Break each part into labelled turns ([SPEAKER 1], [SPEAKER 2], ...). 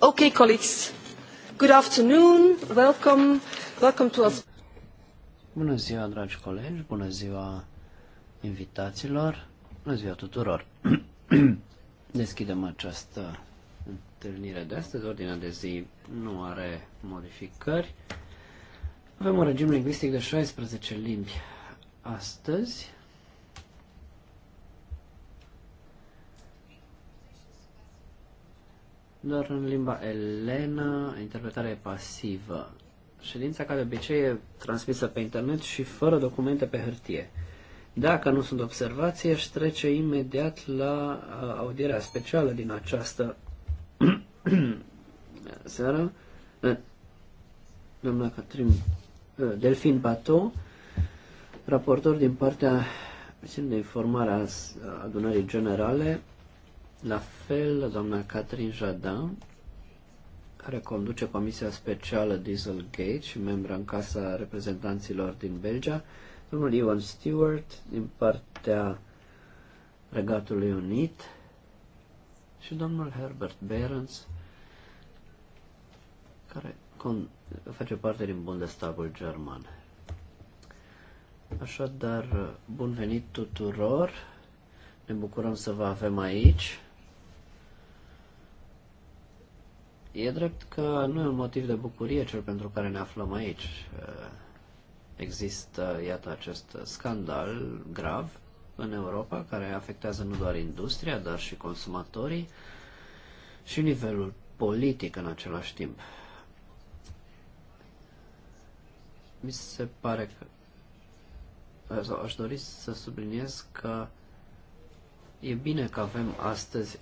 [SPEAKER 1] Okay, colleagues. Good afternoon. Welcome. Welcome to us.
[SPEAKER 2] Bună ziua, dragi colegi. Bună ziua invitaților. Bună ziua tuturor. Deschidem această întâlnire de astăzi. Ordinea de zi nu are modificări. Avem un regim lingvistic de 16 limbi astăzi. doar în limba elenă, interpretare pasivă. Ședința, ca de obicei, e transmisă pe internet și fără documente pe hârtie. Dacă nu sunt observații, aș trece imediat la uh, audierea specială din această seară. Eh, doamna Catrin eh, Delfin Bato, raportor din partea de informare a adunării generale la fel, doamna Catherine Jadin, care conduce Comisia Specială Dieselgate și membra în Casa Reprezentanților din Belgia, domnul Ivan Stewart din partea Regatului Unit și domnul Herbert Behrens, care face parte din Bundestagul German. Așadar, bun venit tuturor! Ne bucurăm să vă avem aici. E drept că nu e un motiv de bucurie cel pentru care ne aflăm aici. Există, iată, acest scandal grav în Europa care afectează nu doar industria, dar și consumatorii și nivelul politic în același timp. Mi se pare că sau aș dori să subliniez că e bine că avem astăzi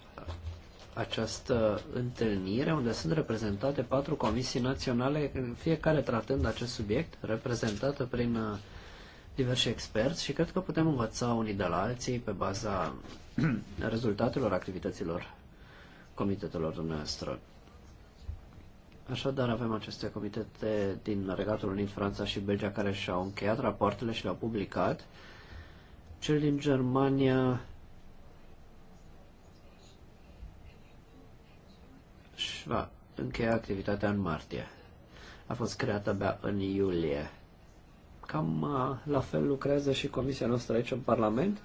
[SPEAKER 2] această întâlnire unde sunt reprezentate patru comisii naționale, fiecare tratând acest subiect, reprezentată prin uh, diversi experți și cred că putem învăța unii de la alții pe baza rezultatelor activităților comitetelor dumneavoastră. Așadar, avem aceste comitete din Regatul Unit, Franța și Belgia care și-au încheiat rapoartele și le-au publicat. Cel din Germania și va încheia activitatea în martie. A fost creată abia în iulie. Cam uh, la fel lucrează și comisia noastră aici în Parlament,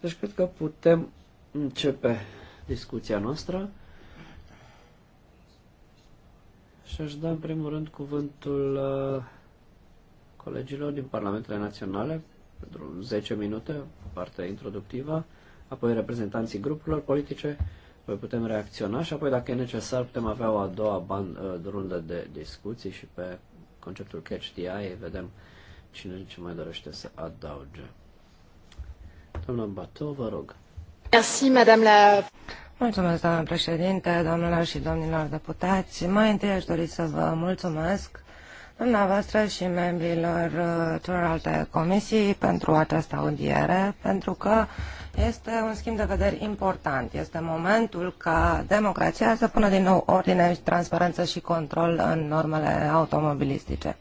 [SPEAKER 2] deci cred că putem începe discuția noastră. Și aș da în primul rând cuvântul uh, colegilor din Parlamentele Naționale pentru 10 minute, partea introductivă, apoi reprezentanții grupurilor politice Păi putem reacționa și apoi, dacă e necesar, putem avea o a doua ban- uh, rundă de discuții și pe conceptul Catch the Eye vedem cine ce mai dorește să adauge. Doamna Batou, vă rog.
[SPEAKER 3] Merci, madame la... Mulțumesc, doamna președinte, doamnelor și domnilor deputați. Mai întâi aș dori să vă mulțumesc dumneavoastră și membrilor uh, celorlalte comisii pentru această audiere, pentru că este un schimb de vederi important. Este momentul ca democrația să pună din nou ordine, transparență și control în normele automobilistice.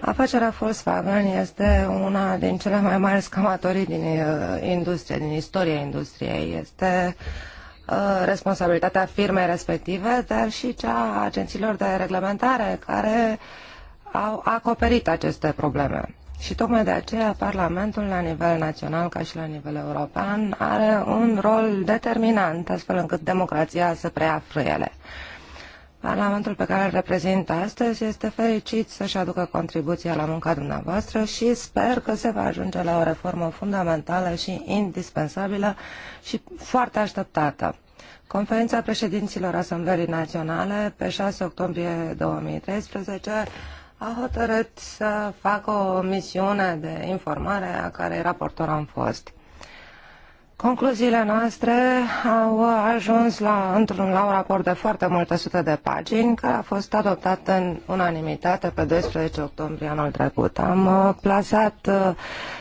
[SPEAKER 3] Afacerea Volkswagen este una din cele mai mari scamatorii din uh, industrie, din istoria industriei. Este uh, responsabilitatea firmei respective, dar și cea a agențiilor de reglementare care au acoperit aceste probleme. Și tocmai de aceea Parlamentul la nivel național ca și la nivel european are un rol determinant astfel încât democrația să preia frâiele. Parlamentul pe care îl reprezint astăzi este fericit să-și aducă contribuția la munca dumneavoastră și sper că se va ajunge la o reformă fundamentală și indispensabilă și foarte așteptată. Conferința președinților Asamblării Naționale pe 6 octombrie 2013 a hotărât să facă o misiune de informare a care raportor am fost. Concluziile noastre au ajuns la, într-un la un raport de foarte multe sute de pagini, care a fost adoptat în unanimitate pe 12 octombrie anul trecut. Am uh, plasat uh,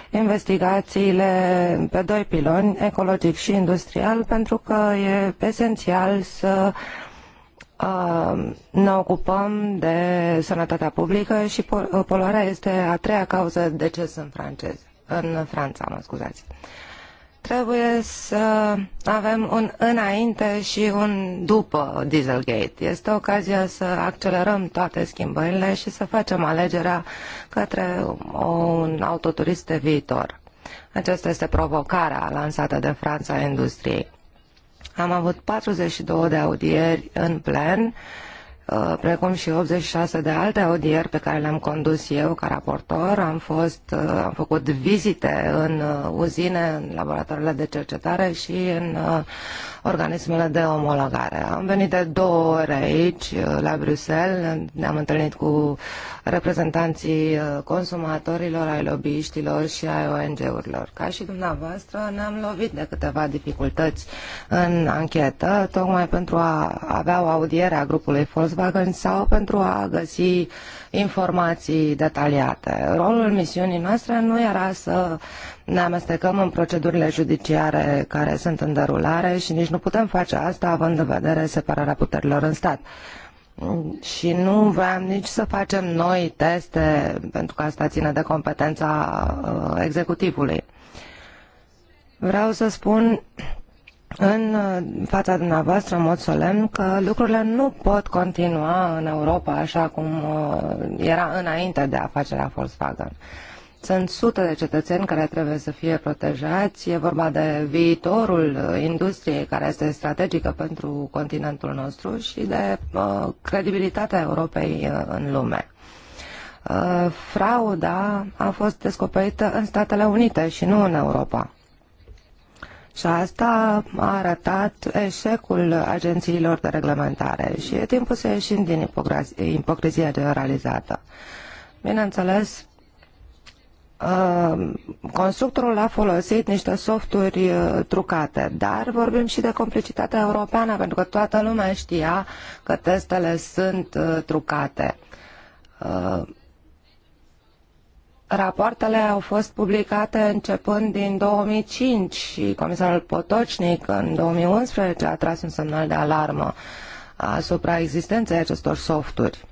[SPEAKER 3] investigațiile pe doi piloni, ecologic și industrial, pentru că e esențial să uh, Uh, ne ocupăm de sănătatea publică și uh, poluarea este a treia cauză de ce sunt francez, în Franța. Mă scuzați. Trebuie să avem un înainte și un după Dieselgate. Este ocazia să accelerăm toate schimbările și să facem alegerea către un autoturist de viitor. Aceasta este provocarea lansată de Franța industriei. Am avut 42 de audieri în plen, uh, precum și 86 de alte audieri pe care le-am condus eu ca raportor. Am, fost, uh, am făcut vizite în uh, uzine, în laboratoarele de cercetare și în organismele de omologare. Am venit de două ore aici, uh, la Bruxelles, ne-am întâlnit cu reprezentanții uh, consumatorilor, ai lobbyiștilor și ai ONG-urilor. Ca și dumneavoastră, ne-am lovit de câteva dificultăți în anchetă, tocmai pentru a avea o audiere a grupului Volkswagen sau pentru a găsi uh, informații detaliate. Rolul misiunii noastre nu era să ne amestecăm în procedurile judiciare care sunt în derulare și nici nu putem face asta având în vedere separarea puterilor în stat. Și nu vrem nici să facem noi teste, pentru că asta ține de competența uh, executivului. Vreau să spun în uh, fața dumneavoastră, în mod solemn, că lucrurile nu pot continua în Europa așa cum uh, era înainte de afacerea Volkswagen. Sunt sute de cetățeni care trebuie să fie protejați. E vorba de viitorul uh, industriei care este strategică pentru continentul nostru și de credibilitatea Europei în lume. frauda a fost descoperită în Statele Unite și nu în Europa. Și asta a arătat eșecul agențiilor de reglementare și e timpul să ieșim din ipocrizia generalizată. Bineînțeles, uh, constructorul a folosit niște softuri uh, trucate, dar vorbim și de complicitatea europeană, pentru că toată lumea știa că testele sunt uh, trucate. Rapoartele au fost publicate începând din 2005 și comisarul Potocnic în 2011 a tras un semnal de alarmă asupra existenței acestor softuri.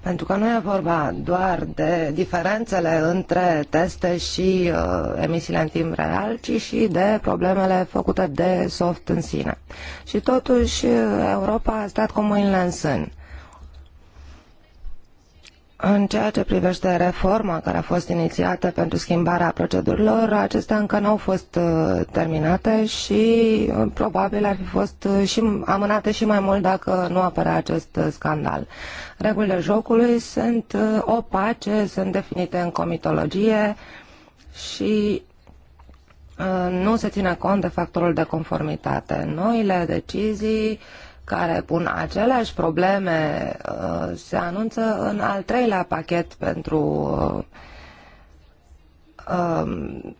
[SPEAKER 3] Pentru că nu e vorba doar de diferențele între teste și uh, emisiile în timp real, ci și de problemele făcute de soft în sine. Și totuși uh, Europa a stat cu mâinile în sân. În ceea ce privește reforma care a fost inițiată pentru schimbarea procedurilor, acestea încă nu au fost uh, terminate și uh, probabil ar fi fost uh, și amânate și mai mult dacă nu apărea acest scandal. Regulile jocului sunt opace, sunt definite în comitologie și nu se ține cont de factorul de conformitate. Noile decizii uh, care pun aceleași probleme uh, se anunță în al treilea pachet pentru uh, um,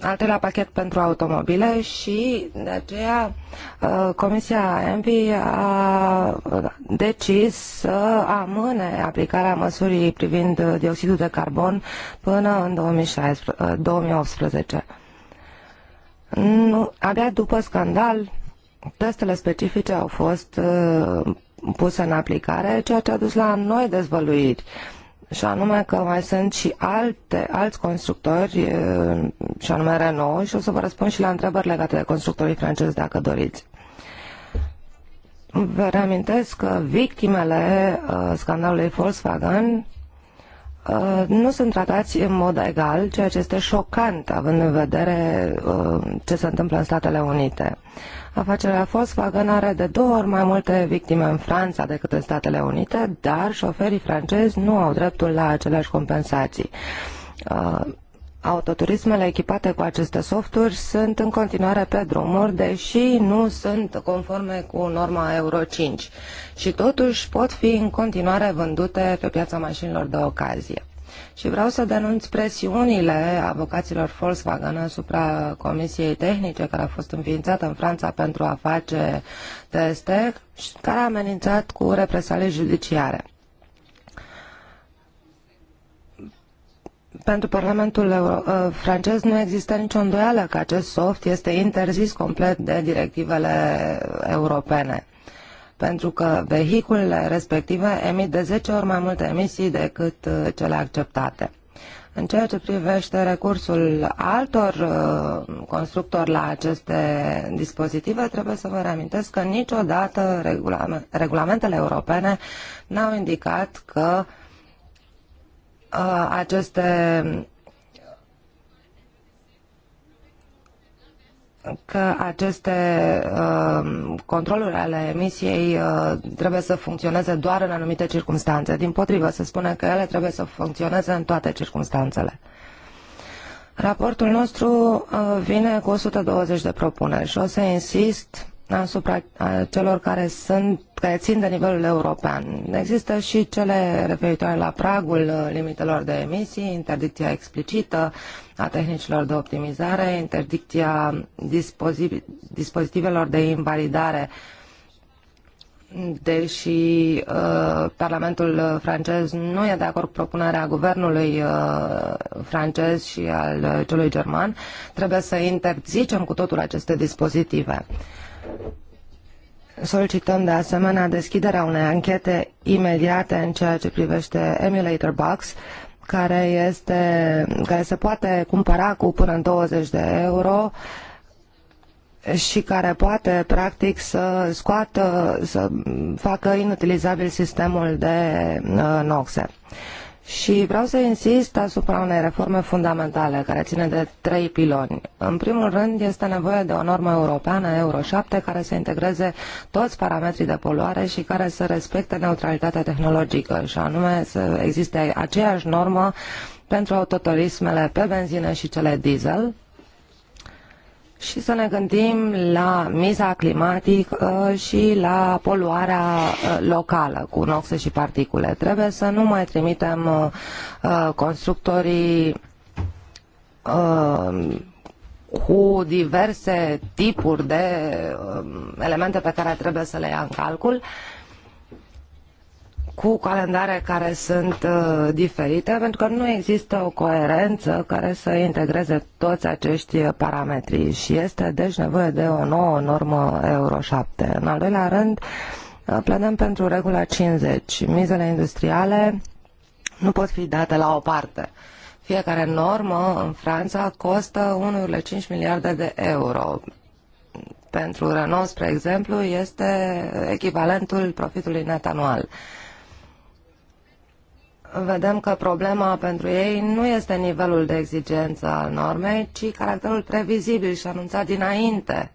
[SPEAKER 3] al treilea pachet pentru automobile și de aceea uh, Comisia ENVI a decis să amâne aplicarea măsurii privind dioxidul de carbon până în 2016, 2018. abia după scandal Testele specifice au fost uh, puse în aplicare, ceea ce a dus la noi dezvăluiri. Și anume că mai sunt și alte, alți constructori, uh, și anume Renault, și o să vă răspund și la întrebări legate de constructorii francezi, dacă doriți. Vă reamintesc că victimele uh, scandalului Volkswagen Uh, nu sunt tratați în mod egal, ceea ce este șocant, având în vedere uh, ce se întâmplă în Statele Unite. Afacerea Volkswagen are de două ori mai multe victime în Franța decât în Statele Unite, dar șoferii francezi nu au dreptul la aceleași compensații. Uh, autoturismele echipate cu aceste softuri sunt în continuare pe drumuri, deși nu sunt conforme cu norma Euro 5 și totuși pot fi în continuare vândute pe piața mașinilor de ocazie. Și vreau să denunț presiunile avocaților Volkswagen asupra Comisiei Tehnice care a fost înființată în Franța pentru a face teste, care a amenințat cu represalii judiciare. pentru Parlamentul uh, uh, francez nu există nicio îndoială că acest soft este interzis complet de directivele europene pentru că vehiculele respective emit de 10 ori mai multe emisii decât uh, cele acceptate. În ceea ce privește recursul altor constructori la aceste dispozitive, trebuie să vă reamintesc că niciodată regulamentele europene n-au indicat că uh, uh, aceste că aceste uh, controluri ale emisiei uh, trebuie să funcționeze doar în anumite circunstanțe. Din potrivă, se spune că ele trebuie să funcționeze în toate circunstanțele. Raportul nostru uh, vine cu 120 de propuneri și o să insist asupra celor care sunt care țin de nivelul european. Există și cele referitoare la pragul uh, limitelor de emisii, interdicția explicită a tehnicilor de optimizare, interdicția dispozi dispozitivelor de invalidare deși uh, Parlamentul francez nu e de acord cu propunerea guvernului uh, francez și al uh, celui german, trebuie să interzicem cu totul aceste dispozitive. Uh, Solicităm de asemenea deschiderea unei anchete imediate în ceea ce privește Emulator Box, care, este, care se poate cumpăra cu până în 20 de euro și care poate practic să scoată, să facă inutilizabil sistemul de uh, NOXE. Uh, și vreau să insist asupra unei reforme fundamentale care ține de trei piloni. În primul rând este nevoie de o normă europeană Euro 7 care să integreze toți parametrii de poluare și care să respecte neutralitatea tehnologică și anume să existe aceeași normă pentru autoturismele pe benzină și cele diesel, și să ne gândim la miza climatică și la poluarea uh, locală cu noxe și particule. Trebuie să nu mai trimitem uh, uh, constructorii cu diverse tipuri de elemente pe care trebuie să le ia în calcul, cu calendare care sunt uh, diferite, pentru că nu există o coerență care să integreze toți acești parametri și este deci nevoie de o nouă normă Euro 7. În al doilea rând, uh, pledăm pentru regula 50. Mizele industriale nu pot fi date la o parte. Fiecare normă în Franța costă 1,5 miliarde de euro. Pentru Renault, spre exemplu, este echivalentul profitului net anual. Uh, vedem că problema pentru ei nu este nivelul de exigență al normei, ci caracterul previzibil și anunțat dinainte,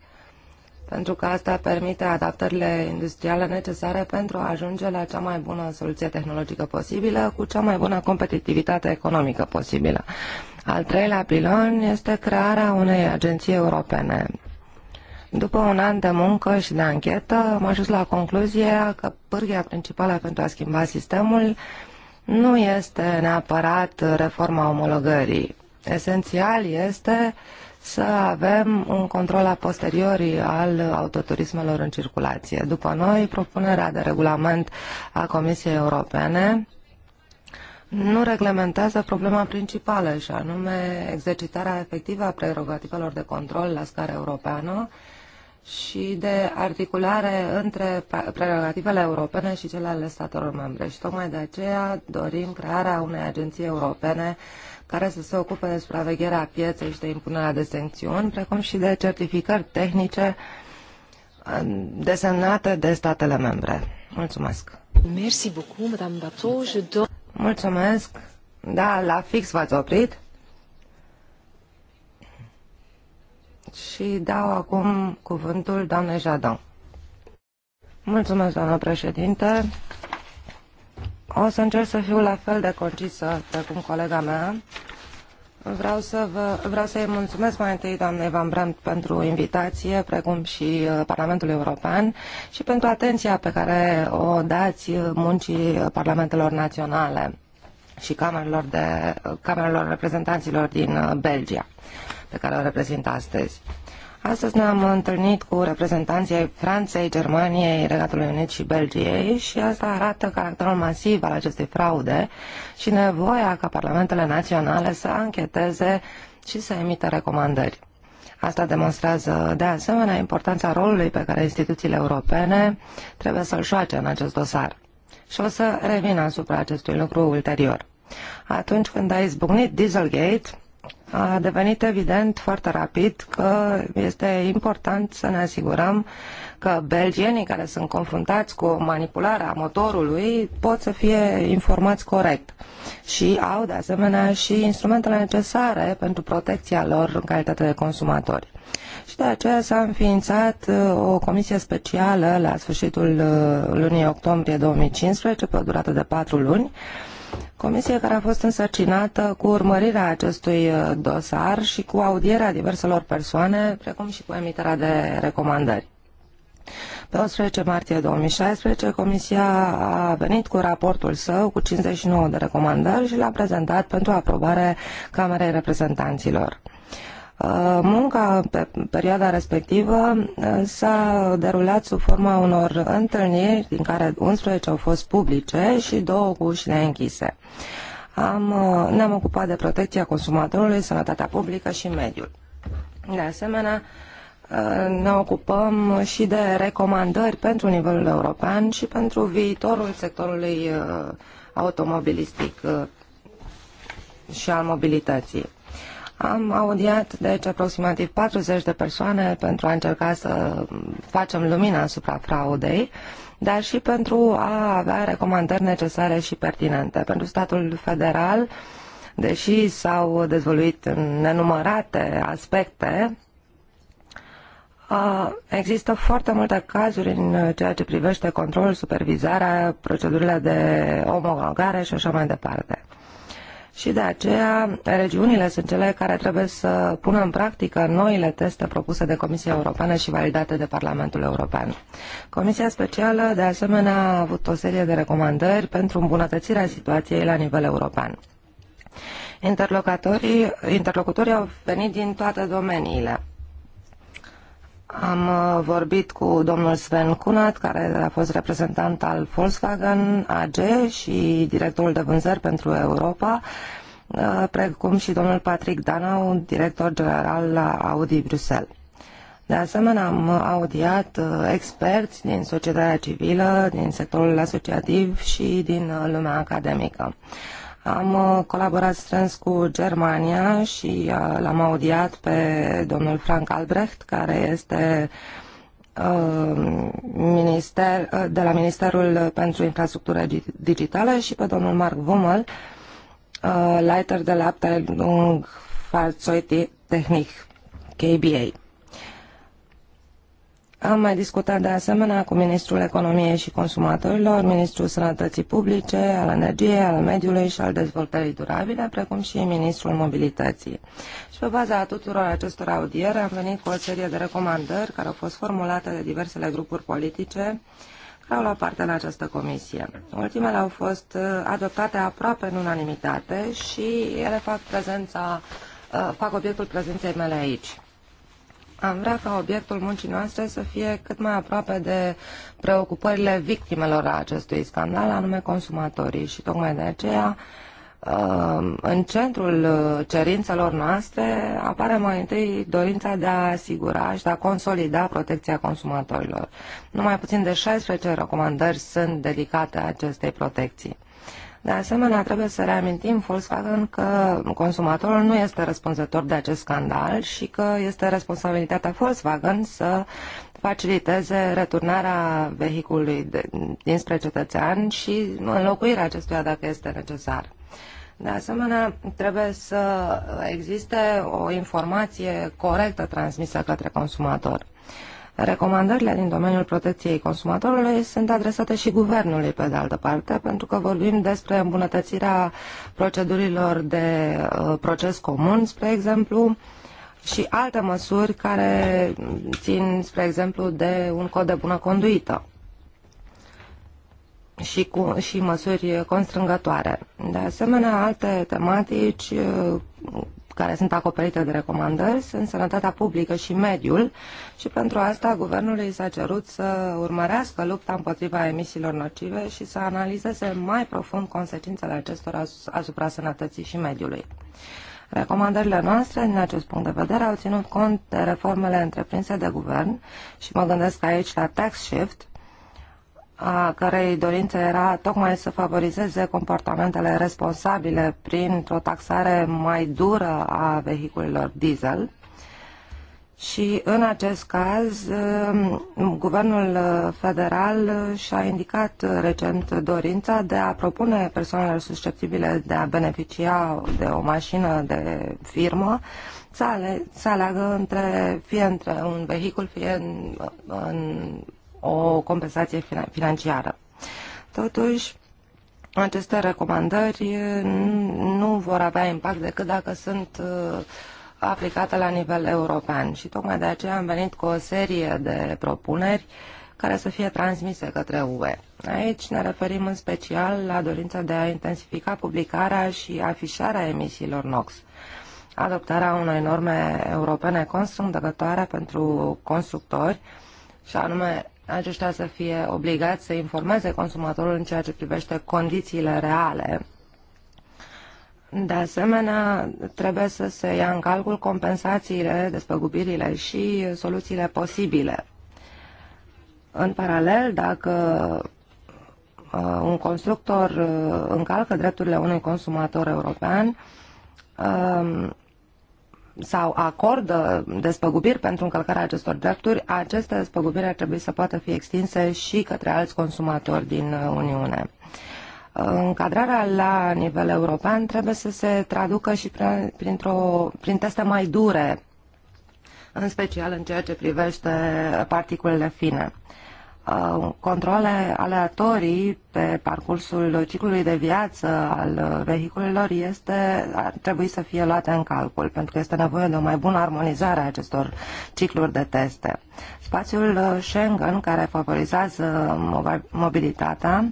[SPEAKER 3] pentru că asta permite adaptările industriale necesare pentru a ajunge la cea mai bună soluție tehnologică posibilă cu cea mai bună competitivitate economică posibilă. Al treilea pilon este crearea unei agenții europene. După un an de muncă și de anchetă, am ajuns la concluzia că pârghia principală pentru a schimba sistemul nu este neapărat reforma omologării. Esențial este să avem un control a posteriori al autoturismelor în circulație. După noi, propunerea de regulament a Comisiei Europene nu reglementează problema principală, și anume exercitarea efectivă a prerogativelor de control la scară europeană, și de articulare între prerogativele europene și cele ale statelor membre. Și tocmai de aceea dorim crearea unei agenții europene care să se ocupe de supravegherea pieței și de impunerea de sancțiuni, precum și de certificări tehnice desemnate de statele membre. Mulțumesc! Mulțumesc! Da, la fix v-ați oprit. și dau acum cuvântul doamnei Jadon. Mulțumesc, doamnă președinte. O să încerc să fiu la fel de concisă precum colega mea. Vreau să vă, vreau să-i mulțumesc mai întâi doamnei Van Brandt pentru invitație, precum și uh, Parlamentului European și pentru atenția pe care o dați muncii parlamentelor naționale și camerelor, de, camerelor reprezentanților din uh, Belgia pe care o reprezint astăzi. Astăzi ne-am întâlnit cu reprezentanții Franței, Germaniei, Regatului Unit și Belgiei și asta arată caracterul masiv al acestei fraude și nevoia ca parlamentele naționale să ancheteze și să emită recomandări. Asta demonstrează de asemenea importanța rolului pe care instituțiile europene trebuie să-l joace în acest dosar. Și o să revin asupra acestui lucru ulterior. Atunci când a izbucnit Dieselgate, a devenit evident foarte rapid că este important să ne asigurăm că belgienii care sunt confruntați cu manipularea motorului pot să fie informați corect și au de asemenea și instrumentele necesare pentru protecția lor în calitate de consumatori. Și de aceea s-a înființat uh, o comisie specială la sfârșitul uh, lunii octombrie 2015 pe o durată de patru luni Comisie care a fost însărcinată cu urmărirea acestui uh, dosar și cu audierea diverselor persoane, precum și cu emiterea de recomandări. Pe 11 martie 2016, Comisia a venit cu raportul său cu 59 de recomandări și l-a prezentat pentru aprobare Camerei Reprezentanților. Uh, munca pe perioada respectivă uh, s-a derulat sub forma unor întâlniri, din care 11 au fost publice și două cu ușile închise. Am, uh, ne-am ocupat de protecția consumatorului, sănătatea publică și mediul. De asemenea, ne ocupăm și de recomandări pentru nivelul european și pentru viitorul sectorului automobilistic și al mobilității. Am audiat, deci, aproximativ 40 de persoane pentru a încerca să facem lumina asupra fraudei, dar și pentru a avea recomandări necesare și pertinente. Pentru statul federal, deși s-au în nenumărate aspecte, Există foarte multe cazuri în ceea ce privește controlul, supervizarea, procedurile de omologare și așa mai departe și de aceea regiunile sunt cele care trebuie să pună în practică noile teste propuse de Comisia Europeană și validate de Parlamentul European. Comisia Specială, de asemenea, a avut o serie de recomandări pentru îmbunătățirea situației la nivel european. Interlocutorii, interlocutorii au venit din toate domeniile am uh, vorbit cu domnul Sven Cunat, care a fost reprezentant al Volkswagen AG și directorul de vânzări pentru Europa, uh, precum și domnul Patrick Danau, director general la Audi Bruxelles. De asemenea, am audiat uh, experți din societatea civilă, din sectorul asociativ și din lumea academică. Am uh, colaborat strâns cu Germania și uh, l-am audiat pe domnul Frank Albrecht, care este uh, minister, de la Ministerul pentru Infrastructură Digitală și pe domnul Mark Wummel, Leiter de la Abteilung Fahrzeugtechnik, KBA. Am mai discutat de asemenea cu Ministrul Economiei și Consumatorilor, Ministrul Sănătății Publice, al Energiei, al Mediului și al Dezvoltării Durabile, precum și Ministrul Mobilității. Și pe baza tuturor acestor audiere am venit cu o serie de recomandări care au fost formulate de diversele grupuri politice care au luat parte în această comisie. Ultimele au fost uh, adoptate aproape în unanimitate și ele fac prezența, uh, fac obiectul prezenței mele aici. Am vrea ca obiectul muncii noastre să fie cât mai aproape de preocupările victimelor a acestui scandal, anume consumatorii. Și tocmai de aceea, uh, în centrul uh, cerințelor noastre apare mai întâi dorința de a asigura și de a consolida protecția consumatorilor. Numai puțin de 16 recomandări sunt dedicate acestei protecții. De asemenea, trebuie să reamintim Volkswagen că consumatorul nu este răspunzător de acest scandal și că este responsabilitatea Volkswagen să faciliteze returnarea vehiculului dinspre cetățean și înlocuirea acestuia dacă este necesar. De asemenea, trebuie să existe o informație corectă transmisă către consumator. Recomandările din domeniul protecției consumatorului sunt adresate și guvernului, pe de altă parte, pentru că vorbim despre îmbunătățirea procedurilor de uh, proces comun, spre exemplu, și alte măsuri care țin, spre exemplu, de un cod de bună conduită și, cu, și măsuri constrângătoare. De asemenea, alte tematici uh, care sunt acoperite de recomandări sunt sănătatea publică și mediul și pentru asta guvernului s-a cerut să urmărească lupta împotriva emisiilor nocive și să analizeze mai profund consecințele acestor asupra sănătății și mediului. Recomandările noastre, din acest punct de vedere, au ținut cont de reformele întreprinse de guvern și mă gândesc aici la tax shift, a cărei dorință era tocmai să favorizeze comportamentele responsabile printr-o taxare mai dură a vehiculelor diesel. Și în acest caz, um, guvernul federal și-a indicat recent dorința de a propune persoanelor susceptibile de a beneficia de o mașină de firmă să, ale, să aleagă între, fie între un vehicul, fie în, în o compensație financiară. Totuși, aceste recomandări nu vor avea impact decât dacă sunt uh, aplicate la nivel european și tocmai de aceea am venit cu o serie de propuneri care să fie transmise către UE. Aici ne referim în special la dorința de a intensifica publicarea și afișarea emisiilor NOx, adoptarea unei norme europene constrângătoare pentru constructori, și anume aceștia să fie obligați să informeze consumatorul în ceea ce privește condițiile reale. De asemenea, trebuie să se ia în calcul compensațiile, despăgubirile și soluțiile posibile. În paralel, dacă uh, un constructor uh, încalcă drepturile unui consumator european, uh, sau acordă despăgubiri pentru încălcarea acestor drepturi, aceste despăgubiri ar trebui să poată fi extinse și către alți consumatori din uh, Uniune. Uh, încadrarea la nivel european trebuie să se traducă și prin, prin teste mai dure, în special în ceea ce privește particulele fine. Uh, Uh, controle aleatorii pe parcursul ciclului de viață al vehiculelor este, ar trebui să fie luate în calcul, pentru că este nevoie de o mai bună armonizare a acestor cicluri de teste. Spațiul uh, Schengen, care favorizează mobilitatea,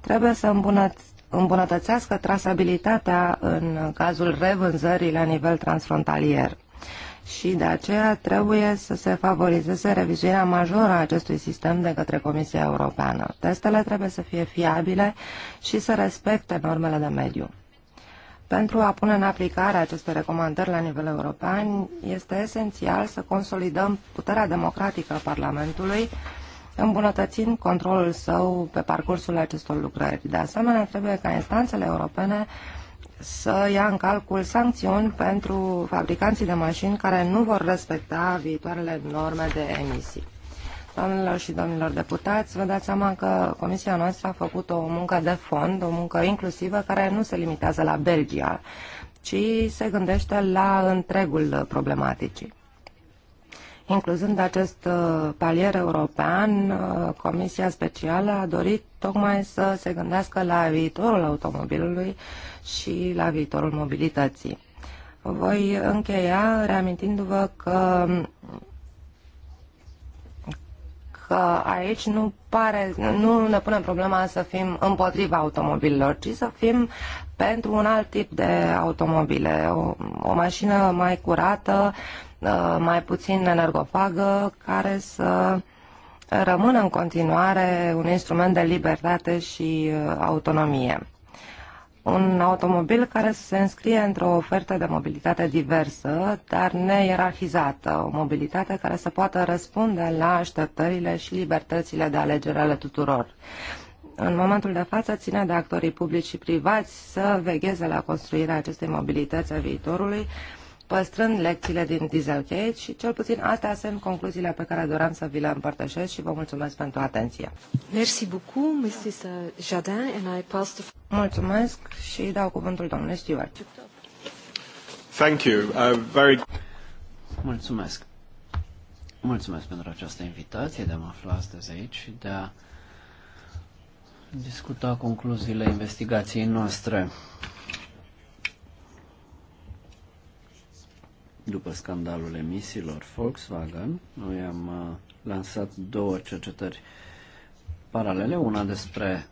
[SPEAKER 3] trebuie să îmbunătățească îmbunătățească trasabilitatea în cazul revânzării la nivel transfrontalier și de aceea trebuie să se favorizeze revizuirea majoră a acestui sistem de către Comisia Europeană. Testele trebuie să fie fiabile și să respecte normele de mediu. Pentru a pune în aplicare aceste recomandări la nivel european, este esențial să consolidăm puterea democratică a Parlamentului, îmbunătățind controlul său pe parcursul acestor lucrări. De asemenea, trebuie ca instanțele europene să ia în calcul sancțiuni pentru fabricanții de mașini care nu vor respecta viitoarele norme de emisii. Doamnelor și domnilor deputați, vă dați seama că comisia noastră a făcut o muncă de fond, o muncă inclusivă care nu se limitează la Belgia, ci se gândește la întregul problematicii. Incluzând acest uh, palier european, uh, Comisia Specială a dorit tocmai să se gândească la viitorul automobilului și la viitorul mobilității. Voi încheia reamintindu-vă că că aici nu pare, nu ne punem problema să fim împotriva automobililor, ci să fim pentru un alt tip de automobile, o, o mașină mai curată, mai puțin energofagă, care să rămână în continuare un instrument de libertate și uh, autonomie. Un automobil care să se înscrie într-o ofertă de mobilitate diversă, dar neierarhizată, o mobilitate care să poată răspunde la așteptările și libertățile de alegere ale tuturor. În momentul de față ține de actorii publici și privați să vegheze la construirea acestei mobilități a viitorului, păstrând lecțiile din Dieselgate și cel puțin astea sunt concluziile pe care doream să vi le împărtășesc și vă mulțumesc pentru atenție. Merci beaucoup, Mrs. Jardin, and I pass the... Mulțumesc și dau cuvântul domnului Stewart. Thank you. Uh, very...
[SPEAKER 2] Mulțumesc. Mulțumesc pentru această invitație de a mă afla astăzi aici și de a discuta concluziile investigației noastre. După scandalul emisiilor Volkswagen, noi am uh, lansat două cercetări paralele, una despre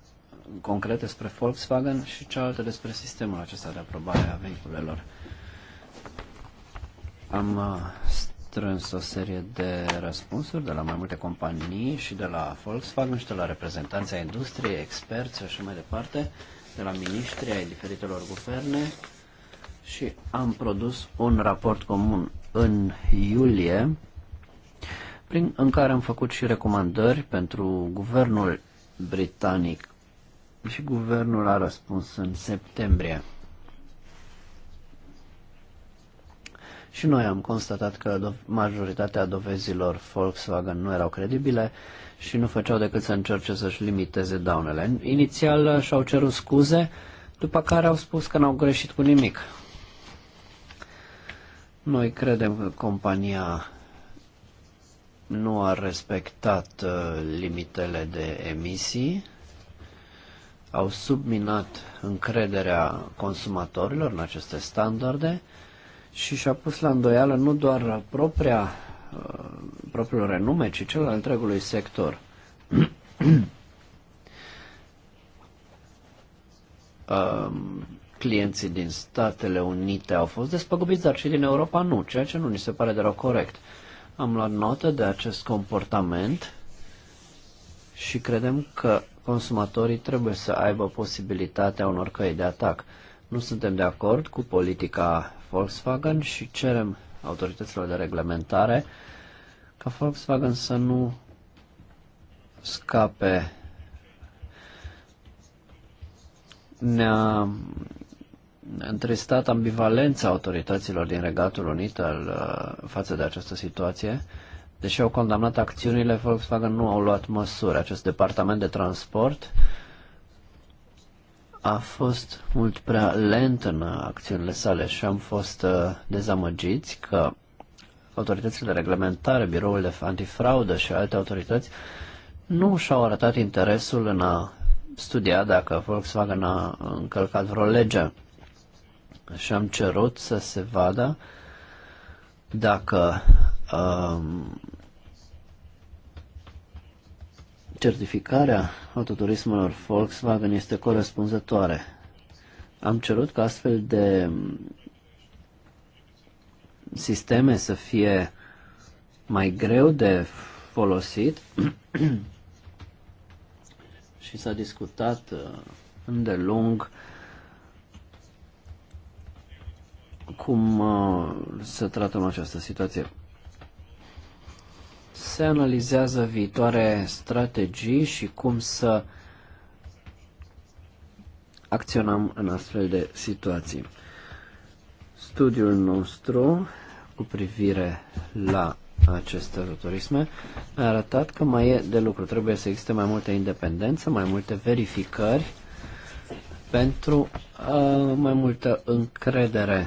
[SPEAKER 2] concrete despre Volkswagen și cealaltă despre sistemul acesta de aprobare a vehiculelor. Am uh, strâns o serie de răspunsuri de la mai multe companii și de la Volkswagen și de la reprezentanții industriei, experți și așa mai departe, de la miniștri ai diferitelor guverne și am produs un raport comun în iulie prin, în care am făcut și recomandări pentru guvernul britanic și guvernul a răspuns în septembrie. Și noi am constatat că majoritatea dovezilor Volkswagen nu erau credibile și nu făceau decât să încerce să-și limiteze daunele. Inițial și-au cerut scuze, după care au spus că n-au greșit cu nimic. Noi credem că compania nu a respectat uh, limitele de emisii, au subminat încrederea consumatorilor în aceste standarde și și-a pus la îndoială nu doar propria, uh, propriul renume, ci cel al întregului sector. um, clienții din Statele Unite au fost despăgubiți, dar și din Europa nu, ceea ce nu ni se pare deloc corect. Am luat notă de acest comportament și credem că consumatorii trebuie să aibă posibilitatea unor căi de atac. Nu suntem de acord cu politica Volkswagen și cerem autorităților de reglementare ca Volkswagen să nu scape ne-a întristat ambivalența autorităților din Regatul Unit al, uh, față de această situație. Deși au condamnat acțiunile, Volkswagen nu au luat măsuri. Acest departament de transport a fost mult prea lent în acțiunile sale și am fost uh, dezamăgiți că autoritățile reglementare, biroul de antifraudă și alte autorități nu și-au arătat interesul în a studia dacă Volkswagen a încălcat vreo lege și am cerut să se vadă dacă um, certificarea autoturismelor Volkswagen este corespunzătoare. Am cerut ca astfel de um, sisteme să fie mai greu de folosit și s-a discutat uh, îndelung uh, cum uh, să tratăm această situație. Se analizează viitoare strategii și cum să acționăm în astfel de situații. Studiul nostru cu privire la aceste turisme a arătat că mai e de lucru. Trebuie să existe mai multă independență, mai multe verificări pentru uh, mai multă încredere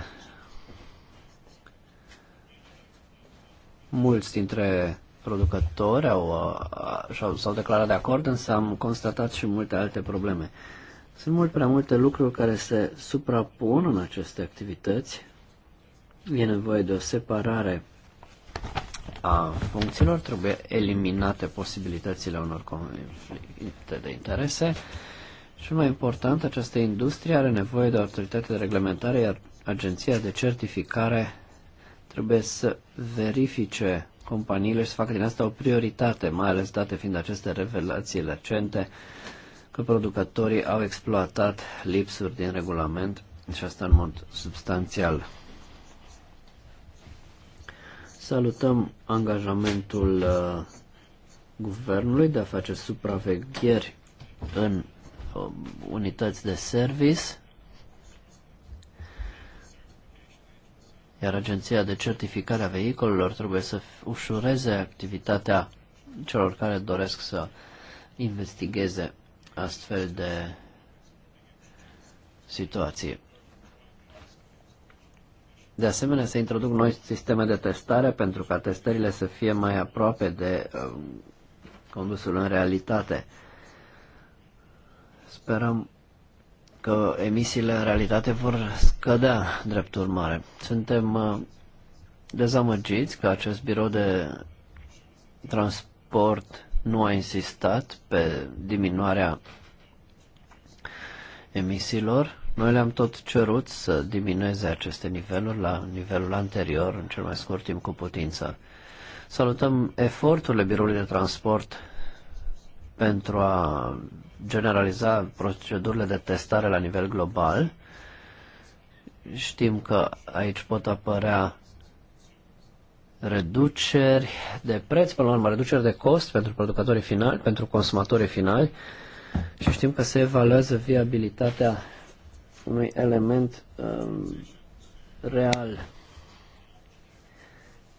[SPEAKER 2] Mulți dintre producători au, au s-au declarat de acord, însă am constatat și multe alte probleme. Sunt mult prea multe lucruri care se suprapun în aceste activități. E nevoie de o separare a funcțiilor, trebuie eliminate posibilitățile unor conflicte de interese și mai important, această industrie are nevoie de o autoritate de reglementare, iar agenția de certificare trebuie să verifice companiile și să facă din asta o prioritate, mai ales date fiind aceste revelații recente că producătorii au exploatat lipsuri din regulament și asta în mod substanțial. Salutăm angajamentul uh, guvernului de a face supravegheri în uh, unități de service iar Agenția de Certificare a Vehicolelor trebuie să ușureze activitatea celor care doresc să investigheze astfel de situații. De asemenea, se introduc noi sisteme de testare pentru ca testările să fie mai aproape de um, condusul în realitate. Sperăm că emisiile în realitate vor scădea drept urmare. Suntem uh, dezamăgiți că acest birou de transport nu a insistat pe diminuarea emisiilor. Noi le-am tot cerut să diminueze aceste niveluri la nivelul anterior, în cel mai scurt timp cu putință. Salutăm eforturile Biroului de Transport pentru a generaliza procedurile de testare la nivel global. Știm că aici pot apărea reduceri de preț, până la urmă, reduceri de cost pentru producătorii finali, pentru consumatorii finali și știm că se evaluează viabilitatea unui element um, real.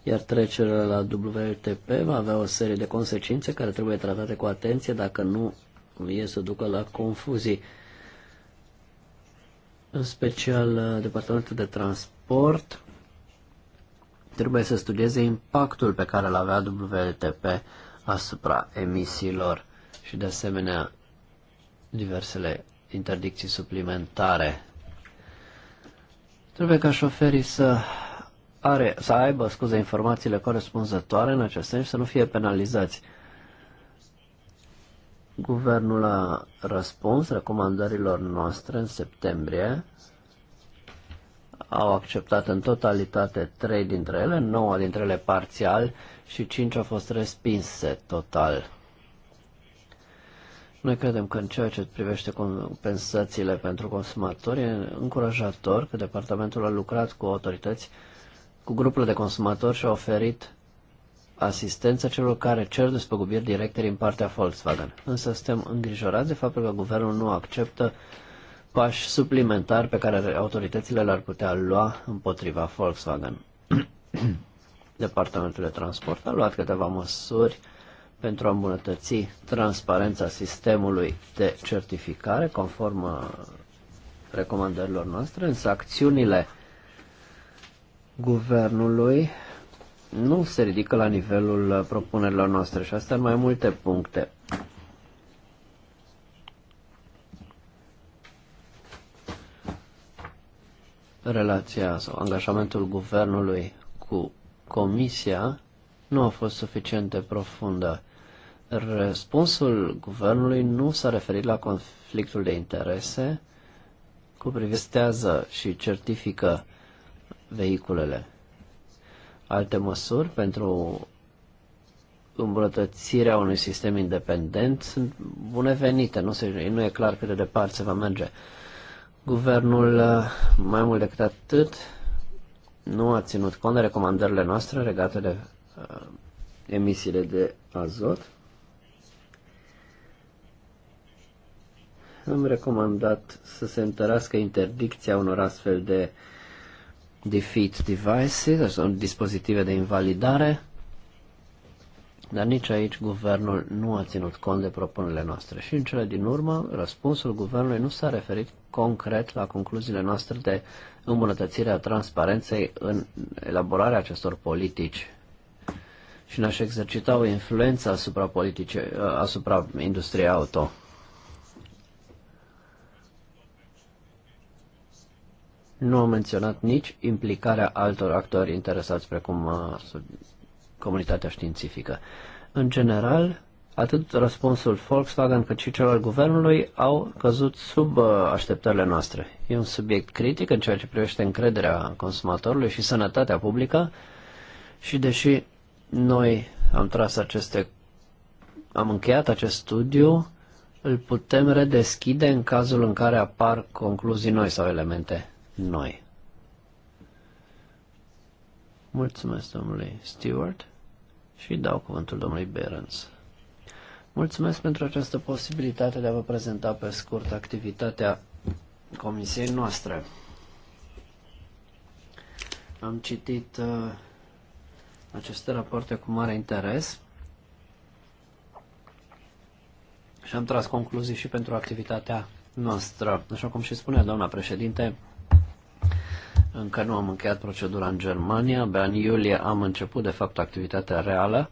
[SPEAKER 2] Iar trecerea la WLTP va avea o serie de consecințe care trebuie tratate cu atenție dacă nu e să ducă la confuzii. În special, uh, Departamentul de Transport trebuie să studieze impactul pe care îl avea WLTP asupra emisiilor și, de asemenea, diversele interdicții suplimentare. Trebuie ca șoferii să, are, să aibă scuze, informațiile corespunzătoare în acest sens și să nu fie penalizați. Guvernul a răspuns recomandărilor noastre în septembrie. Au acceptat în totalitate trei dintre ele, nouă dintre ele parțial și cinci au fost respinse total. Noi credem că în ceea ce privește compensațiile pentru consumatori e încurajator că departamentul a lucrat cu autorități, cu grupurile de consumatori și a oferit asistența celor care cer despăgubiri directe din partea Volkswagen. Însă suntem îngrijorați de faptul că guvernul nu acceptă pași suplimentari pe care autoritățile le-ar putea lua împotriva Volkswagen. Departamentul de Transport a luat câteva măsuri pentru a îmbunătăți transparența sistemului de certificare conform uh, recomandărilor noastre, însă acțiunile guvernului nu se ridică la nivelul uh, propunerilor noastre și asta în mai multe puncte. Relația sau angajamentul guvernului cu comisia nu a fost suficient de profundă. Răspunsul guvernului nu s-a referit la conflictul de interese cu privestează și certifică vehiculele alte măsuri pentru îmbrătățirea unui sistem independent sunt bune venite. Nu, se, nu e clar cât de departe se va merge. Guvernul, uh, mai mult decât atât, nu a ținut cont de recomandările noastre legate de uh, emisiile de azot. Am recomandat să se întărească interdicția unor astfel de uh, defeat devices, sunt dispozitive de invalidare, dar nici aici guvernul nu a ținut cont de propunerile noastre. Și în cele din urmă, răspunsul guvernului nu s-a referit concret la concluziile noastre de îmbunătățire a transparenței în elaborarea acestor politici și n-aș exercita o influență asupra, politice, asupra industriei auto. Nu am menționat nici implicarea altor actori interesați, precum uh, comunitatea științifică. În general, atât răspunsul Volkswagen cât și cel al guvernului au căzut sub uh, așteptările noastre. E un subiect critic în ceea ce privește încrederea consumatorului și sănătatea publică și deși noi am tras aceste am încheiat acest studiu, îl putem redeschide în cazul în care apar concluzii noi sau elemente noi. Mulțumesc domnului Stewart și dau cuvântul domnului Berens. Mulțumesc pentru această posibilitate de a vă prezenta pe scurt activitatea comisiei noastre. Am citit uh, aceste rapoarte cu mare interes și am tras concluzii și pentru activitatea noastră. Așa cum și spunea doamna președinte, încă nu am încheiat procedura în Germania, abia în iulie am început, de fapt, activitatea reală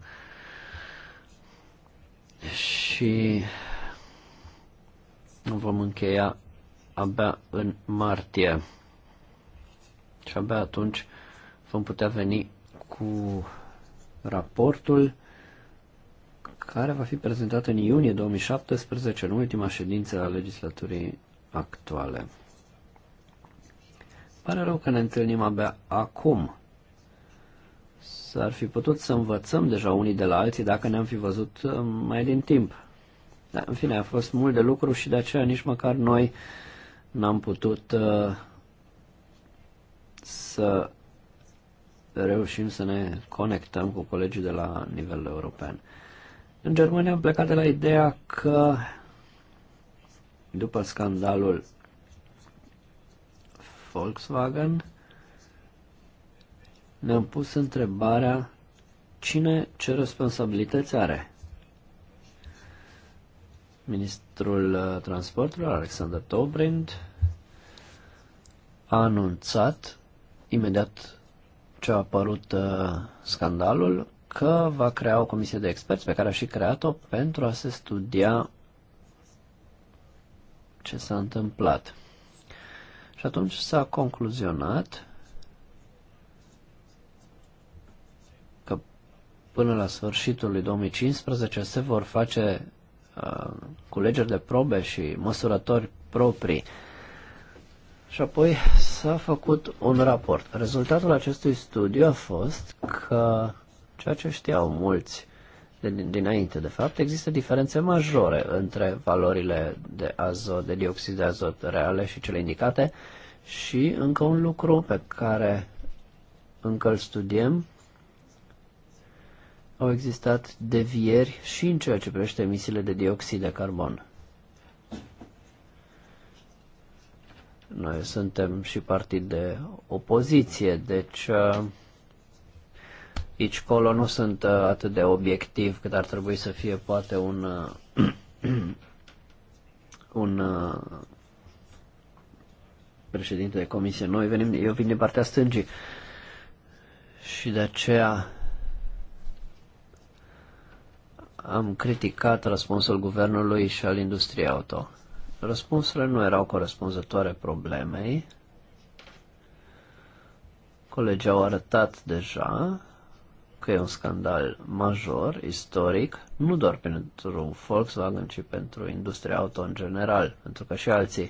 [SPEAKER 2] și vom încheia abia în martie. Și abia atunci vom putea veni cu raportul care va fi prezentat în iunie 2017 în ultima ședință a legislaturii actuale. Pare rău că ne întâlnim abia acum. S-ar fi putut să învățăm deja unii de la alții dacă ne-am fi văzut uh, mai din timp. Da, în fine, a fost mult de lucru și de aceea nici măcar noi n-am putut uh, să reușim să ne conectăm cu colegii de la nivel european. În Germania am plecat de la ideea că după scandalul Volkswagen, ne-am pus întrebarea cine ce responsabilități are. Ministrul uh, Transportului, Alexander Dobrindt, a anunțat imediat ce a apărut uh, scandalul că va crea o comisie de experți pe care a și creat-o pentru a se studia ce s-a întâmplat. Și atunci s-a concluzionat că până la sfârșitul lui 2015 se vor face uh, culegeri de probe și măsurători proprii. Și apoi s-a făcut un raport. Rezultatul acestui studiu a fost că ceea ce știau mulți dinainte, de fapt, există diferențe majore între valorile de azot, de dioxid de azot reale și cele indicate și încă un lucru pe care încă îl studiem, au existat devieri și în ceea ce privește emisiile de dioxid de carbon. Noi suntem și partid de opoziție, deci uh, aici colo nu sunt uh, atât de obiectiv cât ar trebui să fie poate un uh, un uh, președinte de comisie. Noi venim, eu vin din partea stângii și de aceea am criticat răspunsul guvernului și al industriei auto. Răspunsurile nu erau corespunzătoare problemei. Colegii au arătat deja că e un scandal major, istoric, nu doar pentru Volkswagen, ci pentru industria auto în general, pentru că și alții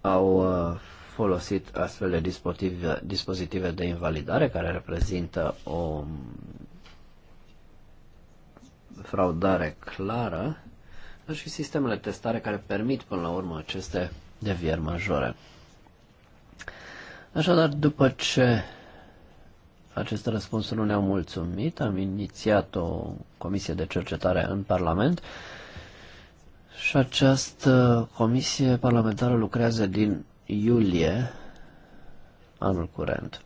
[SPEAKER 2] au uh, folosit astfel de dispozitive, dispozitive de invalidare care reprezintă o fraudare clară dar și sistemele de testare care permit până la urmă aceste devieri majore. Așadar, după ce acest răspuns nu ne-au mulțumit. Am inițiat o comisie de cercetare în Parlament și această comisie parlamentară lucrează din iulie anul curent.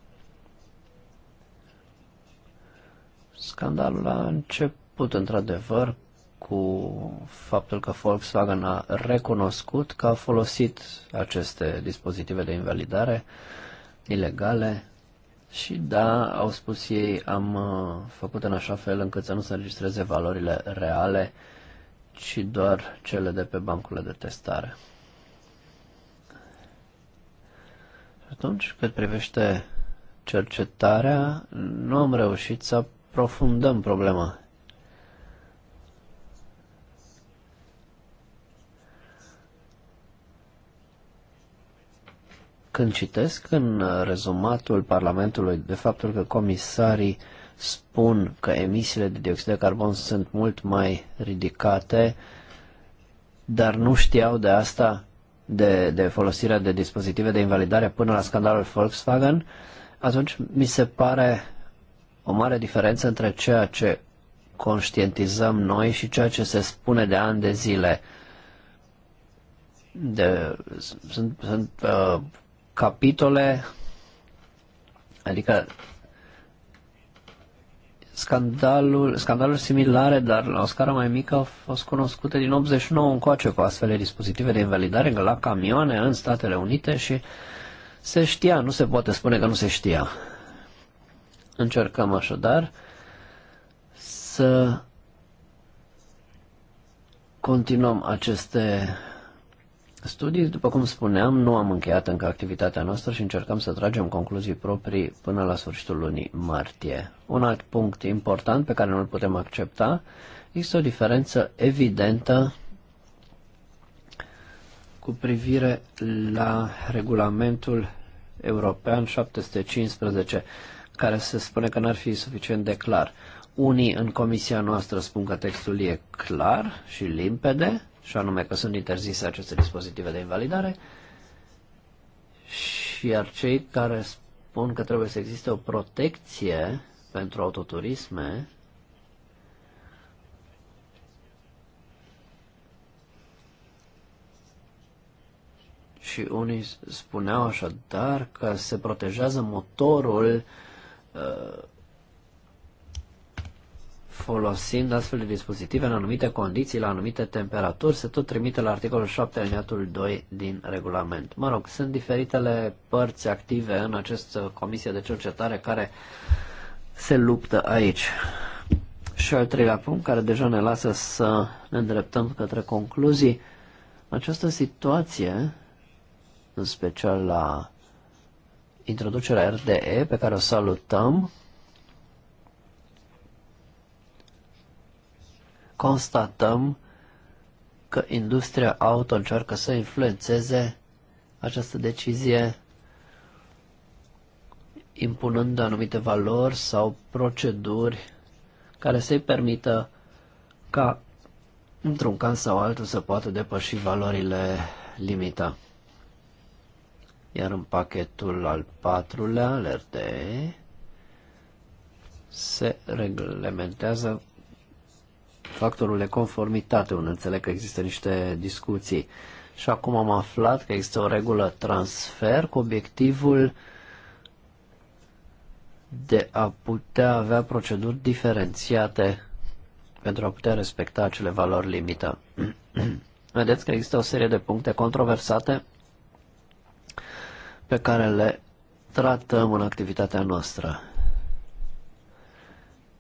[SPEAKER 2] Scandalul a început într-adevăr cu faptul că Volkswagen a recunoscut că a folosit aceste dispozitive de invalidare ilegale și da, au spus ei, am uh, făcut în așa fel încât să nu se înregistreze valorile reale, ci doar cele de pe bancurile de testare. Atunci, cât privește cercetarea, nu am reușit să aprofundăm problema. când citesc în rezumatul Parlamentului de faptul că comisarii spun că emisiile de dioxid de carbon sunt mult mai ridicate, dar nu știau de asta, de, de folosirea de dispozitive de invalidare până la scandalul Volkswagen, atunci mi se pare o mare diferență între ceea ce conștientizăm noi și ceea ce se spune de ani de zile. De, sunt sunt uh, capitole, adică scandalul, scandalul similare, dar la o scară mai mică, au fost cunoscute din 89 încoace cu astfel de dispozitive de invalidare la camioane în Statele Unite și se știa, nu se poate spune că nu se știa. Încercăm așadar să continuăm aceste studii, după cum spuneam, nu am încheiat încă activitatea noastră și încercăm să tragem concluzii proprii până la sfârșitul lunii martie. Un alt punct important pe care nu-l putem accepta este o diferență evidentă cu privire la regulamentul european 715, care se spune că n-ar fi suficient de clar. Unii în comisia noastră spun că textul e clar și limpede, și anume că sunt interzise aceste dispozitive de invalidare, și iar cei care spun că trebuie să existe o protecție pentru autoturisme, și unii spuneau așadar că se protejează motorul uh, folosind astfel de dispozitive în anumite condiții, la anumite temperaturi, se tot trimite la articolul 7 aliniatul 2 din regulament. Mă rog, sunt diferitele părți active în această comisie de cercetare care se luptă aici. Și al treilea punct, care deja ne lasă să ne îndreptăm către concluzii, această situație, în special la introducerea RDE, pe care o salutăm, constatăm că industria auto încearcă să influențeze această decizie impunând anumite valori sau proceduri care să-i permită ca într-un caz sau altul să poată depăși valorile limita. Iar în pachetul al patrulea, alerte, se reglementează factorul de conformitate, unde înțeleg că există niște discuții. Și acum am aflat că există o regulă transfer cu obiectivul de a putea avea proceduri diferențiate pentru a putea respecta acele valori limită. Vedeți că există o serie de puncte controversate pe care le tratăm în activitatea noastră.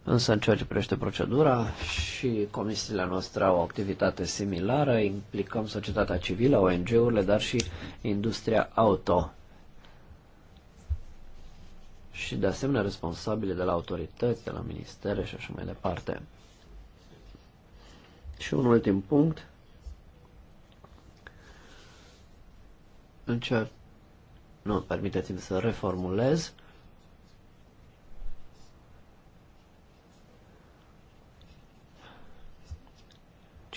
[SPEAKER 2] Însă în ceea ce privește procedura și comisiile noastre au o activitate similară, implicăm societatea civilă, ONG-urile, dar și industria auto. Și de asemenea responsabile de la autorități, de la ministere și așa mai departe. Și un ultim punct. Încerc. Nu, permiteți-mi să reformulez.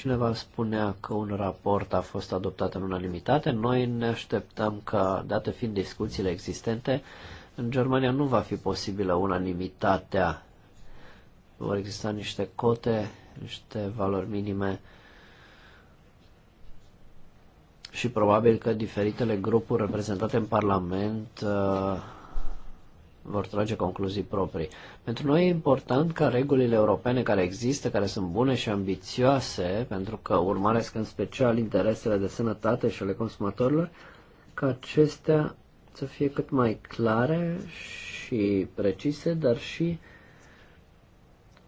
[SPEAKER 2] Cineva spunea că un raport a fost adoptat în unanimitate. Noi ne așteptăm că, date fiind discuțiile existente, în Germania nu va fi posibilă unanimitatea. Vor exista niște cote, niște valori minime și probabil că diferitele grupuri reprezentate în Parlament uh, vor trage concluzii proprii. Pentru noi e important ca regulile europene care există, care sunt bune și ambițioase, pentru că urmăresc în special interesele de sănătate și ale consumatorilor, ca acestea să fie cât mai clare și precise, dar și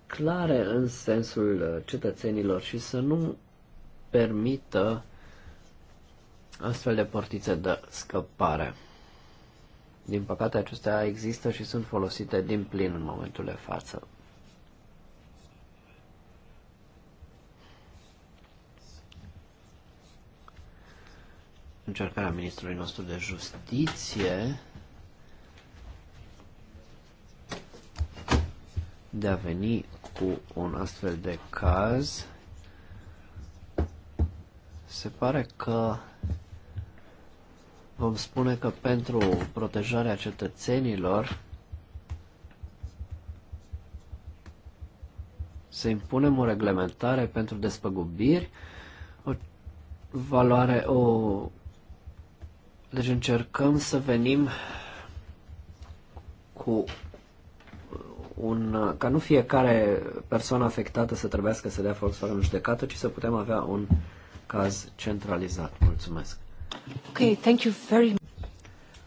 [SPEAKER 2] clare în sensul cetățenilor și să nu permită astfel de portițe de scăpare. Din păcate, acestea există și sunt folosite din plin în momentul de față. Încercarea ministrului nostru de justiție de a veni cu un astfel de caz se pare că vom spune că pentru protejarea cetățenilor să impunem o reglementare pentru despăgubiri, o valoare, o... Deci încercăm să venim cu un... ca nu fiecare persoană afectată să trebuiască să dea Volkswagen în judecată, ci să putem avea un caz centralizat. Mulțumesc!
[SPEAKER 1] thank you very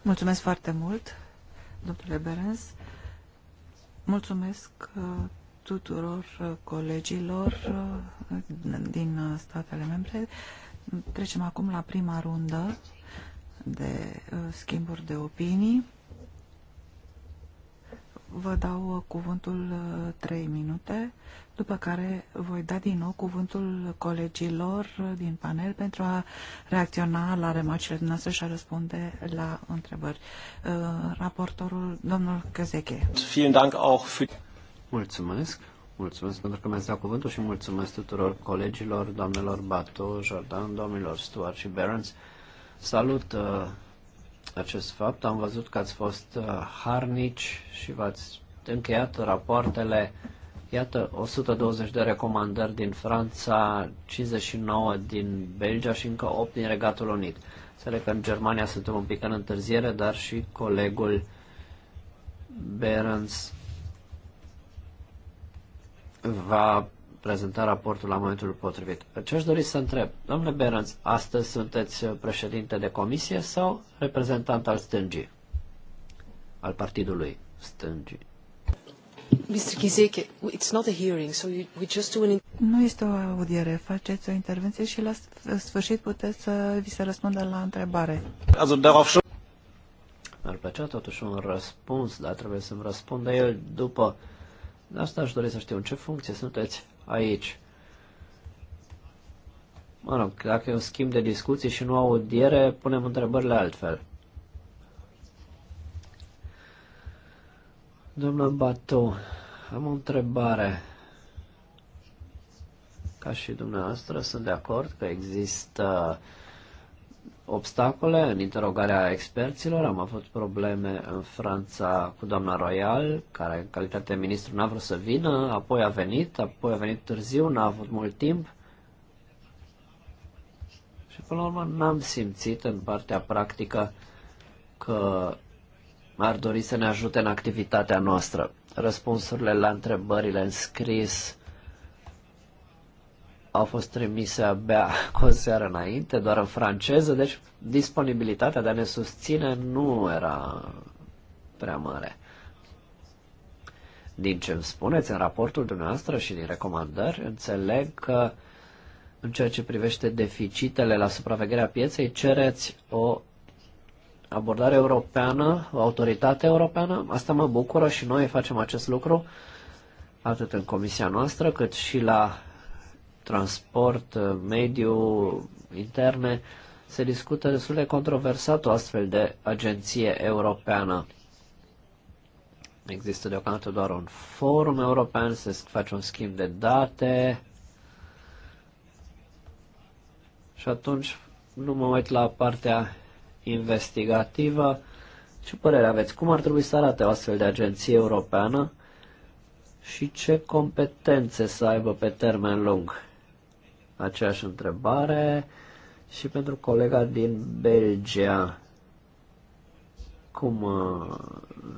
[SPEAKER 1] Mulțumesc foarte mult, domnule Berens. Mulțumesc uh, tuturor uh, colegilor uh, din statele membre. Trecem acum la prima rundă de schimburi de opinii vă dau uh, cuvântul 3 uh, minute, după care voi da din nou cuvântul colegilor uh, din panel pentru a reacționa la remarcile dumneavoastră și a răspunde la întrebări. Raportorul, domnul Căzeche.
[SPEAKER 2] Mulțumesc. Mulțumesc pentru că mi-ați dat cuvântul și mulțumesc tuturor colegilor, doamnelor Bato, Jordan, domnilor Stuart și Berens. Salut acest fapt. Am văzut că ați fost uh, harnici și v-ați încheiat rapoartele. Iată, 120 de recomandări din Franța, 59 din Belgia și încă 8 din Regatul Unit. Înțeleg că în Germania suntem un pic în întârziere, dar și colegul Berens va prezenta raportul la momentul potrivit. Ce aș dori să întreb? Domnule Berenț, astăzi sunteți președinte de comisie sau reprezentant al stângii? Al partidului stângii?
[SPEAKER 3] Mr. Gizeke, it's not a hearing, so you, we just do an... Nu este o
[SPEAKER 1] audiere, faceți o intervenție și la sfârșit puteți să vi se răspundă la întrebare.
[SPEAKER 2] Also, darauf mi-ar plăcea totuși un răspuns, dar trebuie să-mi răspundă el după. De asta aș dori să știu în ce funcție sunteți aici. Mă rog, dacă e un schimb de discuții și nu audiere, punem întrebările altfel. Domnul Batu, am o întrebare. Ca și dumneavoastră, sunt de acord că există uh, obstacole în interogarea experților. Am avut probleme în Franța cu doamna Royal, care în calitate de ministru n-a vrut să vină, apoi a venit, apoi a venit târziu, n-a avut mult timp. Și până la urmă n-am simțit în partea practică că ar dori să ne ajute în activitatea noastră. Răspunsurile la întrebările în scris au fost trimise abia cu o seară înainte, doar în franceză, deci disponibilitatea de a ne susține nu era prea mare. Din ce îmi spuneți în raportul dumneavoastră și din recomandări, înțeleg că în ceea ce privește deficitele la supravegherea pieței, cereți o abordare europeană, o autoritate europeană. Asta mă bucură și noi facem acest lucru atât în comisia noastră cât și la transport, uh, mediu, interne, se discută destul de controversat o astfel de agenție europeană. Există deocamdată doar un forum european, se face un schimb de date și atunci nu mă uit la partea investigativă. Ce părere aveți? Cum ar trebui să arate o astfel de agenție europeană și ce competențe să aibă pe termen lung? aceeași întrebare și pentru colega din Belgia. Cum uh,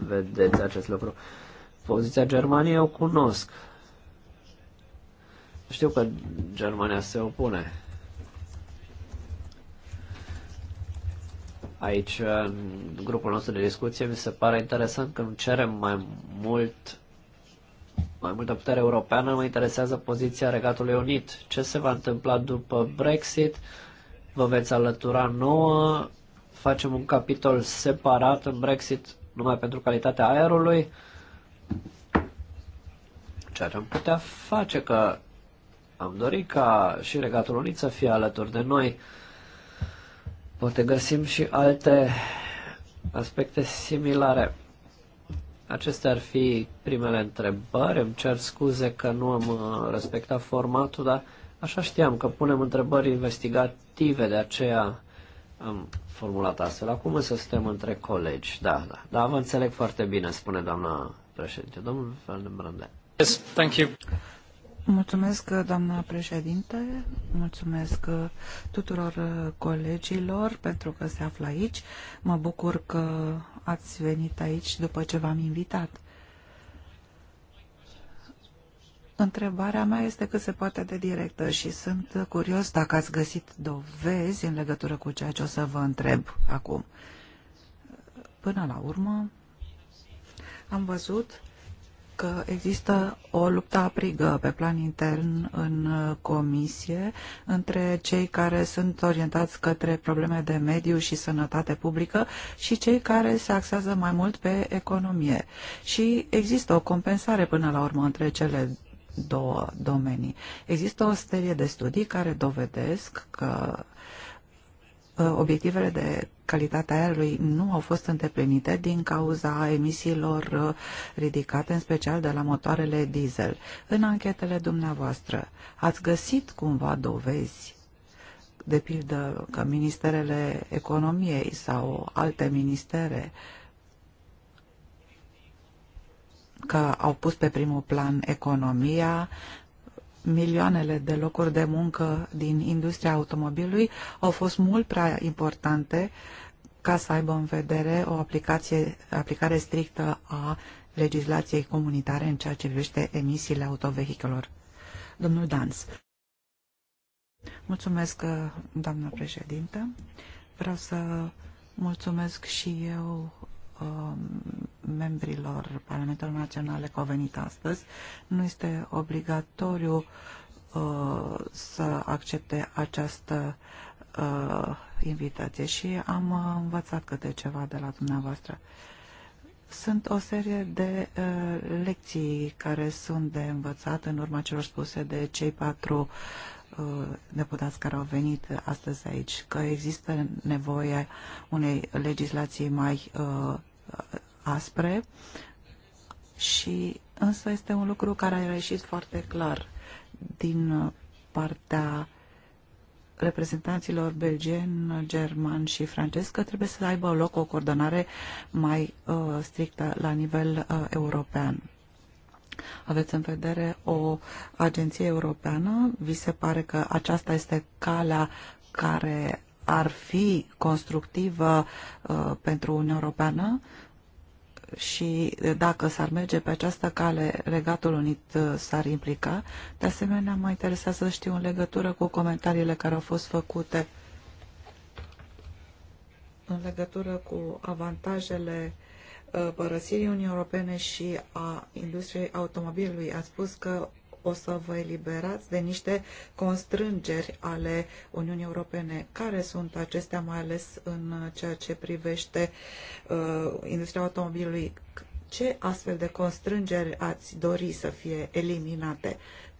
[SPEAKER 2] vedeți acest lucru? Poziția Germaniei o cunosc. Știu că Germania se opune. Aici, în grupul nostru de discuție, mi se pare interesant că nu cerem mai mult mai multă putere europeană, mă interesează poziția Regatului Unit. Ce se va întâmpla după Brexit? Vă veți alătura nouă? Facem un capitol separat în Brexit numai pentru calitatea aerului? Ceea ce am putea face, că am dorit ca și Regatul Unit să fie alături de noi. Poate găsim și alte aspecte similare. Acestea ar fi primele întrebări. Îmi cer scuze că nu am uh, respectat formatul, dar așa știam că punem întrebări investigative, de aceea am formulat astfel. Acum să suntem între colegi. Da, da. Da, vă înțeleg foarte bine, spune doamna președinte. Domnul Feldenbrande. Yes, thank you.
[SPEAKER 1] Mulțumesc, doamna președinte, mulțumesc uh, tuturor uh, colegilor pentru că se află aici. Mă bucur că ați venit aici după ce v-am invitat. Întrebarea mea este cât se poate de directă și sunt curios dacă ați găsit dovezi în legătură cu ceea ce o să vă întreb acum. Până la urmă, am văzut că există o luptă aprigă pe plan intern în uh, comisie între cei care sunt orientați către probleme de mediu și sănătate publică și cei care se axează mai mult pe economie. Și există o compensare până la urmă între cele două domenii. Există o serie de studii care dovedesc că uh, obiectivele de calitate a aerului nu au fost îndeplinite din cauza emisiilor uh, ridicate, în special de la motoarele diesel. În anchetele dumneavoastră, ați găsit cumva dovezi de pildă că ministerele economiei sau alte ministere că au pus pe primul plan economia, milioanele de locuri de muncă din industria automobilului au fost mult prea importante ca să aibă în vedere o aplicație, aplicare strictă a legislației comunitare în ceea ce privește emisiile autovehiculor. Domnul Dans. Mulțumesc, doamnă președintă. Vreau să mulțumesc și eu Um, membrilor Parlamentelor Naționale venit astăzi, nu este obligatoriu uh, să accepte această uh, invitație și am uh, învățat câte ceva de la dumneavoastră. Sunt o serie de uh, lecții care sunt de învățat în urma celor spuse de cei patru deputați care au venit astăzi aici, că există nevoie unei legislații mai uh, aspre și însă este un lucru care a ieșit foarte clar din partea reprezentanților belgen, german și francez că trebuie să aibă loc o coordonare mai uh, strictă la nivel uh, european. Aveți în vedere o agenție europeană? Vi se pare că aceasta este calea care ar fi constructivă uh, pentru Uniunea Europeană? Uh, și dacă s-ar merge pe această cale, Regatul Unit uh, s-ar implica. De asemenea, mă interesează să știu în legătură cu comentariile care au fost făcute în legătură cu avantajele uh, părăsirii Uniunii Europene și a industriei automobilului. Ați spus că o să vă eliberați de niște constrângeri ale Uniunii Europene. Care sunt acestea, mai ales în ceea ce privește uh, industria automobilului? Ce astfel de constrângeri ați dori să fie eliminate?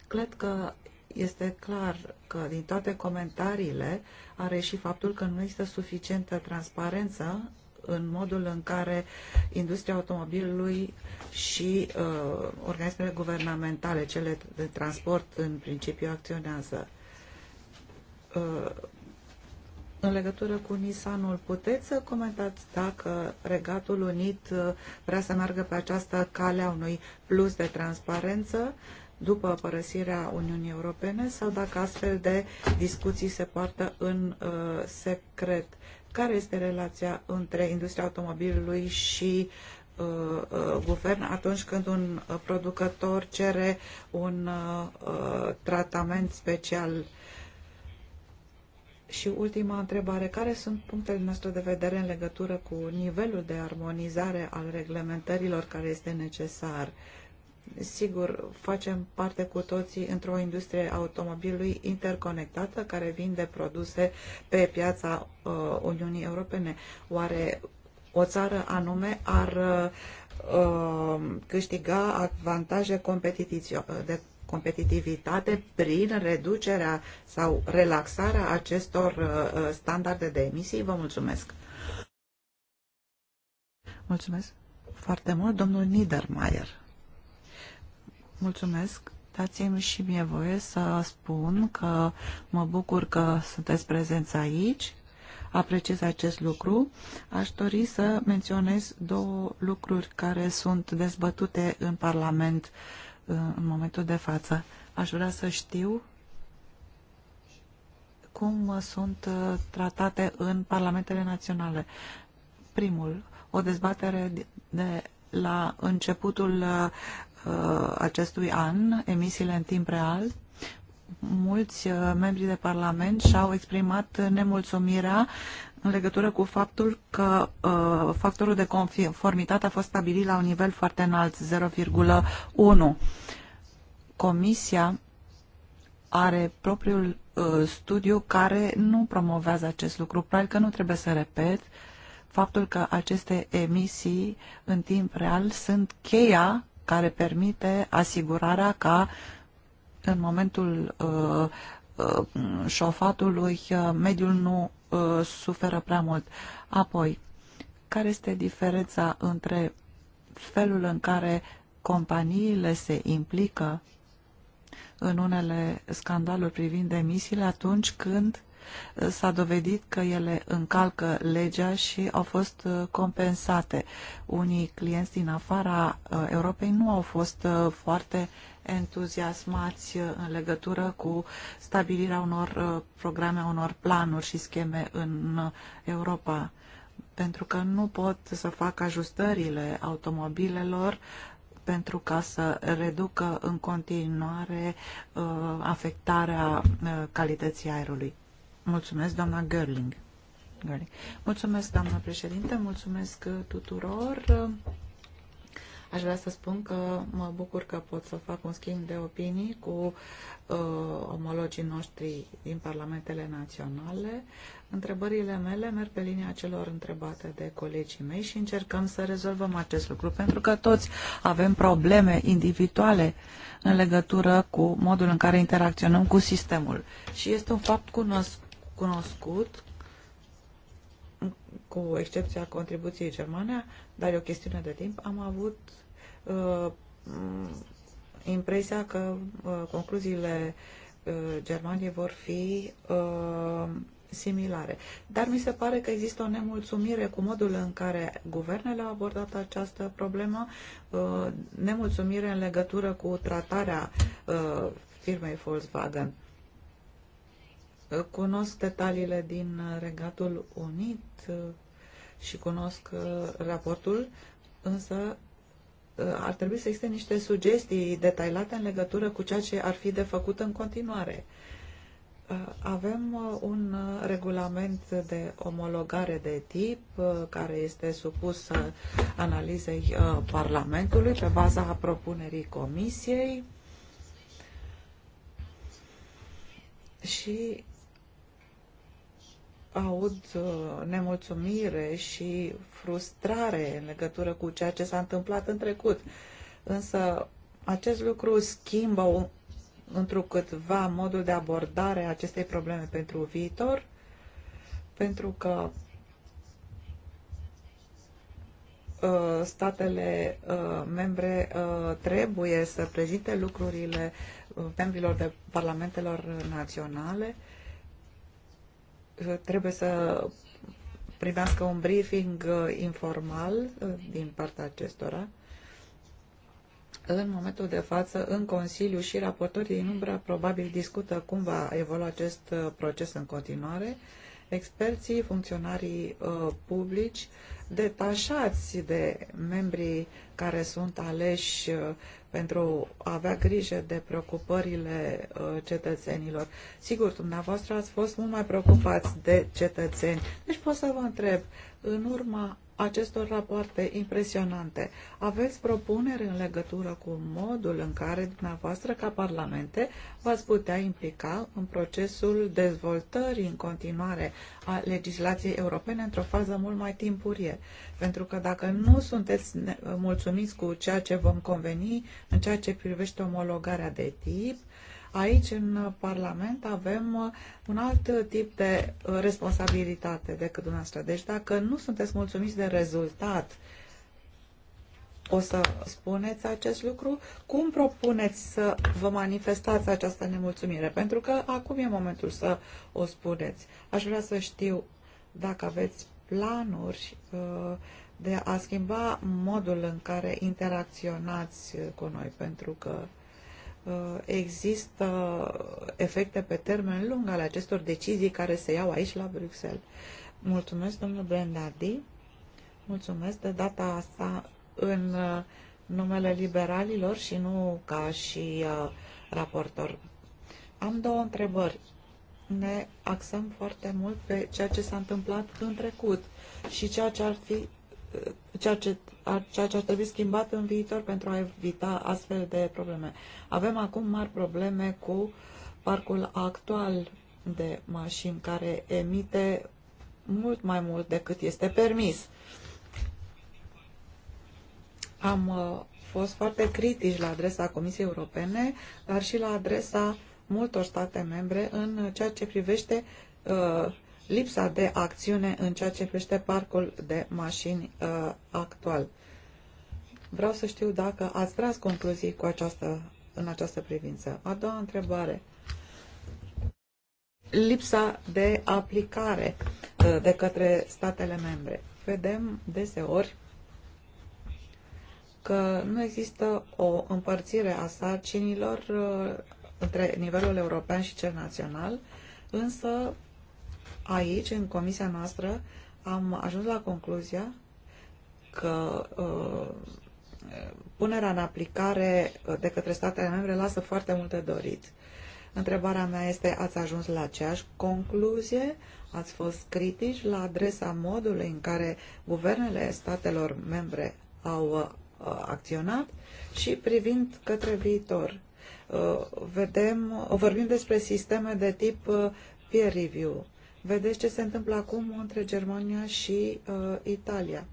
[SPEAKER 1] Cred că este clar că din toate comentariile are și faptul că nu există suficientă transparență în modul în care industria automobilului și uh, organismele guvernamentale, cele de transport, în principiu acționează. Uh, în legătură cu Nissanul, puteți să comentați dacă Regatul Unit uh, vrea să meargă pe această cale a unui plus de transparență după părăsirea Uniunii Europene sau dacă astfel de discuții se poartă în uh, secret. Care este relația între industria automobilului și uh, uh, guvern atunci când un uh, producător cere un uh, uh, tratament special? Și ultima întrebare, care sunt punctele noastre de vedere în legătură cu nivelul de armonizare al reglementărilor care este necesar? Uh, Sigur, facem parte cu toții într-o industrie automobilului interconectată care vinde produse pe piața uh, Uniunii Europene. Oare o țară anume ar uh, câștiga avantaje de competitivitate prin reducerea sau relaxarea acestor uh, standarde de emisii? Vă mulțumesc! Mulțumesc foarte mult, domnul Niedermayer. Mulțumesc. Dați-mi și mie voie să spun că mă bucur că sunteți prezenți aici. Apreciez acest lucru. Aș dori să menționez două lucruri care sunt dezbătute în Parlament uh, în momentul de față. Aș vrea să știu cum sunt uh, tratate în parlamentele naționale. Primul, o dezbatere de la începutul uh, Uh, acestui an, emisiile în timp real, mulți uh, membri de Parlament și-au exprimat nemulțumirea în legătură cu faptul că uh, factorul de conformitate a fost stabilit la un nivel foarte înalt, 0,1. Comisia are propriul studiu care nu promovează acest lucru. Probabil că nu trebuie să repet faptul că aceste emisii în timp real sunt cheia care permite asigurarea ca în momentul uh, uh, șofatului uh, mediul nu uh, suferă prea mult. Apoi, care este diferența între felul în care companiile se implică în unele scandaluri privind emisiile atunci când s-a dovedit că ele încalcă legea și au fost uh, compensate. Unii clienți din afara uh, Europei nu au fost uh, foarte entuziasmați în legătură cu stabilirea unor programe, unor planuri și scheme în Europa pentru că nu pot să facă ajustările automobilelor pentru ca să reducă în continuare uh, afectarea uh, calității aerului. Mulțumesc, doamna Gerling. Mulțumesc, doamna președinte, mulțumesc tuturor. Aș vrea să spun că mă bucur că pot să fac un schimb de opinii cu uh, omologii noștri din parlamentele naționale. Întrebările mele merg pe linia celor întrebate de colegii mei și încercăm să rezolvăm acest lucru, pentru că toți avem probleme individuale în legătură cu modul în care interacționăm cu sistemul. Și este un fapt cunoscut cunoscut, cu excepția contribuției germane, dar e o chestiune de timp, am avut uh, impresia că uh, concluziile uh, Germaniei vor fi uh, similare. Dar mi se pare că există o nemulțumire cu modul în care guvernele au abordat această problemă, uh, nemulțumire în legătură cu tratarea uh, firmei Volkswagen. Cunosc detaliile din Regatul Unit uh, și cunosc uh, raportul, însă uh, ar trebui să existe niște sugestii detaliate în legătură cu ceea ce ar fi de făcut în continuare. Avem un regulament de omologare de tip care este supus analizei Parlamentului pe baza propunerii Comisiei și aud uh, nemulțumire și frustrare în legătură cu ceea ce s-a întâmplat în trecut. Însă acest lucru schimbă întrucâtva modul de abordare a acestei probleme pentru viitor, pentru că uh, statele uh, membre trebuie să prezinte lucrurile membrilor de parlamentelor naționale trebuie să primească un briefing uh, informal uh, din partea acestora. În momentul de față, în Consiliu și raportorii din umbra probabil discută cum va evolua acest uh, proces în continuare. Experții, funcționarii uh, publici detașați de membrii care sunt aleși uh, pentru a avea grijă de preocupările uh, cetățenilor. Sigur, dumneavoastră ați fost mult mai preocupați de cetățeni. Deci pot să vă întreb, în urma acestor rapoarte impresionante. Aveți propuneri în legătură cu modul în care dumneavoastră, ca parlamente, v-ați putea implica în procesul dezvoltării în continuare a legislației europene într-o fază mult mai timpurie. Pentru că dacă nu sunteți mulțumiți cu ceea ce vom conveni în ceea ce privește omologarea de tip, Aici, în Parlament, avem uh, un alt tip de uh, responsabilitate decât dumneavoastră. Deci, dacă nu sunteți mulțumiți de rezultat, o să spuneți acest lucru? Cum propuneți să vă manifestați această nemulțumire? Pentru că acum e momentul să o spuneți. Aș vrea să știu dacă aveți planuri uh, de a schimba modul în care interacționați cu noi, pentru că Uh, există efecte pe termen lung ale acestor decizii care se iau aici la Bruxelles. Mulțumesc, domnul Blendardi. Mulțumesc de data asta în uh, numele liberalilor și nu ca și uh, raportor. Am două întrebări. Ne axăm foarte mult pe ceea ce s-a întâmplat în trecut și ceea ce ar fi ceea ce, ar, ceea ce ar trebui schimbat în viitor pentru a evita astfel de probleme. Avem acum mari probleme cu parcul actual de mașini care emite mult mai mult decât este permis. Am uh, fost foarte critici la adresa Comisiei Europene, dar și la adresa multor state membre în ceea ce privește uh, lipsa de acțiune în ceea ce privește parcul de mașini uh, actual. Vreau să știu dacă ați tras concluzii cu această, în această privință. A doua întrebare. Lipsa de aplicare uh, de către statele membre. Vedem deseori că nu există o împărțire a sarcinilor uh, între nivelul european și cel național, însă Aici, în comisia noastră, am ajuns la concluzia că uh, punerea în aplicare de către statele membre lasă foarte multe dorit. Întrebarea mea este, ați ajuns la aceeași concluzie? Ați fost critici la adresa modului în care guvernele statelor membre au uh, acționat și privind către viitor. Uh, vedem, vorbim despre sisteme de tip uh, peer review Vedeți ce se întâmplă acum între Germania și uh, Italia.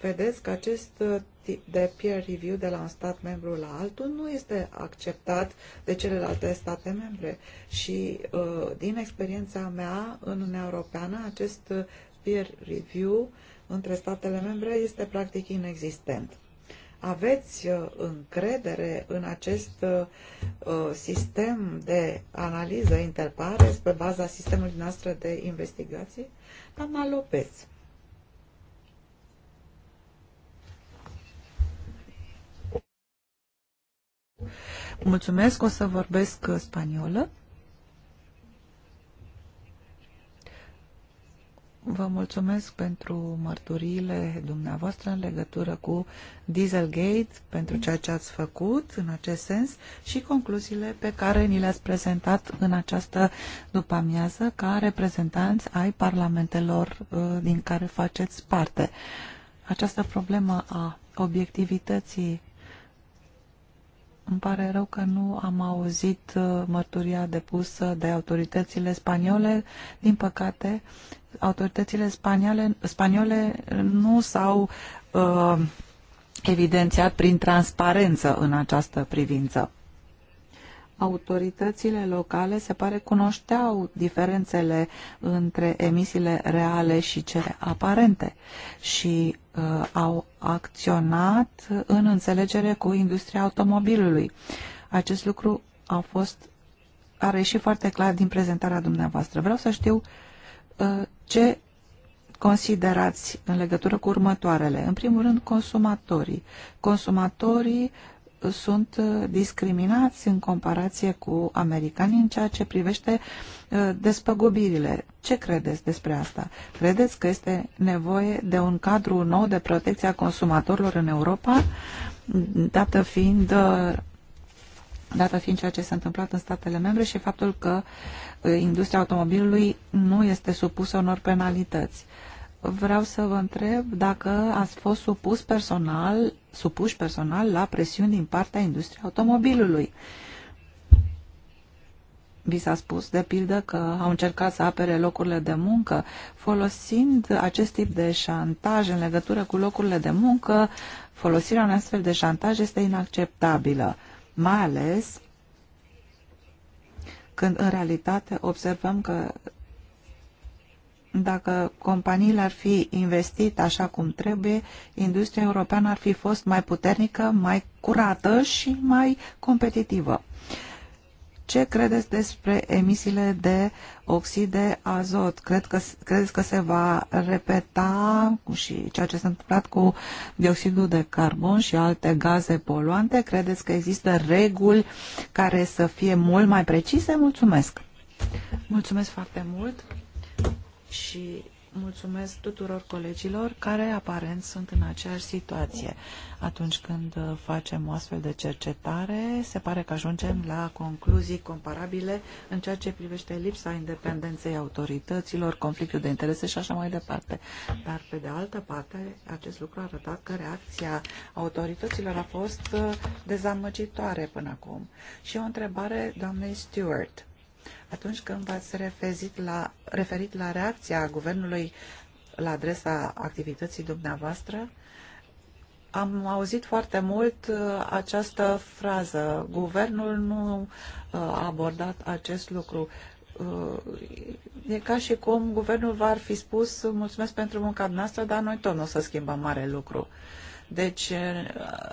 [SPEAKER 1] Vedeți că acest uh, tip de peer review de la un stat membru la altul nu este acceptat de celelalte state membre. Și uh, din experiența mea în Uniunea Europeană, acest uh, peer review între statele membre este practic inexistent. Aveți uh, încredere în acest uh, uh, sistem de analiză interpares pe baza sistemului noastră de investigații? Doamna Lopez. Mulțumesc, o să vorbesc spaniolă. Vă mulțumesc pentru mărturiile dumneavoastră în legătură cu Dieselgate, pentru ceea ce ați făcut în acest sens și concluziile pe care ni le-ați prezentat în această după-amiază ca reprezentanți ai parlamentelor uh, din care faceți parte. Această problemă a obiectivității îmi pare rău că nu am auzit uh, mărturia depusă de autoritățile spaniole. Din păcate, autoritățile spaniole, spaniole nu s-au uh, evidențiat prin transparență în această privință autoritățile locale se pare cunoșteau diferențele între emisiile reale și cele aparente și uh, au acționat în înțelegere cu industria automobilului. Acest lucru a fost a și foarte clar din prezentarea dumneavoastră. Vreau să știu uh, ce considerați în legătură cu următoarele? În primul rând, consumatorii. Consumatorii sunt uh, discriminați în comparație cu americanii în ceea ce privește uh, despăgubirile. Ce credeți despre asta? Credeți că este nevoie de un cadru nou de protecție a consumatorilor în Europa, dată fiind uh, dată fiind ceea ce s-a întâmplat în statele membre și faptul că industria automobilului nu este supusă unor penalități. Uh, vreau să vă întreb dacă ați fost supus personal, supuși personal la presiuni din partea industriei automobilului. Vi s-a spus, de pildă, că au încercat să apere locurile de muncă. Folosind acest tip de șantaj în legătură cu locurile de muncă, folosirea unui astfel de șantaj este inacceptabilă, mai ales când în realitate observăm că dacă companiile ar fi investit așa cum trebuie, industria europeană ar fi fost mai puternică, mai curată și mai competitivă. Ce credeți despre emisiile de oxid de azot? Cred că, credeți că se va repeta și ceea ce s-a întâmplat cu dioxidul de carbon și alte gaze poluante? Credeți că există reguli care să fie mult mai precise? Mulțumesc! Mulțumesc foarte mult! și mulțumesc tuturor colegilor care aparent sunt în aceeași situație. Atunci când uh, facem o astfel de cercetare, se pare că ajungem la concluzii comparabile în ceea ce privește lipsa independenței autorităților, conflictul de interese și așa mai departe. Dar, pe de altă parte, acest lucru a arătat că reacția autorităților a fost uh, dezamăgitoare până acum. Și o întrebare doamnei Stewart atunci când v-ați referit la, referit la reacția guvernului la adresa activității dumneavoastră, am auzit foarte mult uh, această frază. Guvernul nu uh, a abordat acest lucru. Uh, e ca și cum guvernul v-ar fi spus mulțumesc pentru munca noastră, dar noi tot nu o să schimbăm mare lucru. Uh, deci, eh,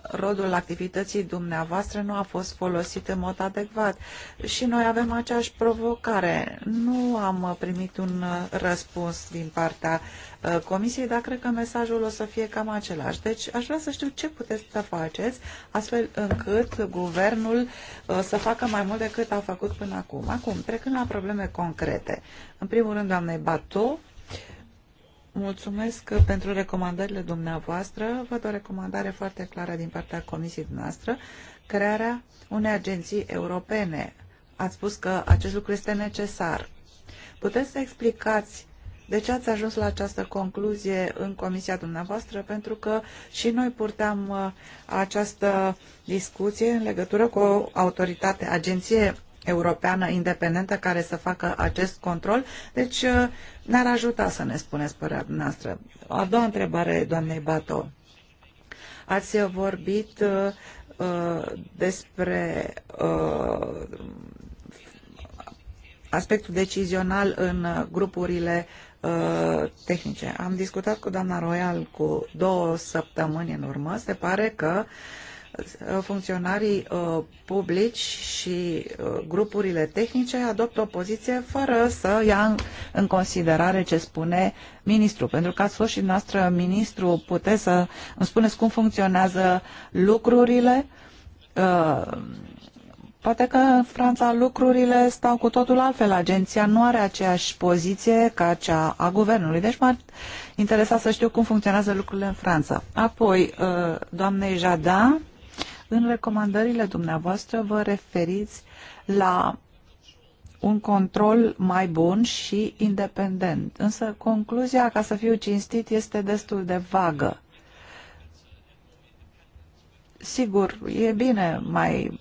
[SPEAKER 1] rodul activității dumneavoastră nu a fost folosit în mod adecvat. Și noi avem aceeași provocare. Nu am primit un eh, răspuns din partea eh, Comisiei, dar cred că mesajul o să fie cam același. Deci, aș vrea să știu ce puteți să faceți, astfel încât guvernul să facă mai mult decât a făcut până acum. Acum, trecând la probleme concrete. În primul rând, doamnei Bato, Mulțumesc pentru recomandările dumneavoastră. Văd o recomandare foarte clară din partea comisiei noastre, crearea unei agenții europene. Ați spus că acest lucru este necesar. Puteți să explicați de ce ați ajuns la această concluzie în comisia dumneavoastră? Pentru că și noi purteam uh, această discuție în legătură cu o autoritate, agenție europeană independentă care să facă acest control. Deci uh, ne-ar ajuta să ne spuneți părerea noastră. A doua întrebare, doamnei Bato. Ați vorbit uh, uh despre uh, aspectul decizional în grupurile uh, tehnice. Am discutat cu doamna Royal cu două săptămâni în urmă. Se pare că uh, Uh, funcționarii uh, publici și uh, grupurile tehnice adoptă o poziție fără să ia în considerare ce spune ministru. Pentru că ați fost și noastră ministru, puteți să îmi spuneți cum funcționează lucrurile. Poate că în Franța lucrurile stau cu totul altfel. Agenția nu are aceeași poziție ca cea a guvernului. Deci m-ar interesa să știu cum funcționează lucrurile în Franța. Apoi, doamnei Jada, în recomandările dumneavoastră vă referiți la un control mai bun și independent. Însă concluzia, ca să fiu cinstit, este destul de vagă. Sigur, e bine mai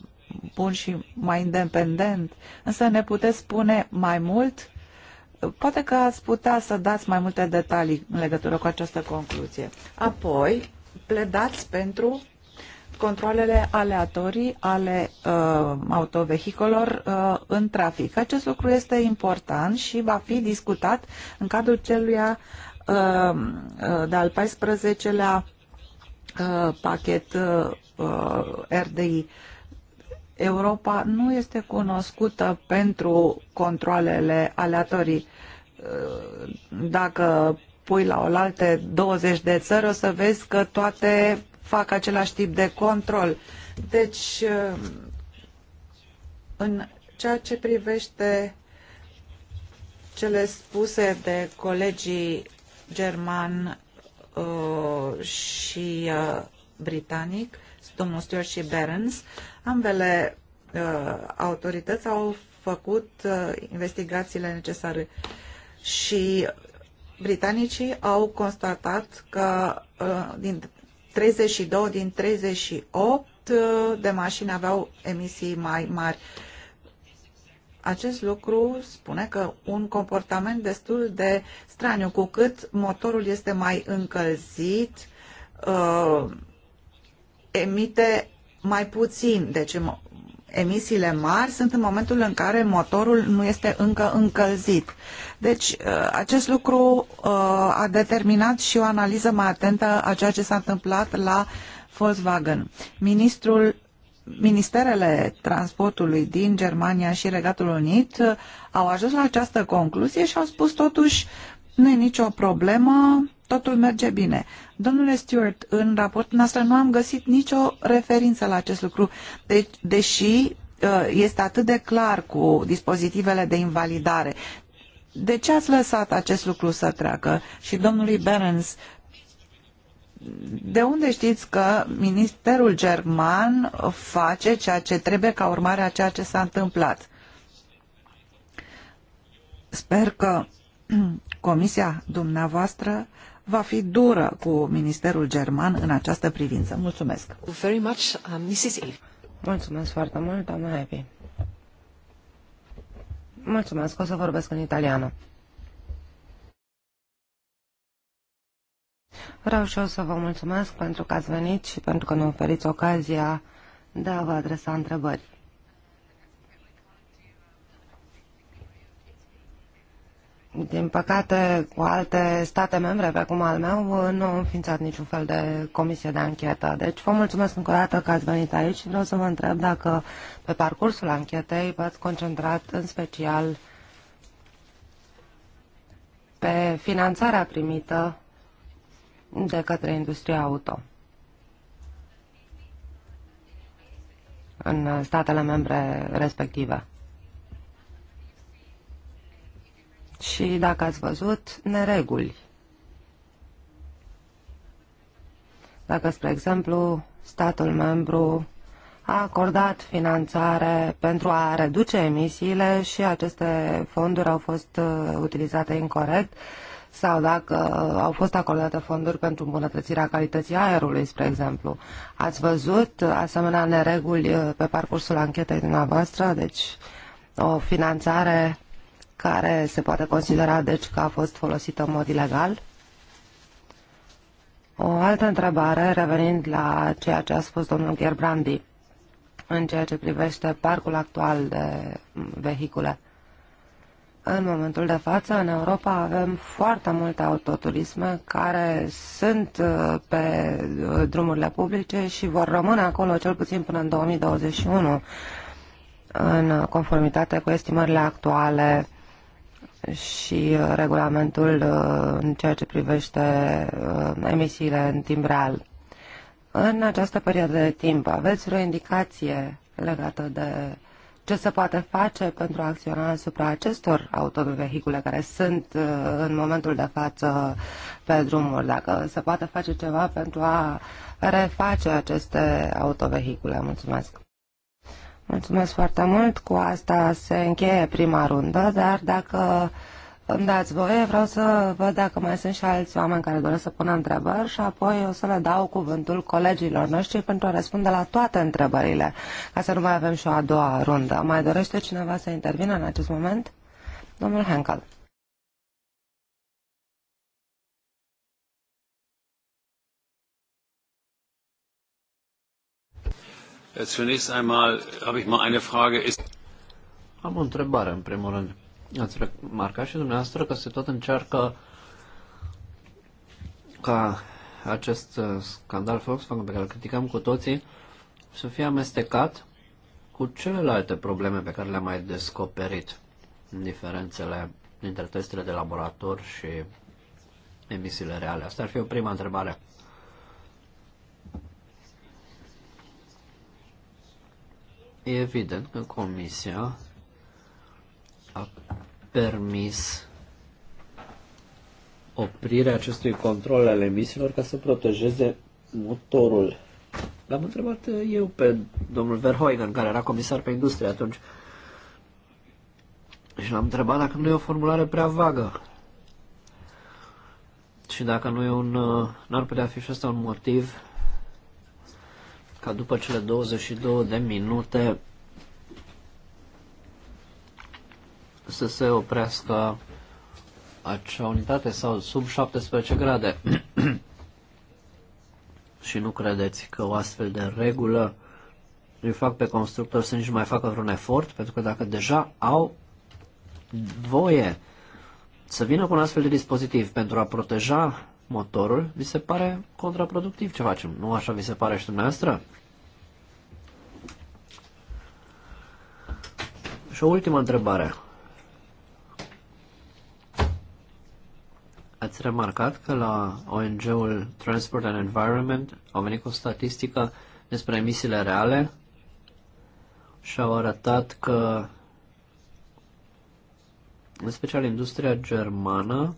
[SPEAKER 1] bun și mai independent, însă ne puteți spune mai mult? Poate că ați putea să dați mai multe detalii în legătură cu această concluzie. Apoi, pledați pentru controlele aleatorii ale uh, autovehicolor uh, în trafic. Acest lucru este important și va fi discutat în cadrul celuia uh, uh de-al 14-lea uh, pachet uh, uh RDI. Europa nu este cunoscută pentru controlele aleatorii. Uh, dacă pui la oaltă 20 de țări, o să vezi că toate fac același tip de control. Deci, uh, în ceea ce privește cele spuse de colegii german uh, și uh, britanic, domnul Stuart și Berens, ambele uh, autorități au făcut uh, investigațiile necesare și britanicii au constatat că uh, din 32 din 38 uh, de mașini aveau emisii mai mari. Acest lucru spune că un comportament destul de straniu, cu cât motorul este mai încălzit, uh, emite mai puțin, deci emisiile mari sunt în momentul în care motorul nu este încă încălzit. Deci uh, acest lucru uh, a determinat și o analiză mai atentă a ceea ce s-a întâmplat la Volkswagen. Ministrul Ministerele transportului din Germania și Regatul Unit uh, au ajuns la această concluzie și au spus totuși nu e nicio problemă, totul merge bine. Domnule Stewart, în raportul noastră nu am găsit nicio referință la acest lucru, de, deci, deși uh, este atât de clar cu dispozitivele de invalidare. De ce ați lăsat acest lucru să treacă? Și domnului Berens, de unde știți că ministerul german face ceea ce trebuie ca urmare a ceea ce s-a întâmplat? Sper că comisia dumneavoastră va fi dură cu Ministerul German în această privință. Mulțumesc!
[SPEAKER 3] Very much, uh, Mrs. Mulțumesc foarte mult, doamna Epi. Mulțumesc, o să vorbesc în italiană. Vreau și eu să vă mulțumesc pentru că ați venit și pentru că ne oferiți ocazia de a vă adresa întrebări. din păcate, cu alte state membre, pe cum al meu, nu au înființat niciun fel de comisie de anchetă. Deci vă mulțumesc încă o dată că ați venit aici și vreau să vă întreb dacă pe parcursul anchetei v-ați concentrat în special pe finanțarea primită de către industria auto în statele membre respective. și, dacă ați văzut, nereguli. Dacă, spre exemplu, statul membru a acordat finanțare pentru a reduce emisiile și aceste fonduri au fost uh, utilizate incorrect, sau dacă au fost acordate fonduri pentru îmbunătățirea calității aerului, spre exemplu. Ați văzut asemenea nereguli uh, pe parcursul anchetei dumneavoastră, deci o finanțare care se poate considera deci că a fost folosită în mod ilegal? O altă întrebare, revenind la ceea ce a spus domnul Gherbrandi în ceea ce privește parcul actual de vehicule. În momentul de față, în Europa avem foarte multe autoturisme care sunt uh, pe uh, drumurile publice și vor rămâne acolo cel puțin până în 2021, în conformitate cu estimările actuale și uh, regulamentul uh, în ceea ce privește uh, emisiile în timp real. În această perioadă de timp aveți vreo indicație legată de ce se poate face pentru a acționa asupra acestor autovehicule care sunt în momentul de față pe drumuri, dacă se poate face ceva pentru a reface aceste autovehicule. Mulțumesc! Mulțumesc foarte mult. Cu asta se încheie prima rundă, dar dacă îmi dați voie, vreau să văd dacă mai sunt și alți oameni care doresc să pună întrebări și apoi o să le dau cuvântul colegilor noștri pentru a răspunde la toate întrebările, ca să nu mai avem și o a doua rundă. Mai dorește cineva să intervină în acest moment? Domnul Henkel.
[SPEAKER 1] Äh, zunächst einmal habe ich mal eine Frage.
[SPEAKER 2] Am o întrebare, în primul rând. Ați remarcat și dumneavoastră că se tot încearcă ca acest uh, scandal Volkswagen pe care îl criticăm cu toții să fie amestecat cu celelalte probleme pe care le-am mai descoperit, diferențele dintre testele de laborator și emisiile reale. Asta ar fi o prima întrebare. E evident că Comisia a permis oprirea acestui control al emisiilor ca să protejeze motorul. L-am întrebat uh, eu pe domnul Verhoeven, care era comisar pe industrie atunci, și l-am întrebat dacă nu e o formulare prea vagă și dacă nu e un, uh, n-ar putea fi și asta un motiv ca după cele 22 de minute să se oprească acea unitate sau sub 17 grade. și nu credeți că o astfel de regulă îi fac pe constructor să nici mai facă vreun efort, pentru că dacă deja au voie să vină cu un astfel de dispozitiv pentru a proteja motorul, vi se pare contraproductiv ce facem. Nu așa vi se pare și dumneavoastră? Și o ultimă întrebare. Ați remarcat că la ONG-ul Transport and Environment au venit cu o statistică despre emisiile reale și au arătat că în special industria germană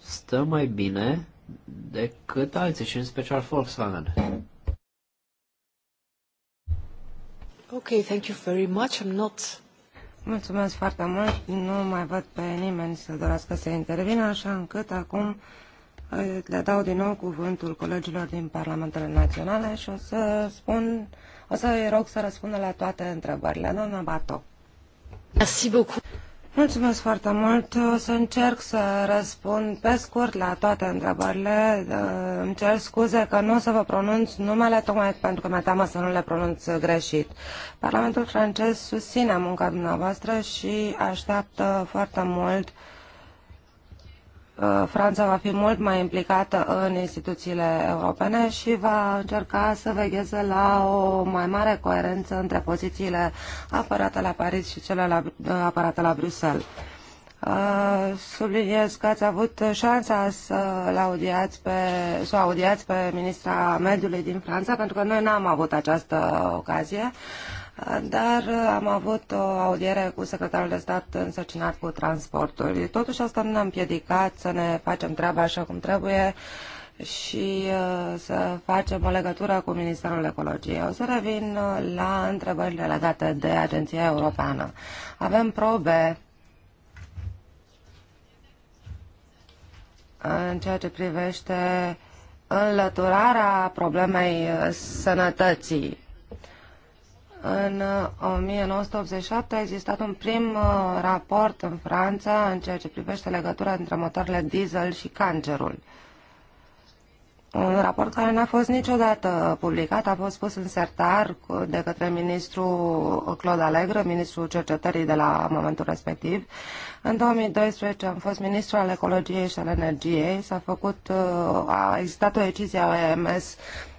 [SPEAKER 2] stă mai bine decât alții și în special Volkswagen.
[SPEAKER 3] Okay, thank you very much. I'm not... Mulțumesc foarte mult. Nu mai văd pe nimeni să dorească să intervină, așa încât acum eh, le dau din nou cuvântul colegilor din Parlamentele Naționale și o să spun, o să îi rog să răspundă la toate întrebările. Doamna Bato. Merci beaucoup. Mulțumesc foarte mult. O să încerc să răspund pe scurt la toate întrebările. Îmi cer scuze că nu o să vă pronunț numele, tocmai pentru că mi-e teamă să nu le pronunț greșit. Parlamentul francez susține munca dumneavoastră și așteaptă foarte mult uh, Uh, Franța va fi mult mai implicată în instituțiile europene și va încerca să vegheze la o mai mare coerență între pozițiile apărate la Paris și cele la, uh, apărate la Bruxelles. Uh, subliniez că ați avut șansa să-l audiați pe, să audiați pe ministra mediului din Franța, pentru că noi n-am avut această ocazie dar uh, am avut o audiere cu secretarul de stat însărcinat cu transportul. Totuși asta nu ne-a împiedicat să ne facem treaba așa cum trebuie și uh, să facem o legătură cu Ministerul Ecologiei. O să revin uh, la întrebările legate de Agenția Europeană. Avem probe în ceea ce privește înlăturarea problemei sănătății în 1987 uh, a existat un prim uh, raport în Franța în ceea ce privește legătura între motoarele diesel și cancerul. Un raport care n-a fost niciodată publicat, a fost pus în sertar de către ministrul Claude Alegre, ministrul cercetării de la momentul respectiv. În 2012 am fost ministru al ecologiei și al energiei, s-a făcut, uh, a existat o decizie a OMS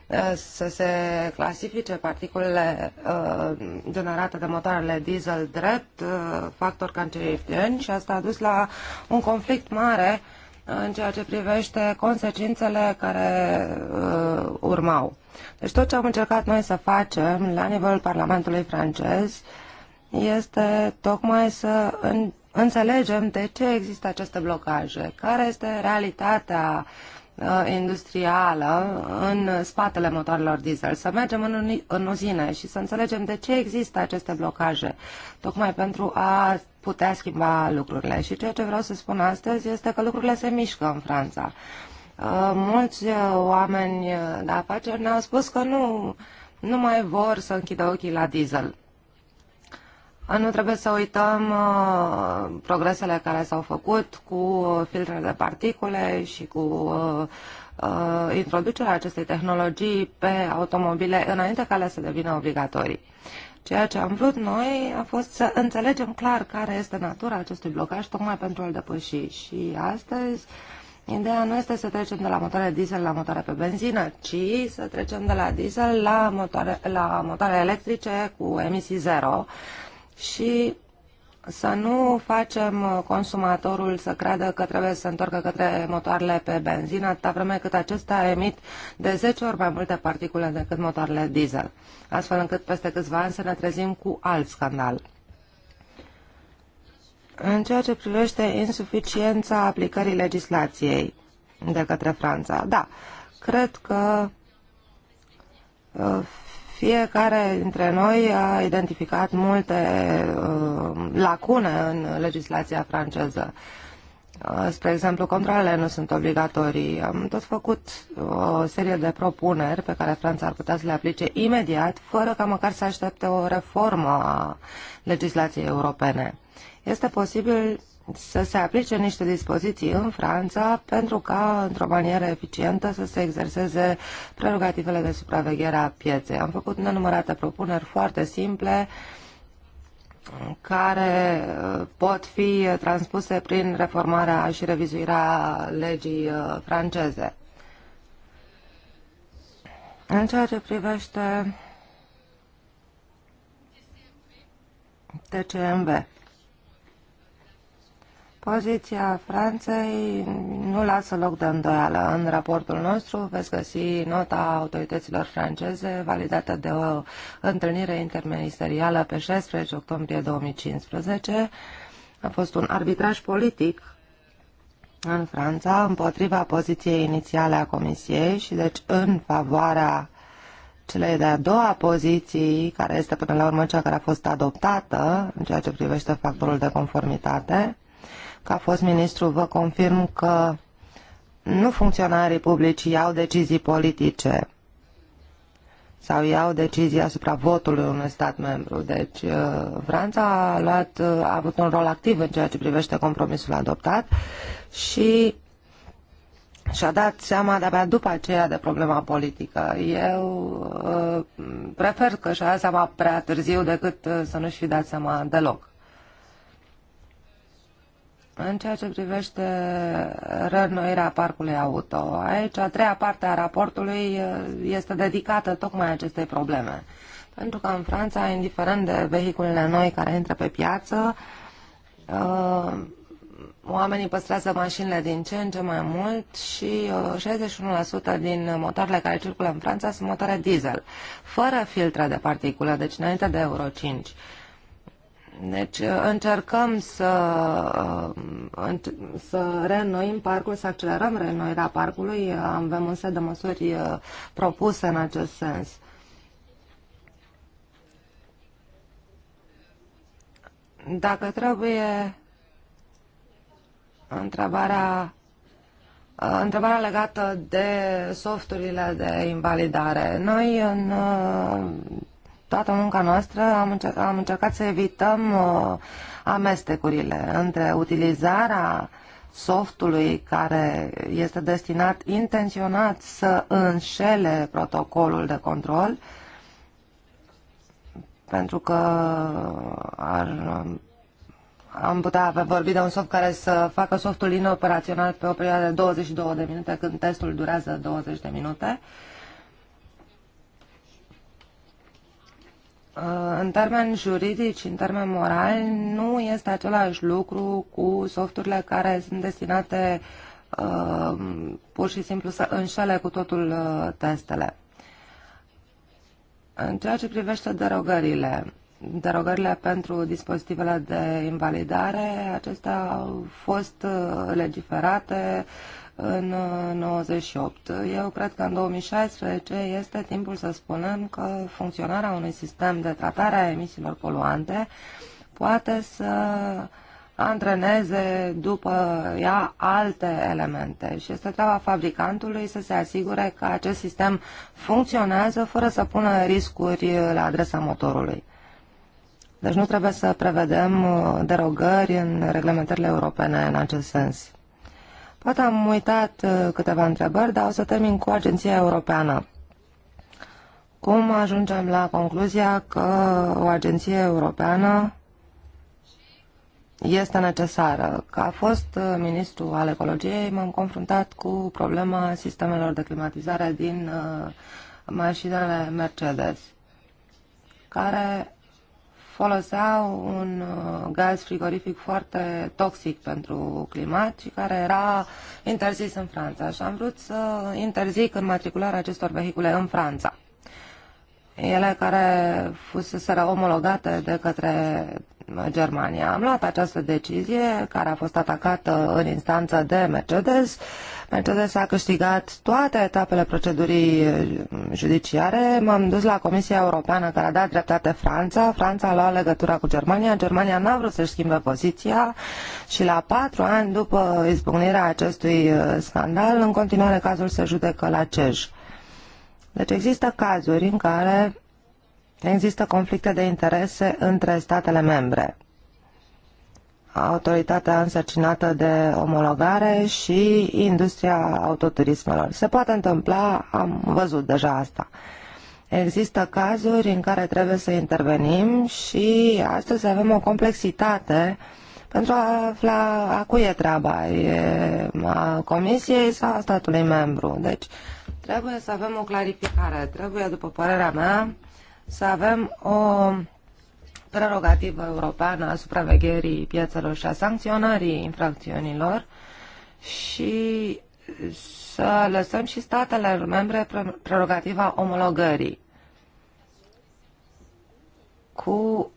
[SPEAKER 3] Uh, să se clasifice particulele uh, generate de motoarele diesel drept uh, factor cancerigen și asta a dus la un conflict mare în ceea ce privește consecințele care uh, urmau. Deci tot ce am încercat noi să facem la nivelul Parlamentului francez este tocmai să în, înțelegem de ce există aceste blocaje, care este realitatea uh, Uh, industrială în spatele motoarelor diesel, să mergem în, în uzine și să înțelegem de ce există aceste blocaje, tocmai pentru a putea schimba lucrurile. Și ceea ce vreau să spun astăzi este că lucrurile se mișcă în Franța. Uh, mulți uh, oameni de afaceri ne-au spus că nu, nu mai vor să închidă ochii la diesel. Ah, nu trebuie să uităm uh, progresele care s-au făcut cu uh, filtrele de particule și cu uh, introducerea acestei tehnologii pe automobile înainte ca ele să devină obligatorii. Ceea ce am vrut noi a fost să înțelegem clar care este natura acestui blocaj, tocmai pentru a-l depăși. Și astăzi, ideea nu este să trecem de la motoare diesel la motoare pe benzină, ci să trecem de la diesel la motoare, la motoare electrice cu emisii zero, uh, și să nu facem uh, consumatorul să creadă că trebuie să se întoarcă către motoarele pe benzină, atâta vreme cât acestea emit de 10 ori mai multe particule decât motoarele diesel, astfel încât peste câțiva ani să ne trezim cu alt scandal. În ceea ce privește insuficiența aplicării legislației de către Franța, da, cred că uh, fiecare dintre noi a identificat multe uh, lacune în legislația franceză. Uh, spre exemplu, controlele nu sunt obligatorii. Am tot făcut uh, o serie de propuneri pe care Franța ar putea să le aplice imediat, fără ca măcar să aștepte o reformă a legislației europene. Este posibil să se aplice niște dispoziții în Franța pentru ca, într-o manieră eficientă, să se exerseze prerogativele de supraveghere a pieței. Am făcut nenumărate propuneri foarte simple care uh, pot fi transpuse prin reformarea și revizuirea legii uh, franceze. În ceea ce privește TCMV, Poziția Franței nu lasă loc de îndoială. În raportul nostru veți găsi nota autorităților franceze validată de o întâlnire interministerială pe 16 octombrie 2015. A fost un arbitraj politic în Franța împotriva poziției inițiale a Comisiei și deci în favoarea celei de-a doua poziții, care este până la urmă cea care a fost adoptată în ceea ce privește factorul de conformitate ca fost ministru vă confirm că nu funcționarii publici iau decizii politice sau iau decizii asupra votului unui stat membru. Deci uh, Franța a, luat, uh, a avut un rol activ în ceea ce privește compromisul adoptat și și-a dat seama de-abia după aceea de problema politică. Eu uh, prefer că și-a dat seama prea târziu decât să nu-și fi dat seama deloc. În ceea ce privește rănoirea parcului auto, aici a treia parte a raportului uh, este dedicată tocmai acestei probleme. Pentru că în Franța, indiferent de vehiculele noi care intră pe piață, uh, oamenii păstrează mașinile din ce în ce mai mult și 61% uh, din motoarele care circulă în Franța sunt motoare diesel, fără filtre de particule, deci înainte de Euro 5 deci uh, încercăm să, uh, să reînnoim parcul, să accelerăm reînnoirea parcului. Uh, avem un set de măsuri propuse în acest sens. Dacă trebuie întrebarea Întrebarea legată de softurile de invalidare. Noi în toată munca noastră am, încerc, am încercat să evităm uh, amestecurile între utilizarea softului care este destinat intenționat să înșele protocolul de control pentru că ar, am putea avea vorbit de un soft care să facă softul inoperațional pe o perioadă de 22 de minute când testul durează 20 de minute uh, Uh, în termeni juridici, în termeni morali, nu este același lucru cu softurile care sunt destinate uh, pur și simplu să înșele cu totul uh, testele. În ceea ce privește derogările, derogările pentru dispozitivele de invalidare, acestea au fost uh, legiferate, în 98. Uh, Eu cred că în 2016 este timpul să spunem că funcționarea unui sistem de tratare a emisiilor poluante poate să antreneze după ea alte elemente și este treaba fabricantului să se asigure că acest sistem funcționează fără să pună riscuri la adresa motorului. Deci nu trebuie să prevedem uh, derogări în reglementările europene în acest sens. Poate am uitat uh, câteva întrebări, dar o să termin cu Agenția Europeană. Cum ajungem la concluzia că o agenție europeană este necesară? Ca fost uh, ministru al ecologiei, m-am confruntat cu problema sistemelor de climatizare din uh, mașinile Mercedes, care foloseau un uh, gaz frigorific foarte toxic pentru climat și care era interzis în Franța. Și am vrut să interzic înmatricularea acestor vehicule în Franța. Ele care fusese omologate de către uh, Germania. Am luat această decizie care a fost atacată în instanță de Mercedes Mercedes a câștigat toate etapele procedurii eh, judiciare. M-am dus la Comisia Europeană care a dat dreptate Franța. Franța a luat legătura cu Germania. Germania n-a vrut să-și schimbe poziția și la patru ani după izbucnirea acestui eh, scandal, în continuare cazul se judecă la CEJ. Deci există cazuri în care există conflicte de interese între statele membre autoritatea însărcinată de omologare și industria autoturismelor. Se poate întâmpla, am văzut deja asta. Există cazuri în care trebuie să intervenim și astăzi avem o complexitate pentru a afla a cui e treaba, e a Comisiei sau a statului membru. Deci trebuie să avem o clarificare, trebuie, după părerea mea, să avem o prerogativă europeană a supravegherii piețelor și a sancționării infracțiunilor și să lăsăm și statele membre prerogativa omologării cu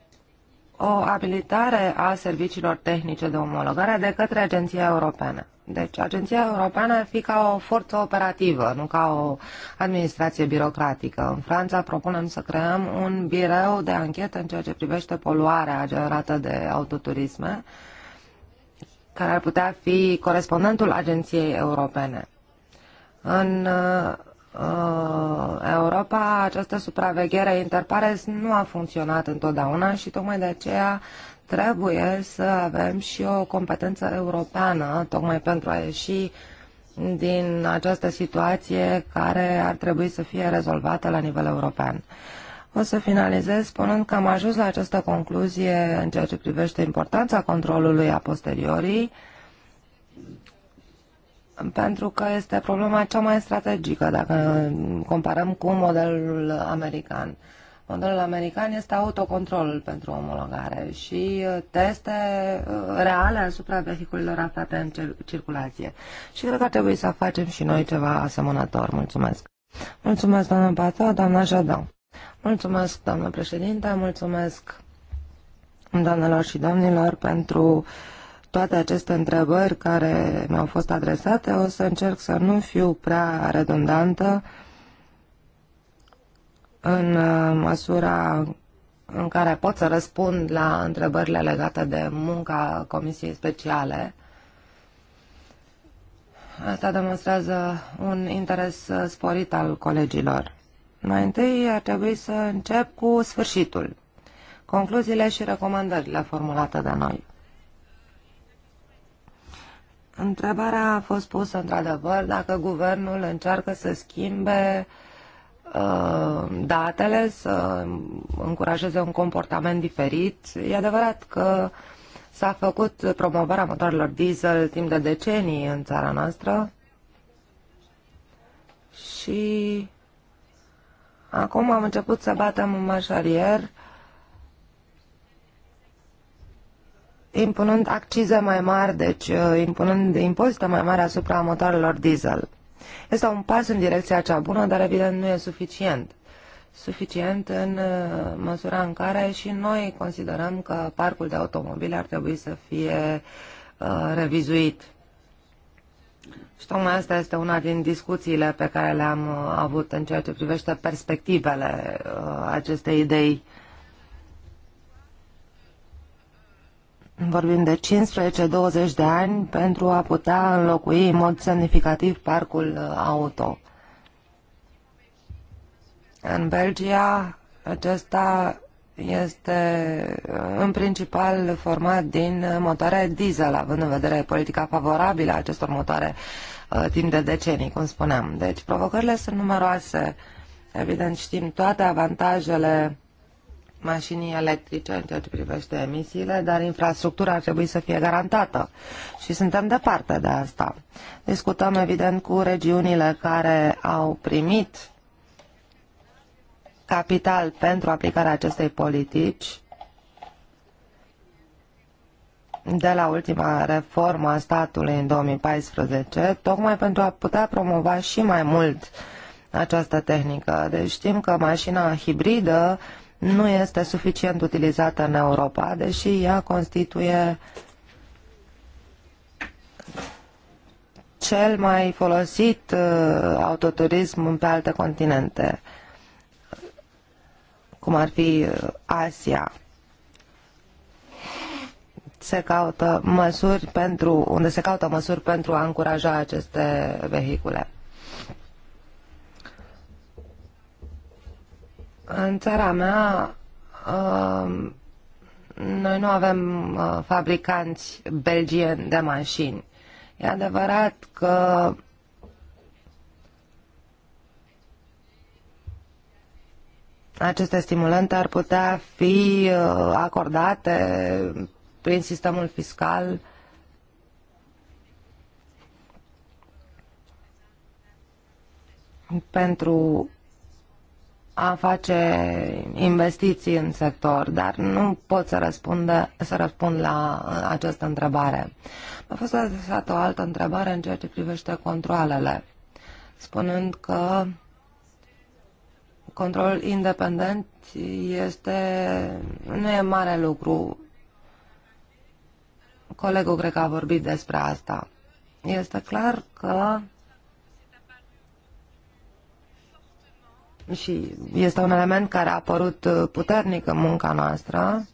[SPEAKER 3] o abilitare a serviciilor tehnice de omologare de către Agenția Europeană. Deci Agenția Europeană ar fi ca o forță operativă, nu ca o administrație birocratică. În Franța propunem să creăm un birou de anchetă în ceea ce privește poluarea generată de autoturisme, care ar putea fi corespondentul Agenției Europene. În uh, Europa, această supraveghere interpares nu a funcționat întotdeauna și tocmai de aceea trebuie să avem și o competență europeană, tocmai pentru a ieși din această situație care ar trebui să fie rezolvată la nivel european. O să finalizez spunând că am ajuns la această concluzie în ceea ce privește importanța controlului a posteriorii, pentru că este problema cea mai strategică dacă comparăm cu modelul american. Controlul american este autocontrolul pentru omologare și uh, teste uh, reale asupra vehiculelor aflate în circulație. Și cred că ar trebui să facem și noi ceva asemănător. Mulțumesc! Mulțumesc, doamna Pato, doamna Jadon. Mulțumesc, doamnă președinte, mulțumesc doamnelor și domnilor pentru toate aceste întrebări care mi-au fost adresate. O să încerc să nu fiu prea redundantă în uh, măsura în care pot să răspund la întrebările legate de munca Comisiei Speciale. Asta demonstrează un interes uh, sporit al colegilor. Mai întâi ar trebui să încep cu sfârșitul, concluziile și recomandările formulate de noi. Întrebarea a fost pusă într-adevăr dacă guvernul încearcă să schimbe uh, Uh, datele, să încurajeze un comportament diferit. E adevărat că s-a făcut promovarea motoarelor diesel timp de decenii în țara noastră și acum am început să batem în mașarier impunând accize mai mari, deci uh, impunând impozite mai mari asupra motoarelor diesel. Este un pas în direcția cea bună, dar evident nu e suficient. Suficient în uh, măsura în care și noi considerăm că parcul de automobile ar trebui să fie uh, revizuit. Și tocmai asta este una din discuțiile pe care le-am uh, avut în ceea ce privește perspectivele uh, acestei idei vorbim de 15-20 de ani pentru a putea înlocui în mod semnificativ parcul uh, auto. În Belgia, acesta este uh, în principal format din motoare diesel, având în vedere politica favorabilă a acestor motoare uh, timp de decenii, cum spuneam. Deci provocările sunt numeroase. Evident, știm toate avantajele mașinii electrice în ceea ce privește emisiile, dar infrastructura ar trebui să fie garantată și suntem departe de asta. Discutăm evident cu regiunile care au primit capital pentru aplicarea acestei politici de la ultima reformă a statului în 2014, tocmai pentru a putea promova și mai mult această tehnică. Deci știm că mașina hibridă uh, nu este suficient utilizată în Europa, deși ea constituie cel mai folosit uh, autoturism pe alte continente, cum ar fi uh, Asia. Se caută măsuri pentru, unde se caută măsuri pentru a încuraja aceste vehicule. În țara mea, um, noi nu avem uh, fabricanți belgieni de mașini. E adevărat că aceste stimulente ar putea fi uh, acordate prin sistemul fiscal pentru a face investiții în sector, dar nu pot să, răspunde, să răspund la această întrebare. a fost adresată o altă întrebare în ceea ce privește controlele, spunând că controlul independent este, nu e mare lucru. Colegul cred că a vorbit despre asta. Este clar că și este un element care a apărut uh, puternic în munca noastră,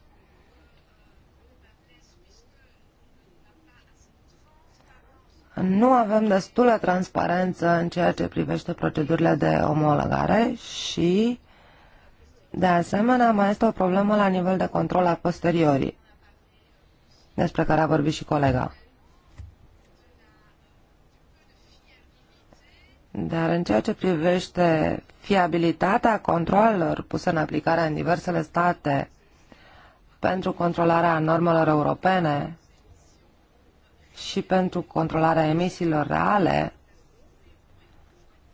[SPEAKER 3] nu avem destulă transparență în ceea ce privește procedurile de omologare și, de asemenea, mai este o problemă la nivel de control a posteriorii, despre care a vorbit și colega. Dar în ceea ce privește fiabilitatea controlelor puse în aplicare în diversele state pentru controlarea normelor europene și pentru controlarea emisiilor reale,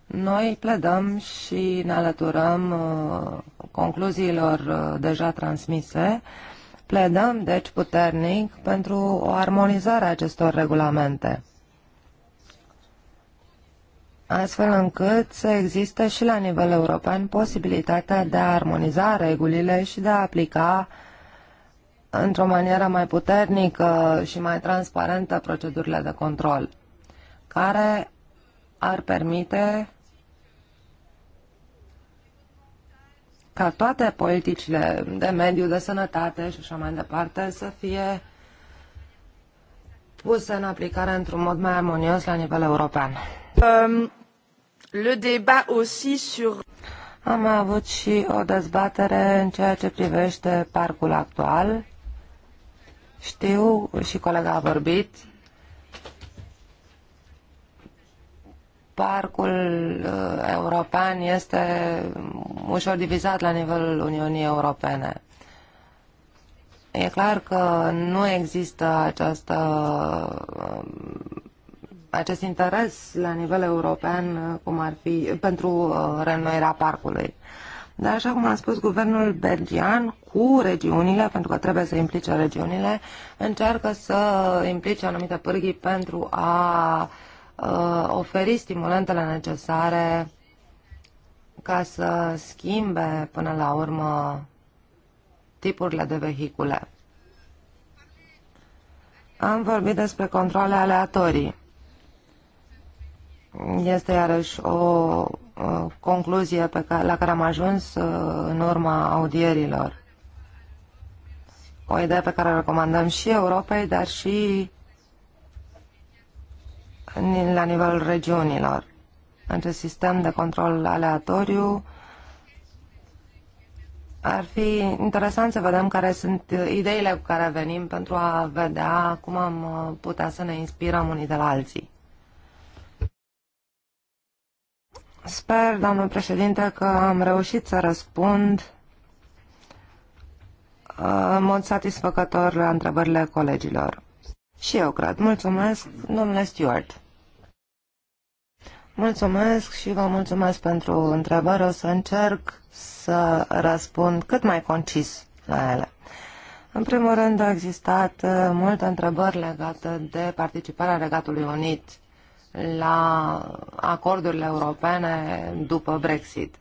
[SPEAKER 3] noi pledăm și ne alăturăm uh, concluziilor uh, deja transmise, pledăm deci puternic pentru o armonizare a acestor regulamente astfel încât să existe și la nivel european posibilitatea de a armoniza regulile și de a aplica într-o manieră mai puternică și mai transparentă procedurile de control, care ar permite ca toate politicile de mediu, de sănătate și așa mai departe să fie puse în aplicare într-un mod mai armonios la nivel european. Um, le débat aussi sur... Am avut și o dezbatere în ceea ce privește parcul actual. Știu și colega a vorbit. Parcul uh, european este ușor divizat la nivelul Uniunii Europene. E clar că nu există această acest interes la nivel european, uh, cum ar fi pentru uh, reînnoirea parcului. Dar, așa cum am spus, guvernul belgian cu regiunile, pentru că trebuie să implice regiunile, încearcă să implice anumite pârghii pentru a uh, oferi stimulentele necesare ca să schimbe până la urmă tipurile de vehicule. Am vorbit despre controle aleatorii. Este iarăși o concluzie pe care, la care am ajuns uh, în urma audierilor. O idee pe care o recomandăm și Europei, dar și la nivelul regiunilor. între sistem de control aleatoriu ar fi interesant să vedem care sunt uh, ideile cu care venim pentru a vedea cum am uh, putea să ne inspirăm unii de la alții. Sper, doamnă președinte, că am reușit să răspund uh, în mod satisfăcător la întrebările colegilor. Și eu cred. Mulțumesc, domnule Stewart. Mulțumesc și vă mulțumesc pentru întrebări. O să încerc să răspund cât mai concis la ele. În primul rând, au existat uh, multe întrebări legate de participarea Regatului Unit la acordurile europene după Brexit.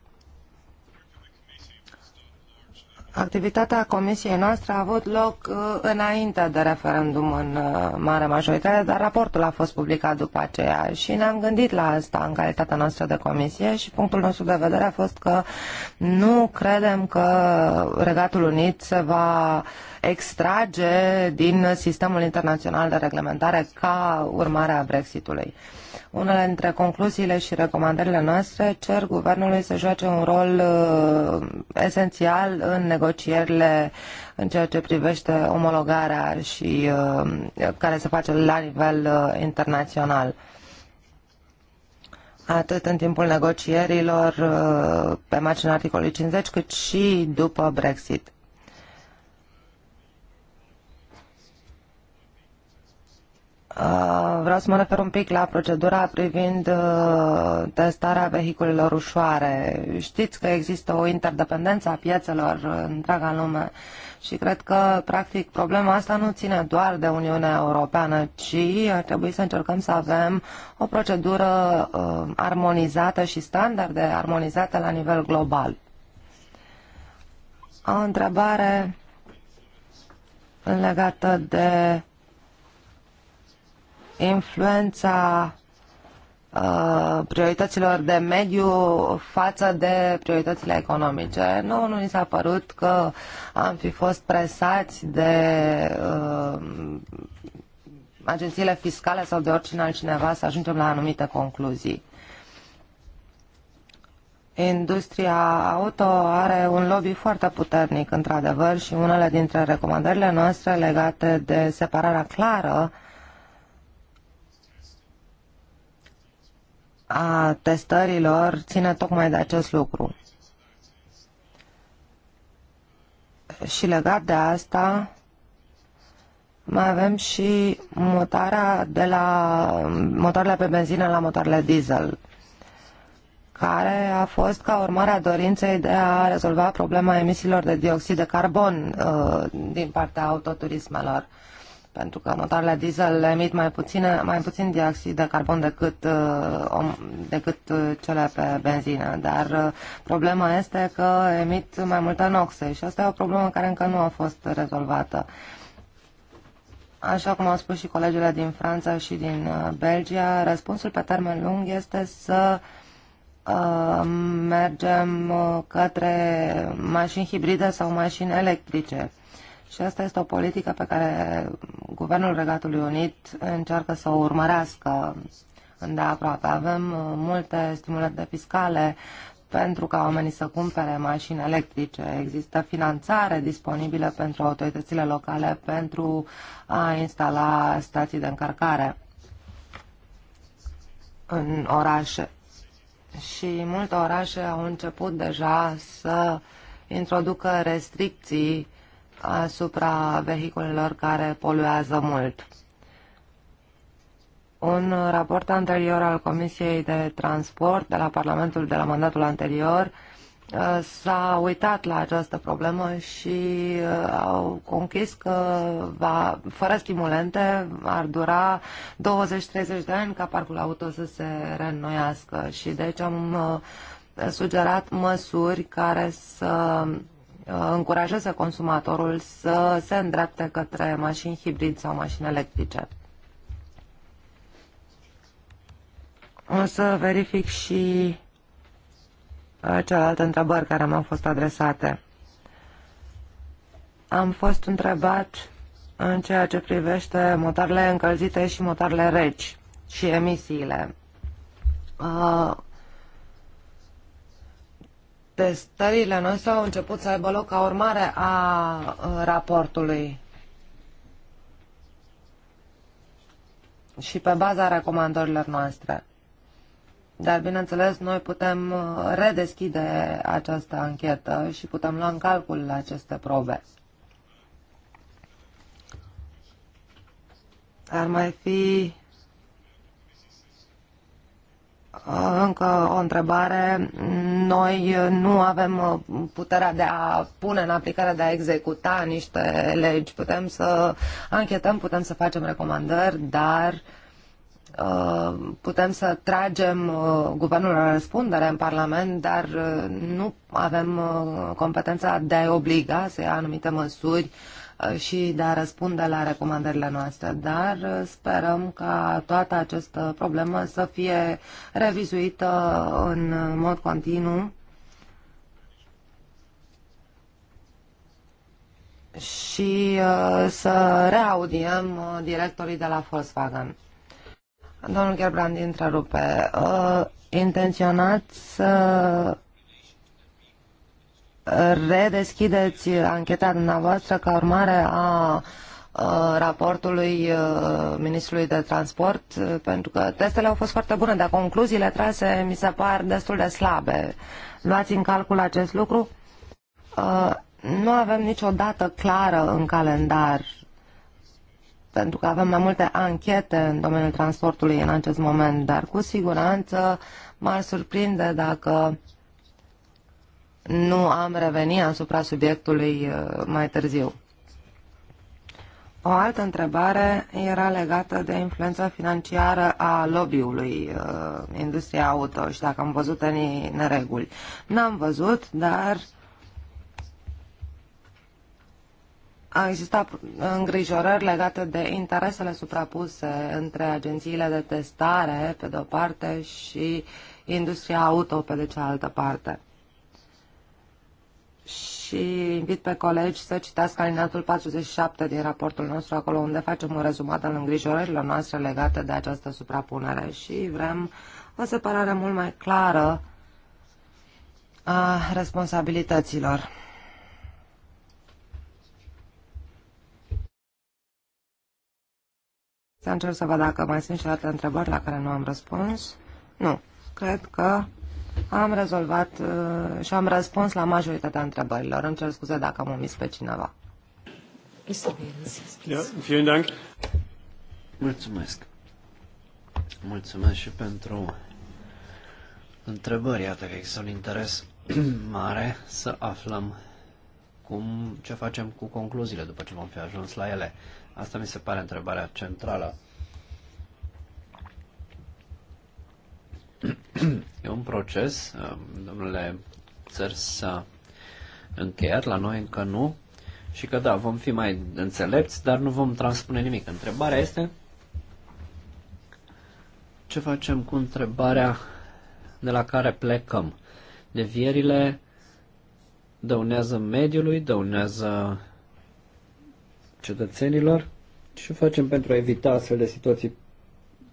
[SPEAKER 3] Activitatea comisiei noastre a avut loc uh, înainte de referendum în uh, mare majoritate, dar raportul a fost publicat după aceea și ne-am gândit la asta în calitatea noastră de comisie și punctul nostru de vedere a fost că nu credem că Regatul Unit se va extrage din sistemul internațional de reglementare ca urmare a Brexitului. ului unele dintre concluziile și recomandările noastre cer guvernului să joace un rol uh, esențial în negocierile în ceea ce privește omologarea și uh, care se face la nivel uh, internațional atât în timpul negocierilor uh, pe marginea articolului 50, cât și după Brexit. Uh, vreau să mă refer un pic la procedura privind uh, testarea vehiculelor ușoare. Știți că există o interdependență a piețelor în întreaga lume și cred că, practic, problema asta nu ține doar de Uniunea Europeană, ci ar trebui să încercăm să avem o procedură uh, armonizată și standarde armonizate la nivel global. O întrebare legată de influența uh, priorităților de mediu față de prioritățile economice. Nu, nu ni s-a părut că am fi fost presați de uh, agențiile fiscale sau de oricine altcineva să ajungem la anumite concluzii. Industria auto are un lobby foarte puternic, într-adevăr, și unele dintre recomandările noastre legate de separarea clară uh, a testărilor ține tocmai de acest lucru. Și legat de asta, mai avem și mutarea de la motoarele pe benzină la motoarele diesel, care a fost ca urmare a dorinței de a rezolva problema emisiilor de dioxid de carbon uh, din partea autoturismelor. Uh, pentru că motoarele diesel emit mai, puține, mai puțin dioxid de carbon decât, uh, decât uh, cele pe benzină, dar uh, problema este că emit mai multe noxe și asta e o problemă care încă nu a fost rezolvată. Așa cum au spus și colegele din Franța și din Belgia, răspunsul pe termen lung este să mergem către mașini hibride sau mașini electrice și asta este o politică pe care Guvernul Regatului Unit încearcă să o urmărească îndeaproape. Avem uh, multe stimulente fiscale pentru ca oamenii să cumpere mașini electrice. Există finanțare disponibilă pentru autoritățile locale pentru a instala stații de încărcare în orașe. Și multe orașe au început deja să introducă restricții asupra vehiculelor care poluează mult. Un raport anterior al Comisiei de Transport de la Parlamentul de la mandatul anterior uh, s-a uitat la această problemă și uh, au conchis că va, fără stimulente ar dura 20-30 de ani ca parcul auto să se reînnoiască și deci am uh, sugerat măsuri care să Uh, încurajeze consumatorul să se îndrepte către mașini hibrid sau mașini electrice. O să verific și uh, celelalte întrebări care mi-au fost adresate. Am fost întrebat în ceea ce privește motoarele încălzite și motoarele reci și emisiile. Uh, testările noastre au început să aibă loc ca urmare a raportului. și pe baza recomandărilor noastre. Dar, bineînțeles, noi putem uh, redeschide această anchetă și putem lua în calcul aceste probe. Ar mai fi încă o întrebare. Noi nu avem puterea de a pune în aplicare, de a executa niște legi. Putem să anchetăm, putem să facem recomandări, dar uh, putem să tragem uh, guvernul la răspundere în Parlament, dar uh, nu avem competența de a obliga să ia anumite măsuri uh, Uh, și de a răspunde la recomandările noastre, dar uh, sperăm ca toată această problemă să fie revizuită în mod continuu și uh, să reaudiem directorii de la Volkswagen. Domnul Gerbrandi întrerupe. Intenționați să redeschideți ancheta dumneavoastră ca urmare a raportului Ministrului de Transport, pentru că testele au fost foarte bune, dar concluziile trase mi se par destul de slabe. Luați în calcul acest lucru. Nu avem nicio dată clară în calendar, pentru că avem mai multe anchete în domeniul transportului în acest moment, dar cu siguranță m-ar surprinde dacă nu am revenit asupra subiectului uh, mai târziu. O altă întrebare era legată de influența financiară a lobby-ului uh, industriei auto și dacă am văzut în nereguli. N-am văzut, dar a existat îngrijorări legate de interesele suprapuse între agențiile de testare, pe de-o parte, și industria auto, pe de cealaltă parte și invit pe colegi să citească alinatul 47 din raportul nostru, acolo unde facem un rezumat al îngrijorărilor noastre legate de această suprapunere și vrem o separare mult mai clară a responsabilităților. Să încerc să văd dacă mai sunt și alte întrebări la care nu am răspuns. Nu. Cred că am rezolvat uh, și am răspuns la majoritatea întrebărilor. Îmi cer scuze dacă am omis pe cineva.
[SPEAKER 2] Mulțumesc. Mulțumesc și pentru întrebări. Iată că există un interes mare să aflăm cum, ce facem cu concluziile după ce vom fi ajuns la ele. Asta mi se pare întrebarea centrală. E un proces, uh, domnule țări s-a încheiat, la noi încă nu, și că da, vom fi mai înțelepți, dar nu vom transpune nimic. Întrebarea este ce facem cu întrebarea de la care plecăm. Devierile dăunează mediului, dăunează cetățenilor. Ce facem pentru a evita astfel de situații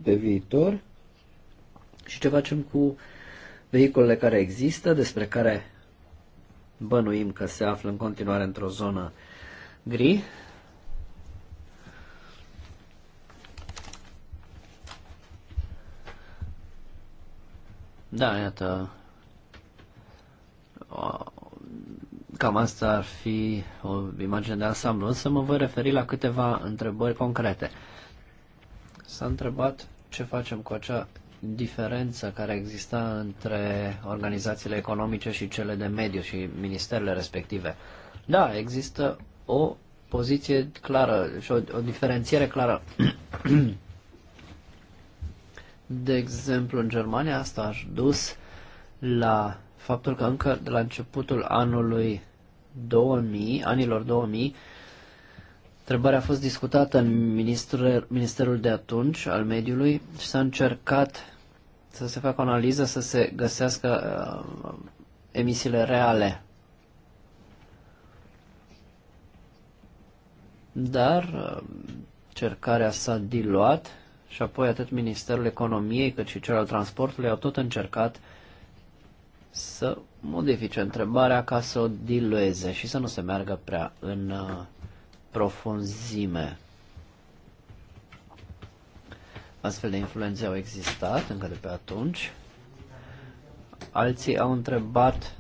[SPEAKER 2] pe viitor? și ce facem cu vehiculele care există, despre care bănuim că se află în continuare într-o zonă gri. Da, iată. Cam asta ar fi o imagine de ansamblu, însă mă voi referi la câteva întrebări concrete. S-a întrebat ce facem cu acea diferență care exista între organizațiile economice și cele de mediu și ministerele respective. Da, există o poziție clară și o, o diferențiere clară. De exemplu, în Germania asta a dus la faptul că încă de la începutul anului 2000, anilor 2000, Întrebarea a fost discutată în ministerul de atunci al mediului și s-a încercat să se facă o analiză, să se găsească uh, emisiile reale. Dar uh, cercarea s-a diluat și apoi atât Ministerul Economiei cât și cel al transportului au tot încercat să modifice întrebarea ca să o dilueze și să nu se meargă prea în uh, profunzime. Astfel de influențe au existat încă de pe atunci. Alții au întrebat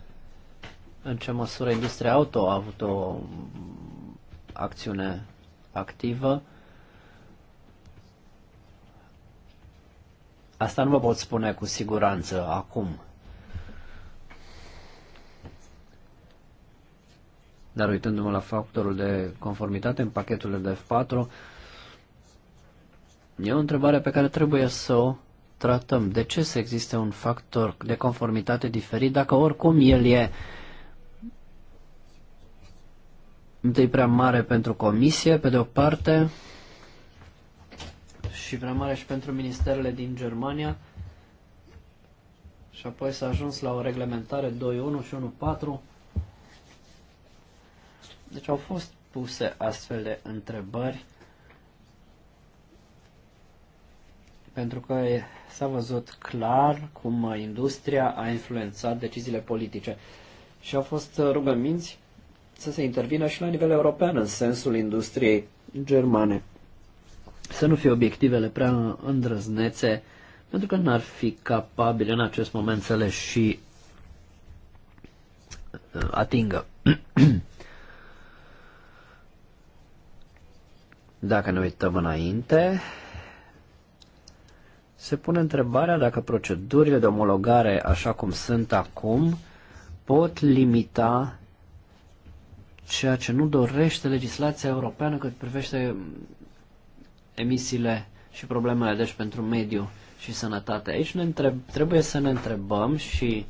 [SPEAKER 2] în ce măsură industria auto a avut o acțiune activă. Asta nu vă pot spune cu siguranță acum. Dar uitându-mă la factorul de conformitate în pachetul de F4, E o întrebare pe care trebuie să o tratăm. De ce să existe un factor de conformitate diferit dacă oricum el e întâi prea mare pentru comisie, pe de o parte, și prea mare și pentru ministerele din Germania, și apoi s-a ajuns la o reglementare 2.1 și 1.4. Deci au fost puse astfel de întrebări pentru că s-a văzut clar cum industria a influențat deciziile politice și au fost uh, rugăminți să se intervină și la nivel european în sensul industriei germane. Să nu fie obiectivele prea îndrăznețe, pentru că n-ar fi capabile în acest moment să le și uh, atingă. Dacă ne uităm înainte, se pune întrebarea dacă procedurile de omologare, așa cum sunt acum, pot limita ceea ce nu dorește legislația europeană cât privește emisiile și problemele, deci pentru mediu și sănătate. Aici ne întreb, trebuie să ne întrebăm și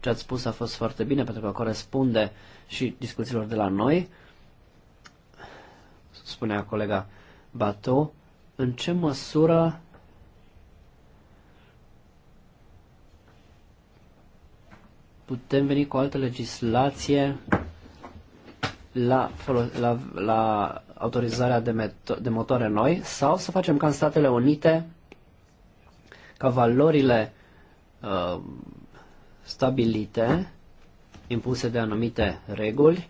[SPEAKER 2] ce ați spus a fost foarte bine pentru că corespunde și discuțiilor de la noi, spunea colega Bato, în ce măsură putem veni cu altă legislație la, la, la autorizarea de, de motoare noi sau să facem ca în Statele Unite ca valorile uh, stabilite impuse de anumite reguli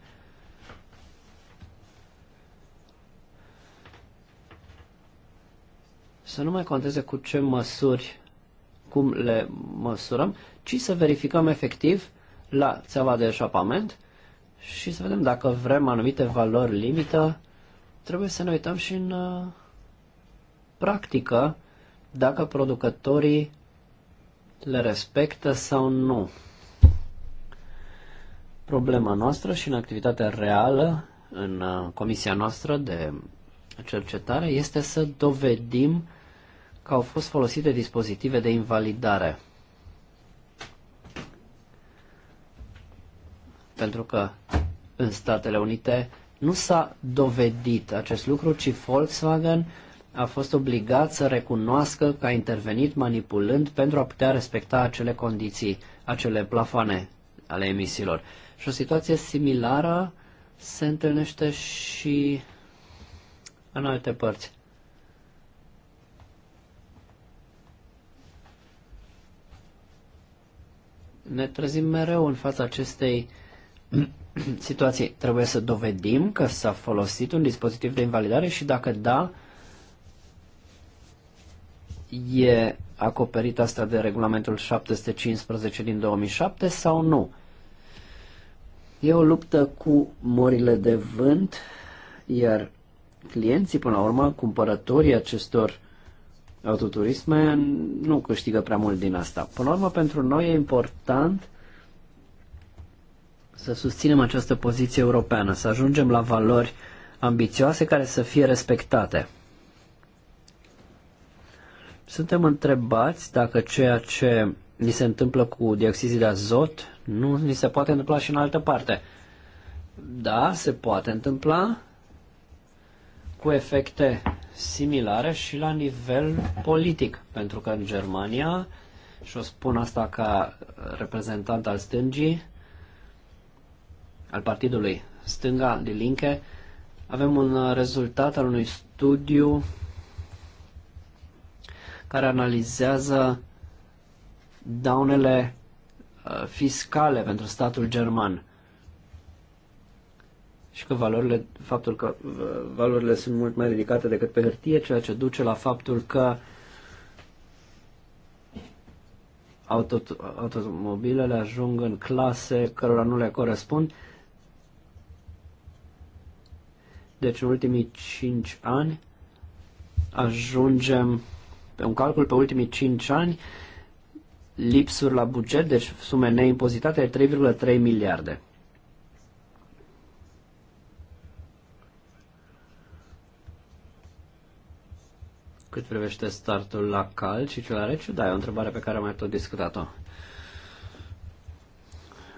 [SPEAKER 2] să nu mai conteze cu ce măsuri cum le măsurăm, ci să verificăm efectiv la țeava de eșapament și să vedem dacă vrem anumite valori limită, trebuie să ne uităm și în uh, practică dacă producătorii le respectă sau nu. Problema noastră și în activitatea reală, în uh, comisia noastră de cercetare, este să dovedim că au fost folosite dispozitive de invalidare. Pentru că în Statele Unite nu s-a dovedit acest lucru, ci Volkswagen a fost obligat să recunoască că a intervenit manipulând pentru a putea respecta acele condiții, acele plafane ale emisiilor. Și o situație similară se întâlnește și în alte părți. ne trezim mereu în fața acestei situații. Trebuie să dovedim că s-a folosit un dispozitiv de invalidare și dacă da, e acoperit asta de regulamentul 715 din 2007 sau nu. E o luptă cu morile de vânt, iar clienții, până la urmă, cumpărătorii acestor autoturisme nu câștigă prea mult din asta. Până la urmă, pentru noi e important să susținem această poziție europeană, să ajungem la valori ambițioase care să fie respectate. Suntem întrebați dacă ceea ce ni se întâmplă cu dioxizii de azot nu ni se poate întâmpla și în altă parte. Da, se poate întâmpla cu efecte similare și la nivel politic, pentru că în Germania, și o spun asta ca reprezentant al stângii, al partidului stânga de Linke, avem un rezultat al unui studiu care analizează daunele uh, fiscale pentru statul german și că valorile, faptul că uh, valorile sunt mult mai ridicate decât pe hârtie, ceea ce duce la faptul că auto, automobilele ajung în clase cărora nu le corespund. Deci în ultimii 5 ani ajungem pe un calcul pe ultimii 5 ani lipsuri la buget, deci sume neimpozitate, 3,3 miliarde. Cât privește startul la cal și cel la rece, da, e o întrebare pe care am mai tot discutat-o.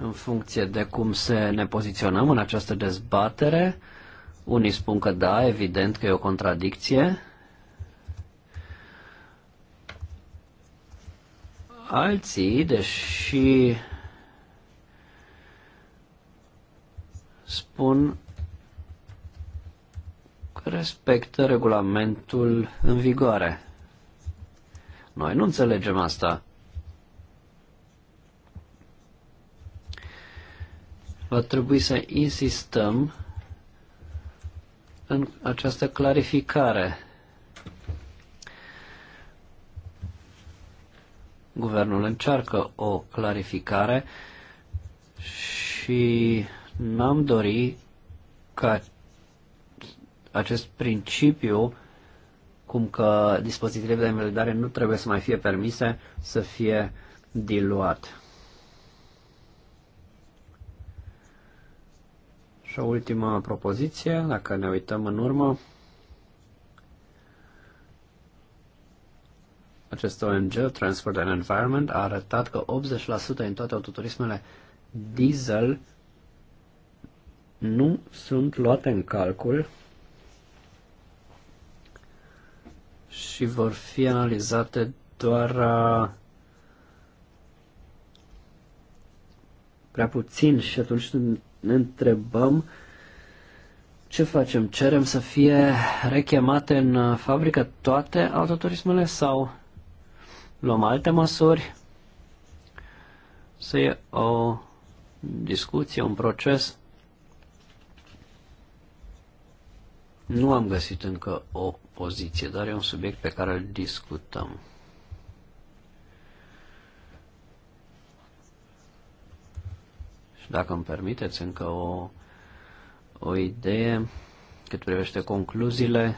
[SPEAKER 2] În funcție de cum se ne poziționăm în această dezbatere, unii spun că da, evident că e o contradicție. Alții, deși spun respectă regulamentul în vigoare. Noi nu înțelegem asta. Va trebui să insistăm în această clarificare. Guvernul încearcă o clarificare și n-am dorit ca acest principiu cum că dispozitivele de invalidare nu trebuie să mai fie permise să fie diluat. Și o ultimă propoziție, dacă ne uităm în urmă, acest ONG, Transport and Environment, a arătat că 80% din toate autoturismele diesel nu sunt luate în calcul și vor fi analizate doar prea puțin și atunci ne întrebăm ce facem? Cerem să fie rechemate în fabrică toate autoturismele sau luăm alte măsuri? Să e o discuție, un proces. Nu am găsit încă o poziție, dar e un subiect pe care îl discutăm. Și dacă îmi permiteți încă o, o idee cât privește concluziile,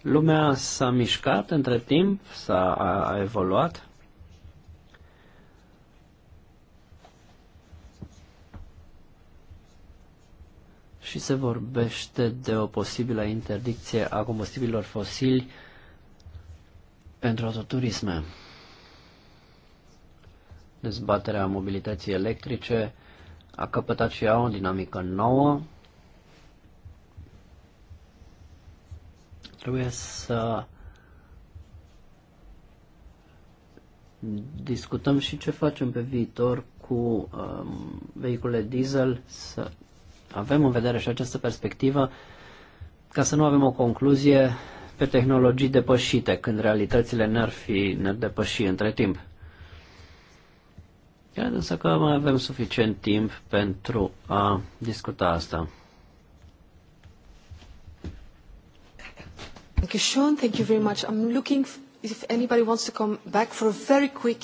[SPEAKER 2] lumea s-a mișcat între timp, s-a a, a evoluat. și se vorbește de o posibilă interdicție a combustibililor fosili pentru autoturisme. Dezbaterea mobilității electrice a căpătat și ea o dinamică nouă. Trebuie să discutăm și ce facem pe viitor cu um, vehicule diesel, să avem în vedere și această perspectivă ca să nu avem o concluzie pe tehnologii depășite, când realitățile ne-ar fi ne depăși între timp. Cred însă că mai avem suficient timp pentru a discuta asta.
[SPEAKER 1] Thank you, Sean. Thank you very much. I'm looking if anybody wants to come back for a very quick.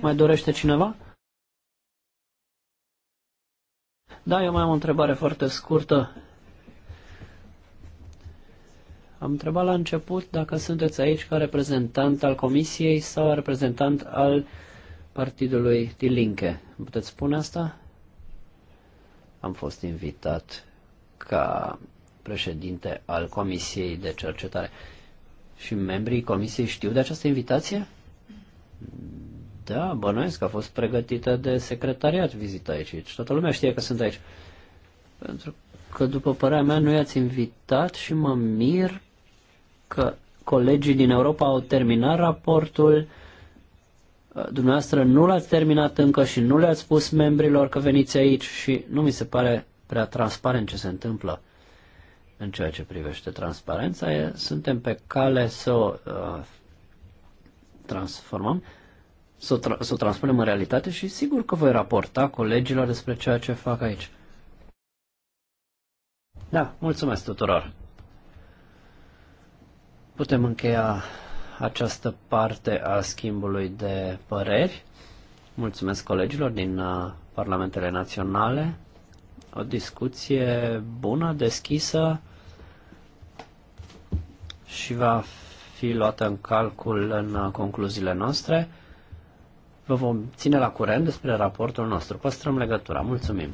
[SPEAKER 2] Mai dorește cineva? Da, eu mai am o întrebare foarte scurtă. Am întrebat la început dacă sunteți aici ca reprezentant al Comisiei sau reprezentant al partidului linke. Puteți spune asta? Am fost invitat ca președinte al Comisiei de Cercetare. Și membrii Comisiei știu de această invitație? Da, bănuiesc că a fost pregătită de secretariat vizita aici. Deci toată lumea știe că sunt aici. Pentru că, după părerea mea, nu i-ați invitat și mă mir că colegii din Europa au terminat raportul, dumneavoastră nu l-ați terminat încă și nu le-ați spus membrilor că veniți aici și nu mi se pare prea transparent ce se întâmplă în ceea ce privește transparența. suntem pe cale să o uh, transformăm să o, tra- să o transpunem în realitate și sigur că voi raporta colegilor despre ceea ce fac aici. Da, mulțumesc tuturor. Putem încheia această parte a schimbului de păreri. Mulțumesc colegilor din uh, Parlamentele Naționale. O discuție bună, deschisă și va fi luată în calcul în uh, concluziile noastre. Vă vom ține la curent despre raportul nostru. Păstrăm legătura. Mulțumim!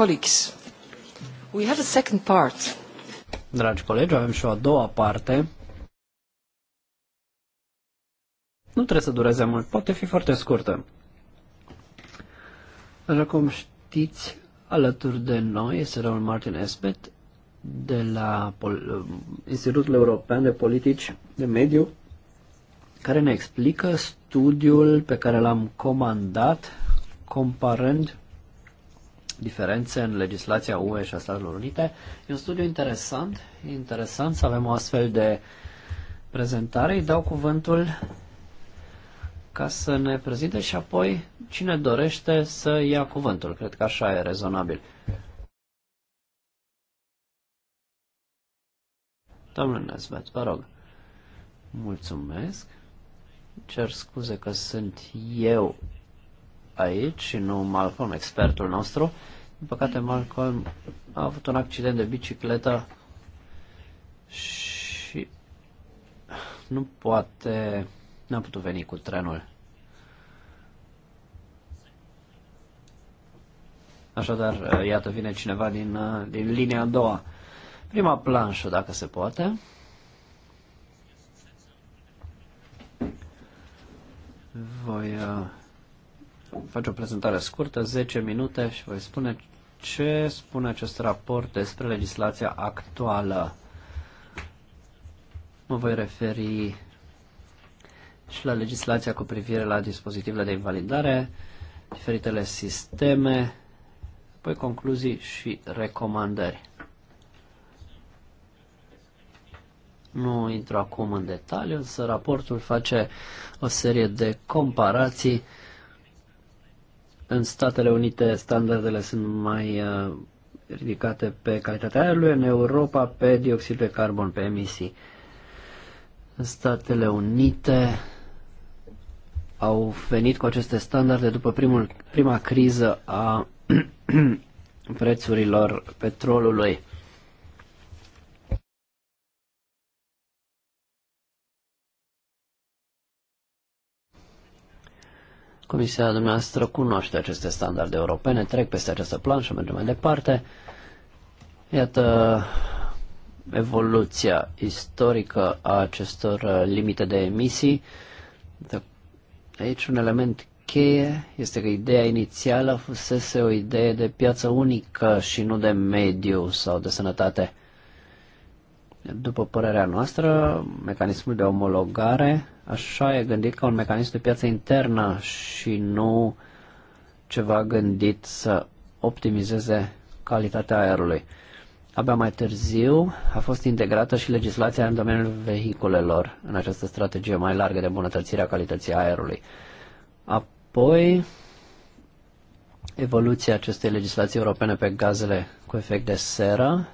[SPEAKER 1] colleagues, we have a second part.
[SPEAKER 2] Dragi colegi, avem și o a doua parte. Nu trebuie să dureze mult, poate fi foarte scurtă. Așa cum știți, alături de noi este domnul Martin Esbet de la Pol- Institutul European de Politici de Mediu, care ne explică studiul pe care l-am comandat comparând diferențe în legislația UE și a Statelor Unite. E un studiu interesant, e interesant să avem o astfel de prezentare. Îi dau cuvântul ca să ne prezinte și apoi cine dorește să ia cuvântul. Cred că așa e rezonabil. Domnul Nesbet, vă rog. Mulțumesc. Cer scuze că sunt eu aici și nu Malcolm, expertul nostru. Din păcate, Malcolm a avut un accident de bicicletă și nu poate, n-a putut veni cu trenul. Așadar, iată, vine cineva din, din linia a doua. Prima planșă, dacă se poate. Voi uh, face o prezentare scurtă, 10 minute și voi spune ce spune acest raport despre legislația actuală. Mă voi referi și la legislația cu privire la dispozitivele de invalidare, diferitele sisteme, apoi concluzii și recomandări. Nu intru acum în detaliu, însă raportul face o serie de comparații în Statele Unite standardele sunt mai uh, ridicate pe calitatea aerului, în Europa pe dioxid de carbon, pe emisii. În Statele Unite au venit cu aceste standarde după primul, prima criză a prețurilor petrolului. Comisia dumneavoastră cunoaște aceste standarde europene, trec peste această plan și mergem mai departe. Iată evoluția istorică a acestor uh, limite de emisii. Aici un element cheie este că ideea inițială fusese o idee de piață unică și nu de mediu sau de sănătate. După părerea noastră, mecanismul de omologare așa e gândit ca un mecanism de piață internă și nu ceva gândit să optimizeze calitatea aerului. Abia mai târziu a fost integrată și legislația în domeniul vehiculelor în această strategie mai largă de îmbunătățire a calității aerului. Apoi, evoluția acestei legislații europene pe gazele cu efect de seră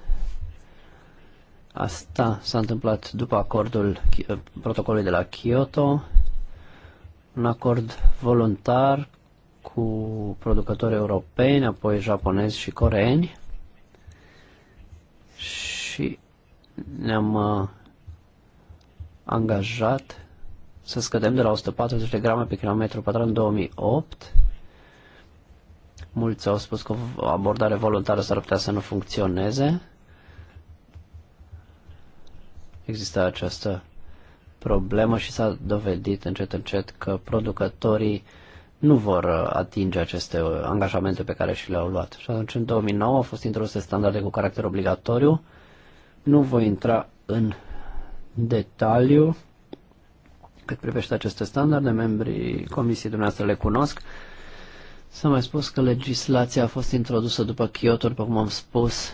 [SPEAKER 2] Asta s-a întâmplat după acordul eh, protocolului de la Kyoto, un acord voluntar cu producători europeni, apoi japonezi și coreeni și ne-am eh, angajat să scădem de la 140 de grame pe kilometru pătrat în 2008. Mulți au spus că o abordare voluntară s-ar putea să nu funcționeze exista această problemă și s-a dovedit încet încet că producătorii nu vor uh, atinge aceste uh, angajamente pe care și le-au luat. Și atunci în 2009 au fost introduse standarde cu caracter obligatoriu. Nu voi intra în detaliu cât privește aceste standarde, membrii comisiei dumneavoastră le cunosc. S-a mai spus că legislația a fost introdusă după Kyoto, după cum am spus,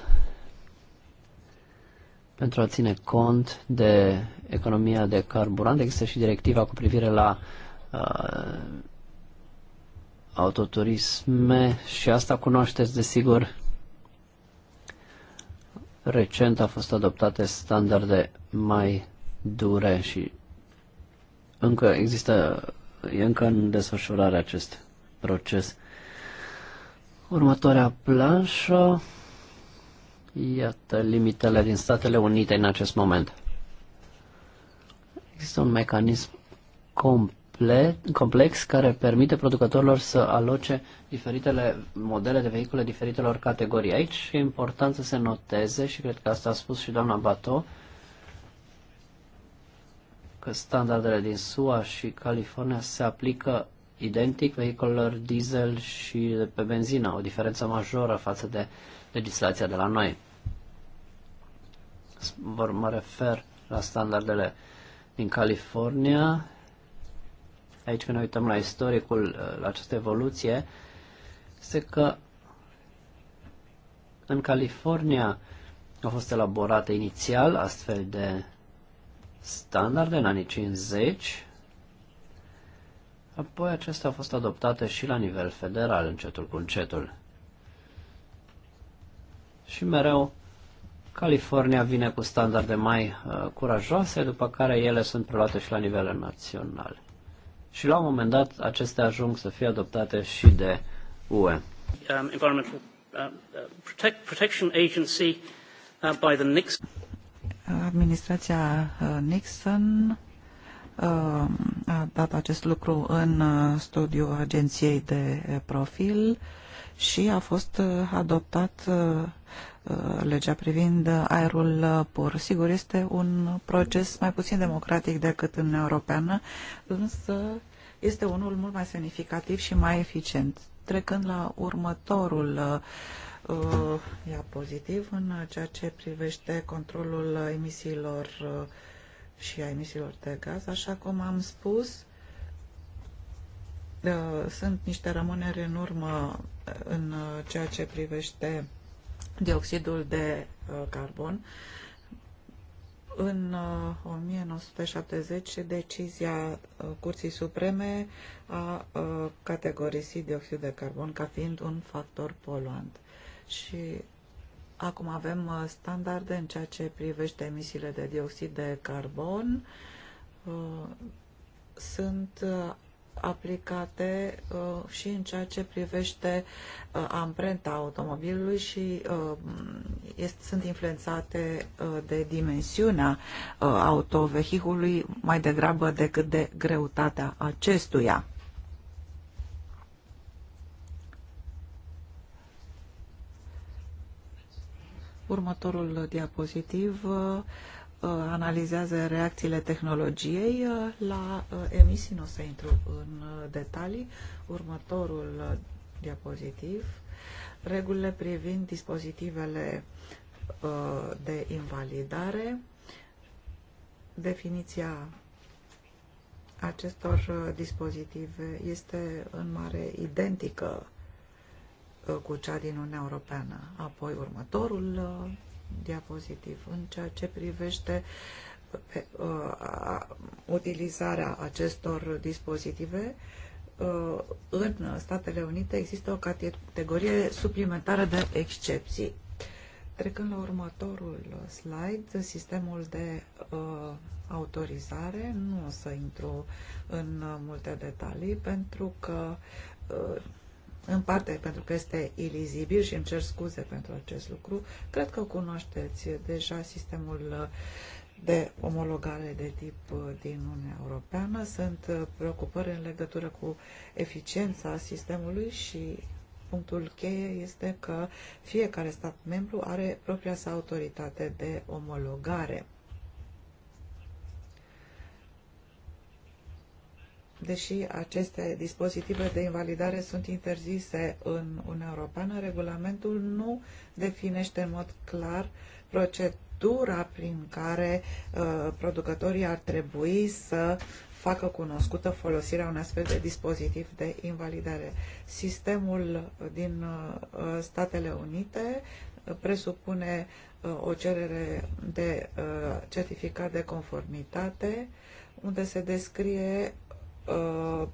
[SPEAKER 2] pentru a ține cont de economia de carburant. Există și directiva cu privire la uh, autoturisme și asta cunoașteți desigur. Recent au fost adoptate standarde mai dure și încă există, e încă în desfășurare acest proces. Următoarea planșă Iată limitele din Statele Unite în acest moment. Există un mecanism complet, complex care permite producătorilor să aloce diferitele modele de vehicule diferitelor categorii. Aici e important să se noteze și cred că asta a spus și doamna Bato, că standardele din SUA și California se aplică identic vehicolelor diesel și pe benzină, o diferență majoră față de uh, legislația de la noi. mă refer la standardele din California. Aici când ne uităm la istoricul, uh, la această evoluție, este că în California au fost elaborate inițial astfel de standarde în anii 50, apoi acestea au fost adoptate și la nivel federal încetul cu încetul și mereu California vine cu standarde mai uh, curajoase, după care ele sunt preluate și la nivel național. Și la un moment dat acestea ajung să fie adoptate și de UE. Um, environmental uh, uh, protect, Protection Agency uh, by the Nixon.
[SPEAKER 1] Administrația uh, Nixon uh, a dat acest lucru în studiul agenției de profil și a fost adoptat Uh, legea privind aerul pur. Sigur, este un proces mai puțin democratic decât în Europeană, însă este unul mult mai semnificativ și mai eficient. Trecând la următorul uh, pozitiv, în ceea ce privește controlul emisiilor uh, și a emisiilor de gaz, așa cum am spus, uh, sunt niște rămâneri în urmă în ceea ce privește dioxidul de uh, carbon. În 1970, uh, decizia uh, Curții Supreme a categorisit dioxidul de carbon ca fiind un factor poluant. Și acum avem standarde în ceea ce privește emisiile de dioxid de carbon. Sunt aplicate uh, și în ceea ce privește uh, amprenta automobilului și uh, este, sunt influențate uh, de dimensiunea uh, autovehicului mai degrabă decât de greutatea acestuia. Următorul diapozitiv uh, Uh, analizează reacțiile tehnologiei uh, la uh, emisii. Nu o să intru în detalii. Următorul diapozitiv. Regulile privind dispozitivele de invalidare. Definiția acestor dispozitive este în mare identică cu cea din Uniunea Europeană. Apoi următorul diapozitiv. În ceea ce privește pe, uh, utilizarea acestor dispozitive, uh, în Statele Unite există o categorie suplimentară de excepții. Trecând la următorul slide, sistemul de uh, autorizare, nu o să intru în uh, multe detalii, pentru că uh, în parte pentru că este ilizibil și îmi cer scuze pentru acest lucru, cred că cunoașteți deja sistemul uh, de omologare de tip uh, din Uniunea Europeană. Sunt uh, preocupări în legătură cu eficiența sistemului și punctul cheie este că fiecare stat membru are propria sa autoritate de omologare. Deși aceste dispozitive de invalidare sunt interzise în Uniunea Europeană, regulamentul nu definește în mod clar procedura prin care uh, producătorii ar trebui să facă cunoscută folosirea unui astfel de dispozitiv de invalidare. Sistemul din uh, Statele Unite uh, presupune uh, o cerere de uh, certificat de conformitate unde se descrie Uh,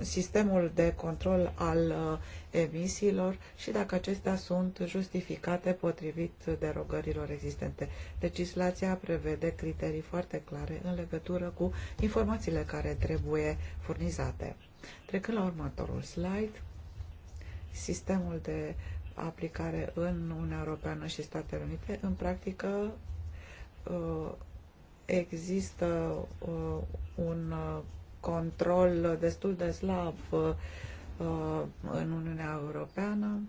[SPEAKER 1] sistemul de control al uh, emisiilor și dacă acestea sunt justificate potrivit derogărilor existente. Legislația prevede criterii foarte clare în legătură cu informațiile care trebuie furnizate. Trecând la următorul slide, sistemul de aplicare în Uniunea Europeană și Statele Unite, în practică uh, există un control destul de slab uh, uh, în Uniunea Europeană.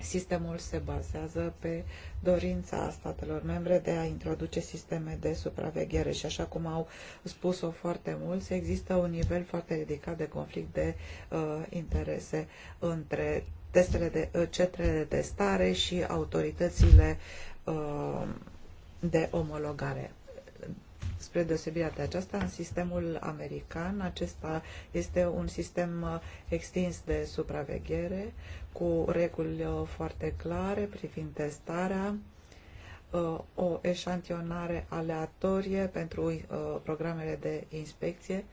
[SPEAKER 1] Sistemul se bazează pe dorința statelor membre de a introduce sisteme de supraveghere și așa cum au spus-o foarte mulți, există un nivel foarte ridicat de conflict de uh, interese între testele de, uh, centrele de testare și autoritățile uh, de omologare spre deosebire de aceasta, în sistemul american. Acesta este un sistem uh, extins de supraveghere cu reguli uh, foarte clare privind testarea, uh, o eșantionare aleatorie pentru programele de inspecție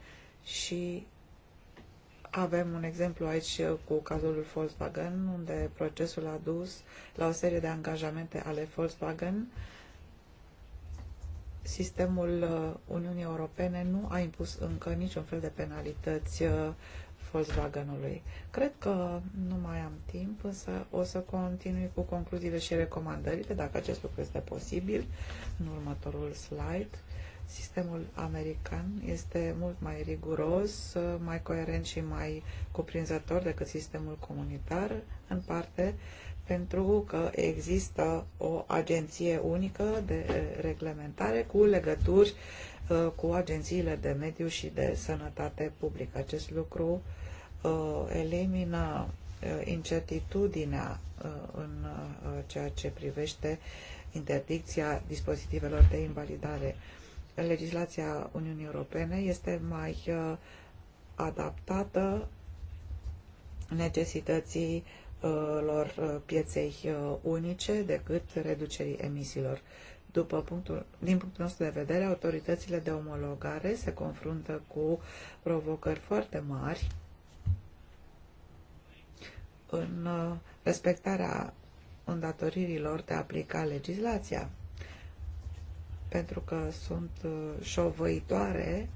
[SPEAKER 1] și avem un exemplu aici cu cazul Volkswagen, unde procesul a dus la o serie de angajamente ale Volkswagen uh, sistemul uh, Uniunii Europene nu a impus încă niciun fel de penalități uh, Volkswagenului. Cred că nu mai am timp, însă o să continui cu concluziile și recomandările, dacă acest lucru este posibil, în următorul slide. Sistemul american este mult mai riguros, mai coerent și mai cuprinzător decât sistemul comunitar, în parte pentru că există o agenție unică de reglementare cu legături uh, cu agențiile de mediu și de sănătate publică. Acest lucru uh, elimină uh, incertitudinea în ceea ce privește interdicția dispozitivelor de invalidare legislația Uniunii Europene este mai uh, adaptată necesității uh, lor uh, pieței unice decât reducerii emisiilor. După punctul, din punctul nostru de vedere, autoritățile de omologare se confruntă cu provocări foarte mari în respectarea îndatoririlor de a aplica legislația pentru că sunt uh, șovăitoare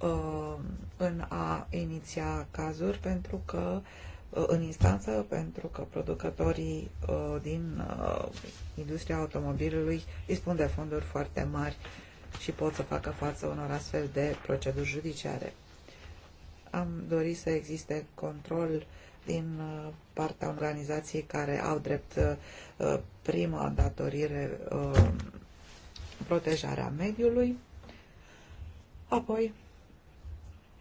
[SPEAKER 1] uh, în a iniția cazuri pentru că uh, în instanță pentru că producătorii din industria automobilului dispun de fonduri foarte mari și pot să facă față unor astfel de proceduri judiciare. Am dorit să existe control din partea organizației care au drept primă datorire protejarea mediului. Apoi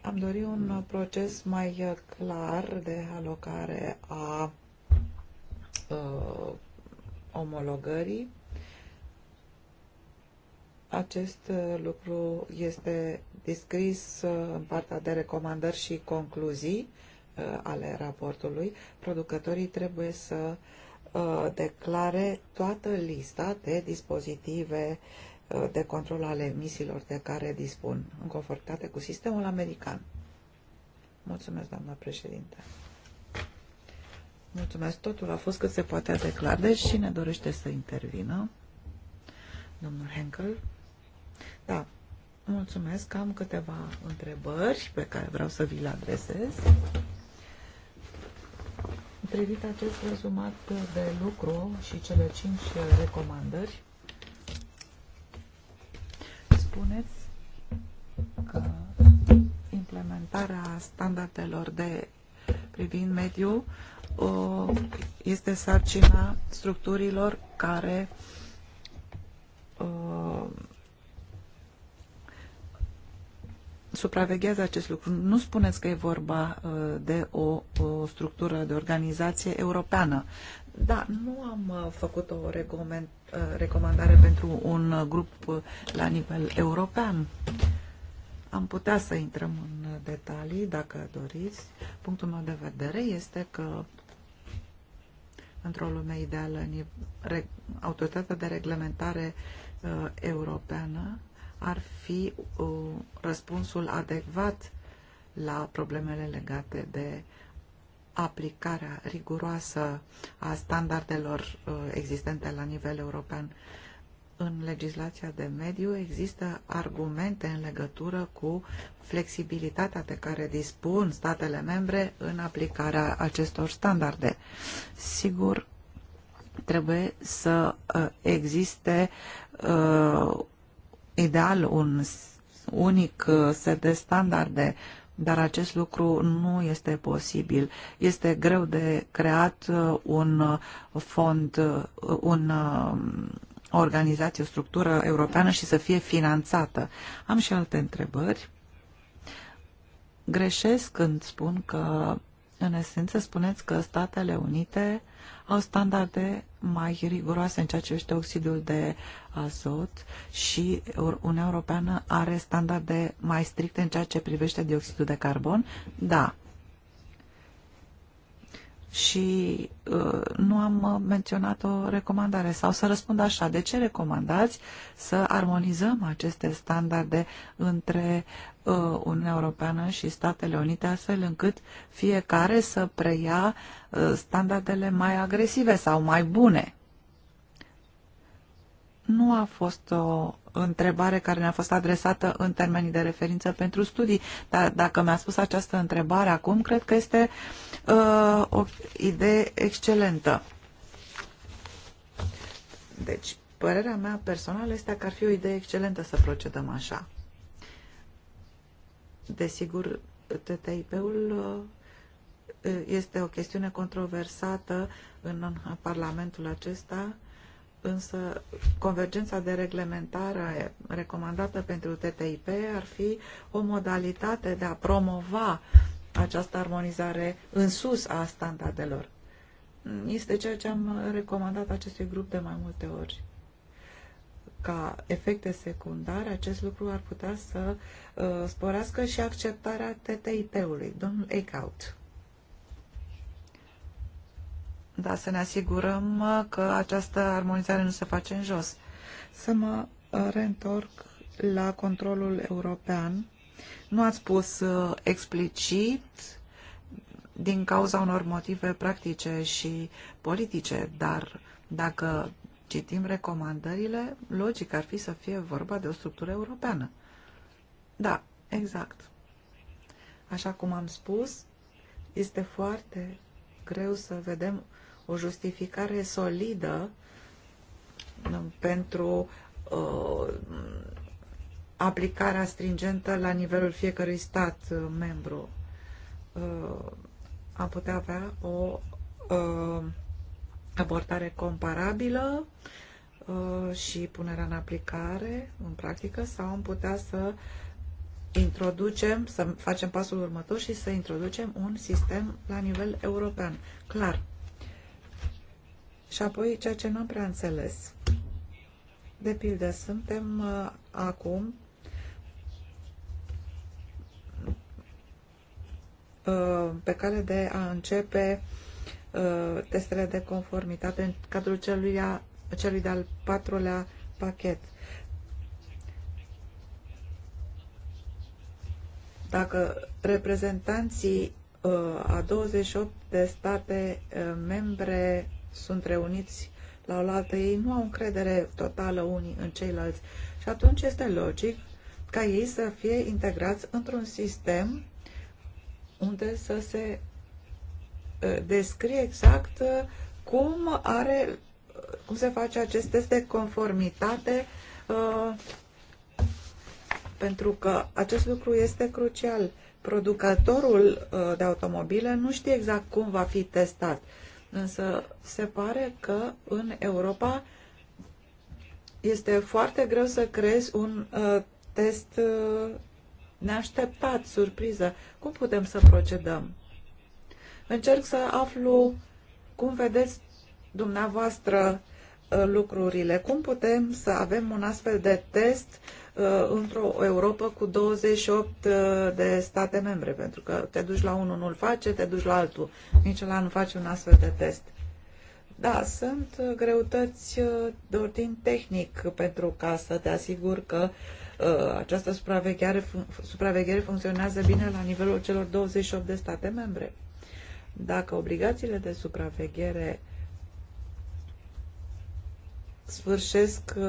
[SPEAKER 1] am dorit un proces mai clar de alocare a uh, omologării. Acest lucru este descris în partea de recomandări și concluzii uh, ale raportului. Producătorii trebuie să uh, declare toată lista de dispozitive uh, de control ale emisiilor de care dispun, în confortate cu sistemul american. Mulțumesc, doamna președinte. Mulțumesc, totul a fost cât se poate declara. Deci cine dorește să intervină? Domnul Henkel? Da, mulțumesc. Am câteva întrebări pe care vreau să vi le adresez. Privit acest rezumat de lucru și cele cinci recomandări, spuneți că implementarea standardelor de privind mediu este sarcina structurilor care supraveghează acest lucru. Nu spuneți că e vorba uh, de o, o structură de organizație europeană, da, nu am uh, făcut o uh, recomandare pentru un uh, grup la nivel european. Am putea să intrăm în detalii, dacă doriți. Punctul meu de vedere este că într-o lume ideală, autoritatea de reglementare europeană ar fi răspunsul adecvat la problemele legate de aplicarea riguroasă a standardelor uh, existente la nivel european. În legislația de mediu există argumente în legătură cu flexibilitatea de care dispun statele membre în aplicarea acestor standarde. Sigur, trebuie să uh, existe uh, ideal un unic set de standarde dar acest lucru nu este posibil. Este greu de creat uh, un uh, fond, uh, un organizație, o structură europeană și să fie finanțată. Am și alte întrebări. Greșesc când spun că în esență, spuneți că Statele Unite au standarde mai riguroase în ceea ce privește oxidul de azot și Uniunea Europeană are standarde mai stricte în ceea ce privește dioxidul de carbon? Da și uh, nu am uh, menționat o recomandare sau să răspund așa, de ce recomandați să armonizăm aceste standarde între uh, Uniunea Europeană și Statele Unite astfel încât fiecare să preia uh, standardele mai agresive sau mai bune nu a fost o întrebare care ne-a fost adresată în termenii de referință pentru studii, dar dacă mi-a spus această întrebare acum, cred că este uh, o idee excelentă. Deci, părerea mea personală este că ar fi o idee excelentă să procedăm așa. Desigur, TTIP-ul uh, este o chestiune controversată în Parlamentul acesta, însă convergența de reglementare recomandată pentru TTIP ar fi o modalitate de a promova această armonizare în sus a standardelor. Este ceea ce am recomandat acestui grup de mai multe ori. Ca efecte secundare, acest lucru ar putea să uh, sporească și acceptarea TTIP-ului. Domnul Eichhout dar să ne asigurăm că această armonizare nu se face în jos. Să mă uh, reîntorc la controlul european. Nu ați spus uh, explicit din cauza unor motive practice și politice, dar dacă citim recomandările, logic ar fi să fie vorba de o structură europeană. Da, exact. Așa cum am spus, este foarte greu să vedem o justificare solidă uh, pentru uh, aplicarea stringentă la nivelul fiecărui stat uh, membru. Uh, am putea avea o uh, abordare comparabilă uh, și punerea în aplicare, în practică, sau am putea să introducem, să facem pasul următor și să introducem un sistem la nivel european. Clar, și apoi, ceea ce n-am prea înțeles, de pildă, suntem uh, acum uh, pe cale de a începe uh, testele de conformitate în cadrul celui, a, celui de-al patrulea pachet. Dacă reprezentanții uh, a 28 de state uh, membre sunt reuniți la oaltă, ei nu au încredere totală unii în ceilalți și atunci este logic ca ei să fie integrați într-un sistem unde să se uh, descrie exact uh, cum are uh, cum se face acest test de conformitate pentru că acest lucru este crucial. Producătorul de automobile nu știe exact cum va fi testat Însă se pare că în Europa este foarte greu să crezi un uh, test uh, neașteptat, surpriză. Cum putem să procedăm? Încerc să aflu cum vedeți dumneavoastră uh, lucrurile. Cum putem să avem un astfel de test Uh, într-o Europa cu 28 uh, de state membre, pentru că te duci la unul, nu-l face, te duci la altul. Nici la nu face un astfel de test. Da, sunt greutăți uh, de ordin tehnic pentru ca să te asiguri că uh, această supraveghere, fun- supraveghere funcționează bine la nivelul celor 28 de state membre. Dacă obligațiile de supraveghere uh, sfârșesc uh,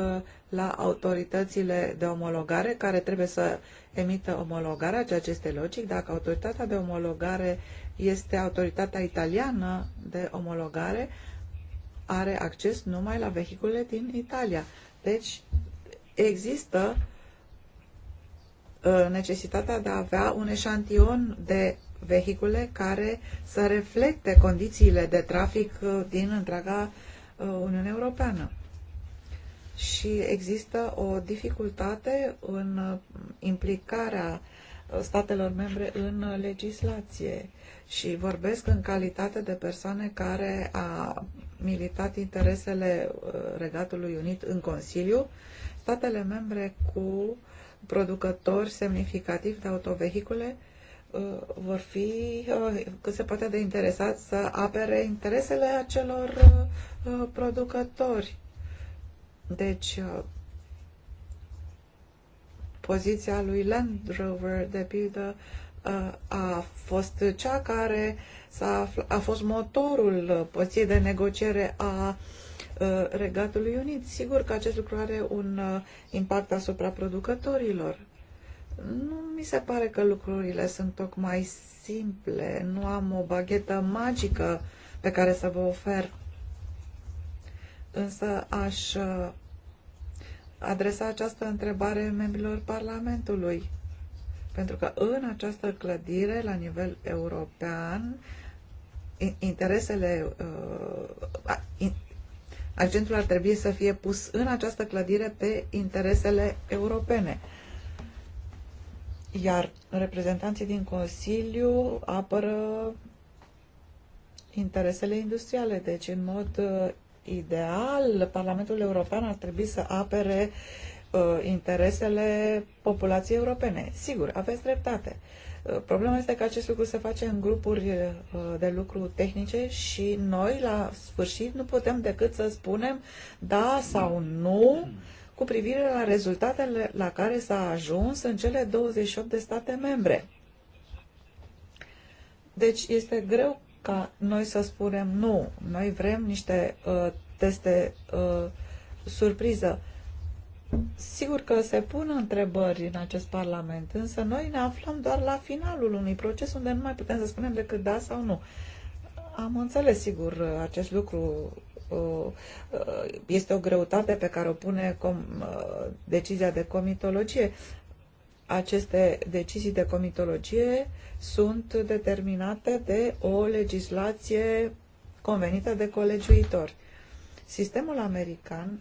[SPEAKER 1] la autoritățile de omologare care trebuie să emită omologarea, ceea ce este logic. Dacă autoritatea de omologare este autoritatea italiană de omologare, are acces numai la vehiculele din Italia. Deci există uh, necesitatea de a avea un eșantion de vehicule care să reflecte condițiile de trafic uh, din întreaga Uniune Europeană și există o dificultate în implicarea uh, statelor membre în legislație și vorbesc în calitate de persoane care a militat interesele uh, Regatului Unit în Consiliu, statele membre cu producători semnificativi de autovehicule uh, vor fi cât se poate de interesați să apere interesele acelor producători deci, uh, poziția lui Land Rover, de pildă, uh, a fost cea care -a, a fost motorul poziției de negociere a uh, Regatului Unit. Sigur că acest lucru are un impact asupra producătorilor. Nu mi se pare că lucrurile sunt tocmai simple. Nu am o baghetă magică pe care să vă ofer. Însă aș adresa această întrebare membrilor Parlamentului. Pentru că în această clădire, la nivel european, interesele uh, agentul ar trebui să fie pus în această clădire pe interesele europene. Iar reprezentanții din Consiliu apără interesele industriale, deci în mod uh, ideal, Parlamentul European ar trebui să apere uh, interesele populației europene. Sigur, aveți dreptate. Uh, problema este că acest lucru se face în grupuri uh, de lucru tehnice și noi, la sfârșit, nu putem decât să spunem da sau nu cu privire la rezultatele la care s-a ajuns în cele 28 de state membre. Deci este greu ca noi să spunem nu, noi vrem niște uh, teste uh, surpriză. Sigur că se pun întrebări în acest Parlament, însă noi ne aflăm doar la finalul unui proces unde nu mai putem să spunem decât da sau nu. Am înțeles, sigur, acest lucru uh, uh, este o greutate pe care o pune com, uh, decizia de comitologie, aceste decizii de comitologie sunt determinate de o legislație convenită de colegiuitori. Sistemul american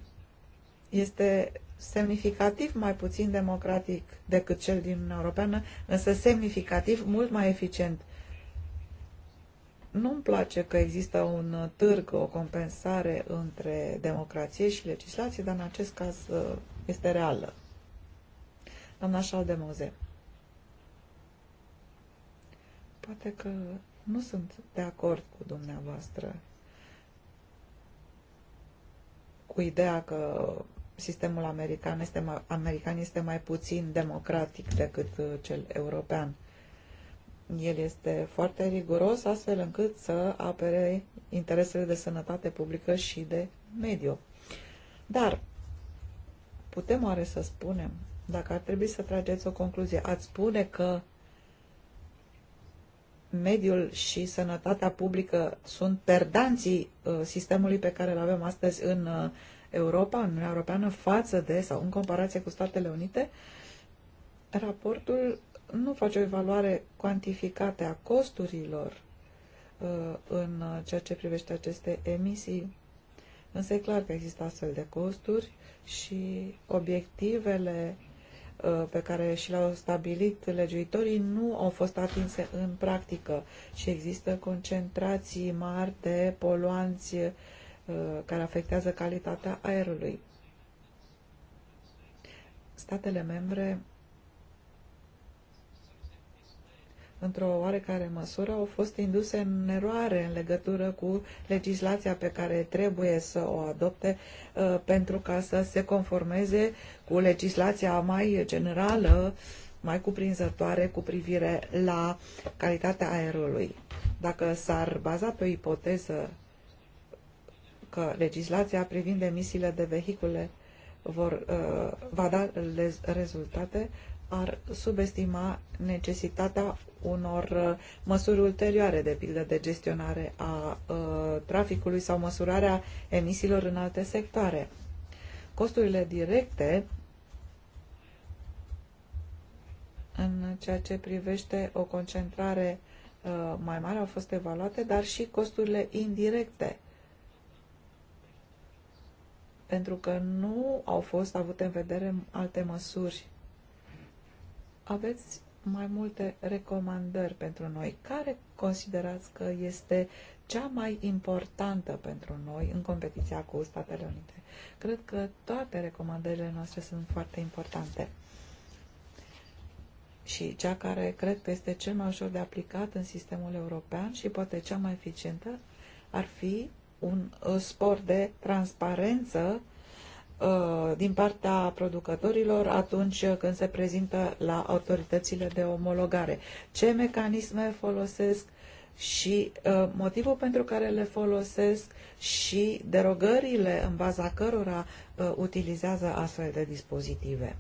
[SPEAKER 1] este semnificativ mai puțin democratic decât cel din Uniunea Europeană, însă semnificativ mult mai eficient. Nu-mi place că există un târg, o compensare între democrație și legislație, dar în acest caz uh, este reală doamna Moze. Poate că nu sunt de acord cu dumneavoastră cu ideea că sistemul american este mai, american este mai puțin democratic decât uh, cel european. El este foarte riguros, astfel încât să apere interesele de sănătate publică și de mediu. Dar putem oare să spunem dacă ar trebui să trageți o concluzie, ați spune că mediul și sănătatea publică sunt perdanții uh, sistemului pe care îl avem astăzi în uh, Europa, în Uniunea Europeană, față de, sau în comparație cu Statele Unite, raportul nu face o evaluare cuantificată a costurilor uh, în ceea ce privește aceste emisii. Însă e clar că există astfel de costuri și obiectivele Uh, pe care și le-au stabilit legiuitorii nu au fost atinse în practică și există concentrații mari de poluanți uh, care afectează calitatea aerului. Statele membre într-o oarecare măsură, au fost induse în eroare în legătură cu legislația pe care trebuie să o adopte uh, pentru ca să se conformeze cu legislația mai generală, mai cuprinzătoare cu privire la calitatea aerului. Dacă s-ar baza pe o ipoteză că legislația privind emisiile de vehicule vor, uh, va da rezultate, ar subestima necesitatea unor uh, măsuri ulterioare, de pildă de gestionare a uh, traficului sau măsurarea emisiilor în alte sectoare. Costurile directe în ceea ce privește o concentrare uh, mai mare au fost evaluate, dar și costurile indirecte pentru că nu au fost avute în vedere alte măsuri aveți mai multe recomandări pentru noi. Care considerați că este cea mai importantă pentru noi în competiția cu Statele Unite? Cred că toate recomandările noastre sunt foarte importante. Și cea care cred că este cel mai ușor de aplicat în sistemul european și poate cea mai eficientă ar fi un uh, spor de transparență Uh, din partea producătorilor atunci când se prezintă la autoritățile de omologare. Ce mecanisme folosesc și uh, motivul pentru care le folosesc și derogările în baza cărora uh, utilizează astfel de dispozitive.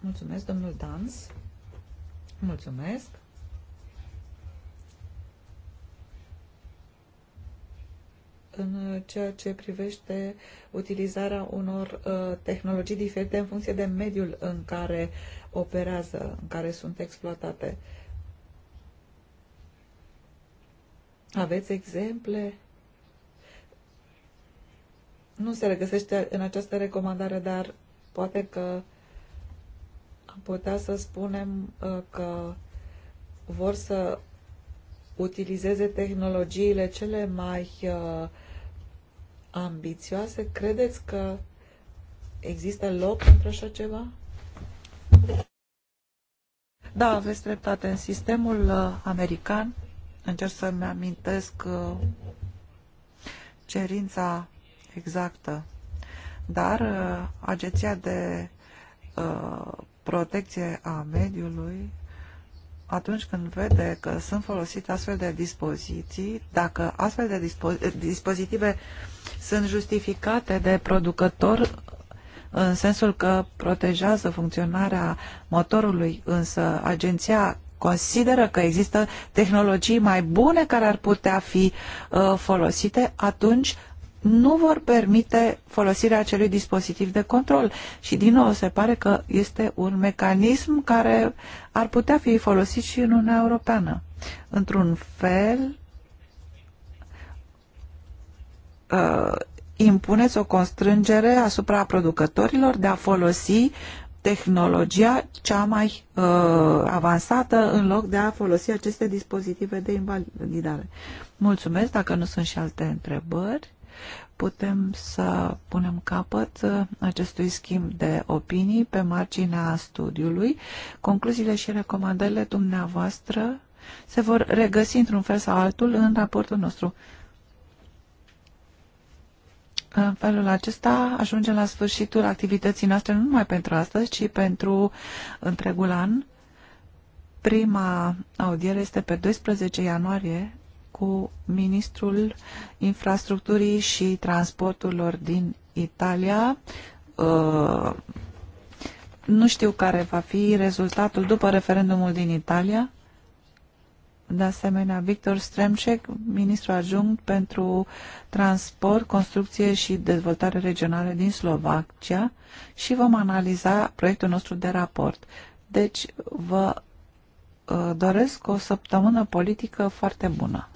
[SPEAKER 1] Mulțumesc, domnul Dans. Mulțumesc. în ceea ce privește utilizarea unor uh, tehnologii diferite în funcție de mediul în care operează, în care sunt exploatate. Aveți exemple? Nu se regăsește în această recomandare, dar poate că am putea să spunem uh, că vor să utilizeze tehnologiile cele mai uh, ambițioase, credeți că există loc pentru așa ceva? Da, aveți dreptate. În sistemul uh, american, încerc să-mi amintesc uh, cerința exactă, dar uh, Agenția de uh, Protecție a Mediului atunci când vede că sunt folosite astfel de dispoziții, dacă astfel de dispo dispozitive sunt justificate de producător în sensul că protejează funcționarea motorului, însă agenția consideră că există tehnologii mai bune care ar putea fi uh, folosite, atunci nu vor permite folosirea acelui dispozitiv de control. Și din nou se pare că este un mecanism care ar putea fi folosit și în Uniunea Europeană. Într-un fel, uh, impuneți o constrângere asupra producătorilor de a folosi tehnologia cea mai uh, avansată în loc de a folosi aceste dispozitive de invalidare. Mulțumesc dacă nu sunt și alte întrebări putem să punem capăt uh, acestui schimb de opinii pe marginea studiului. Concluziile și recomandările dumneavoastră se vor regăsi într-un fel sau altul în raportul nostru. În felul acesta ajungem la sfârșitul activității noastre, nu numai pentru astăzi, ci pentru întregul an. Prima audiere este pe 12 ianuarie cu ministrul infrastructurii și transporturilor din Italia. Uh, nu știu care va fi rezultatul după referendumul din Italia. De asemenea, Victor Stremcek, ministru adjunct pentru transport, construcție și dezvoltare regională din Slovacia și vom analiza proiectul nostru de raport. Deci, vă uh, doresc o săptămână politică foarte bună.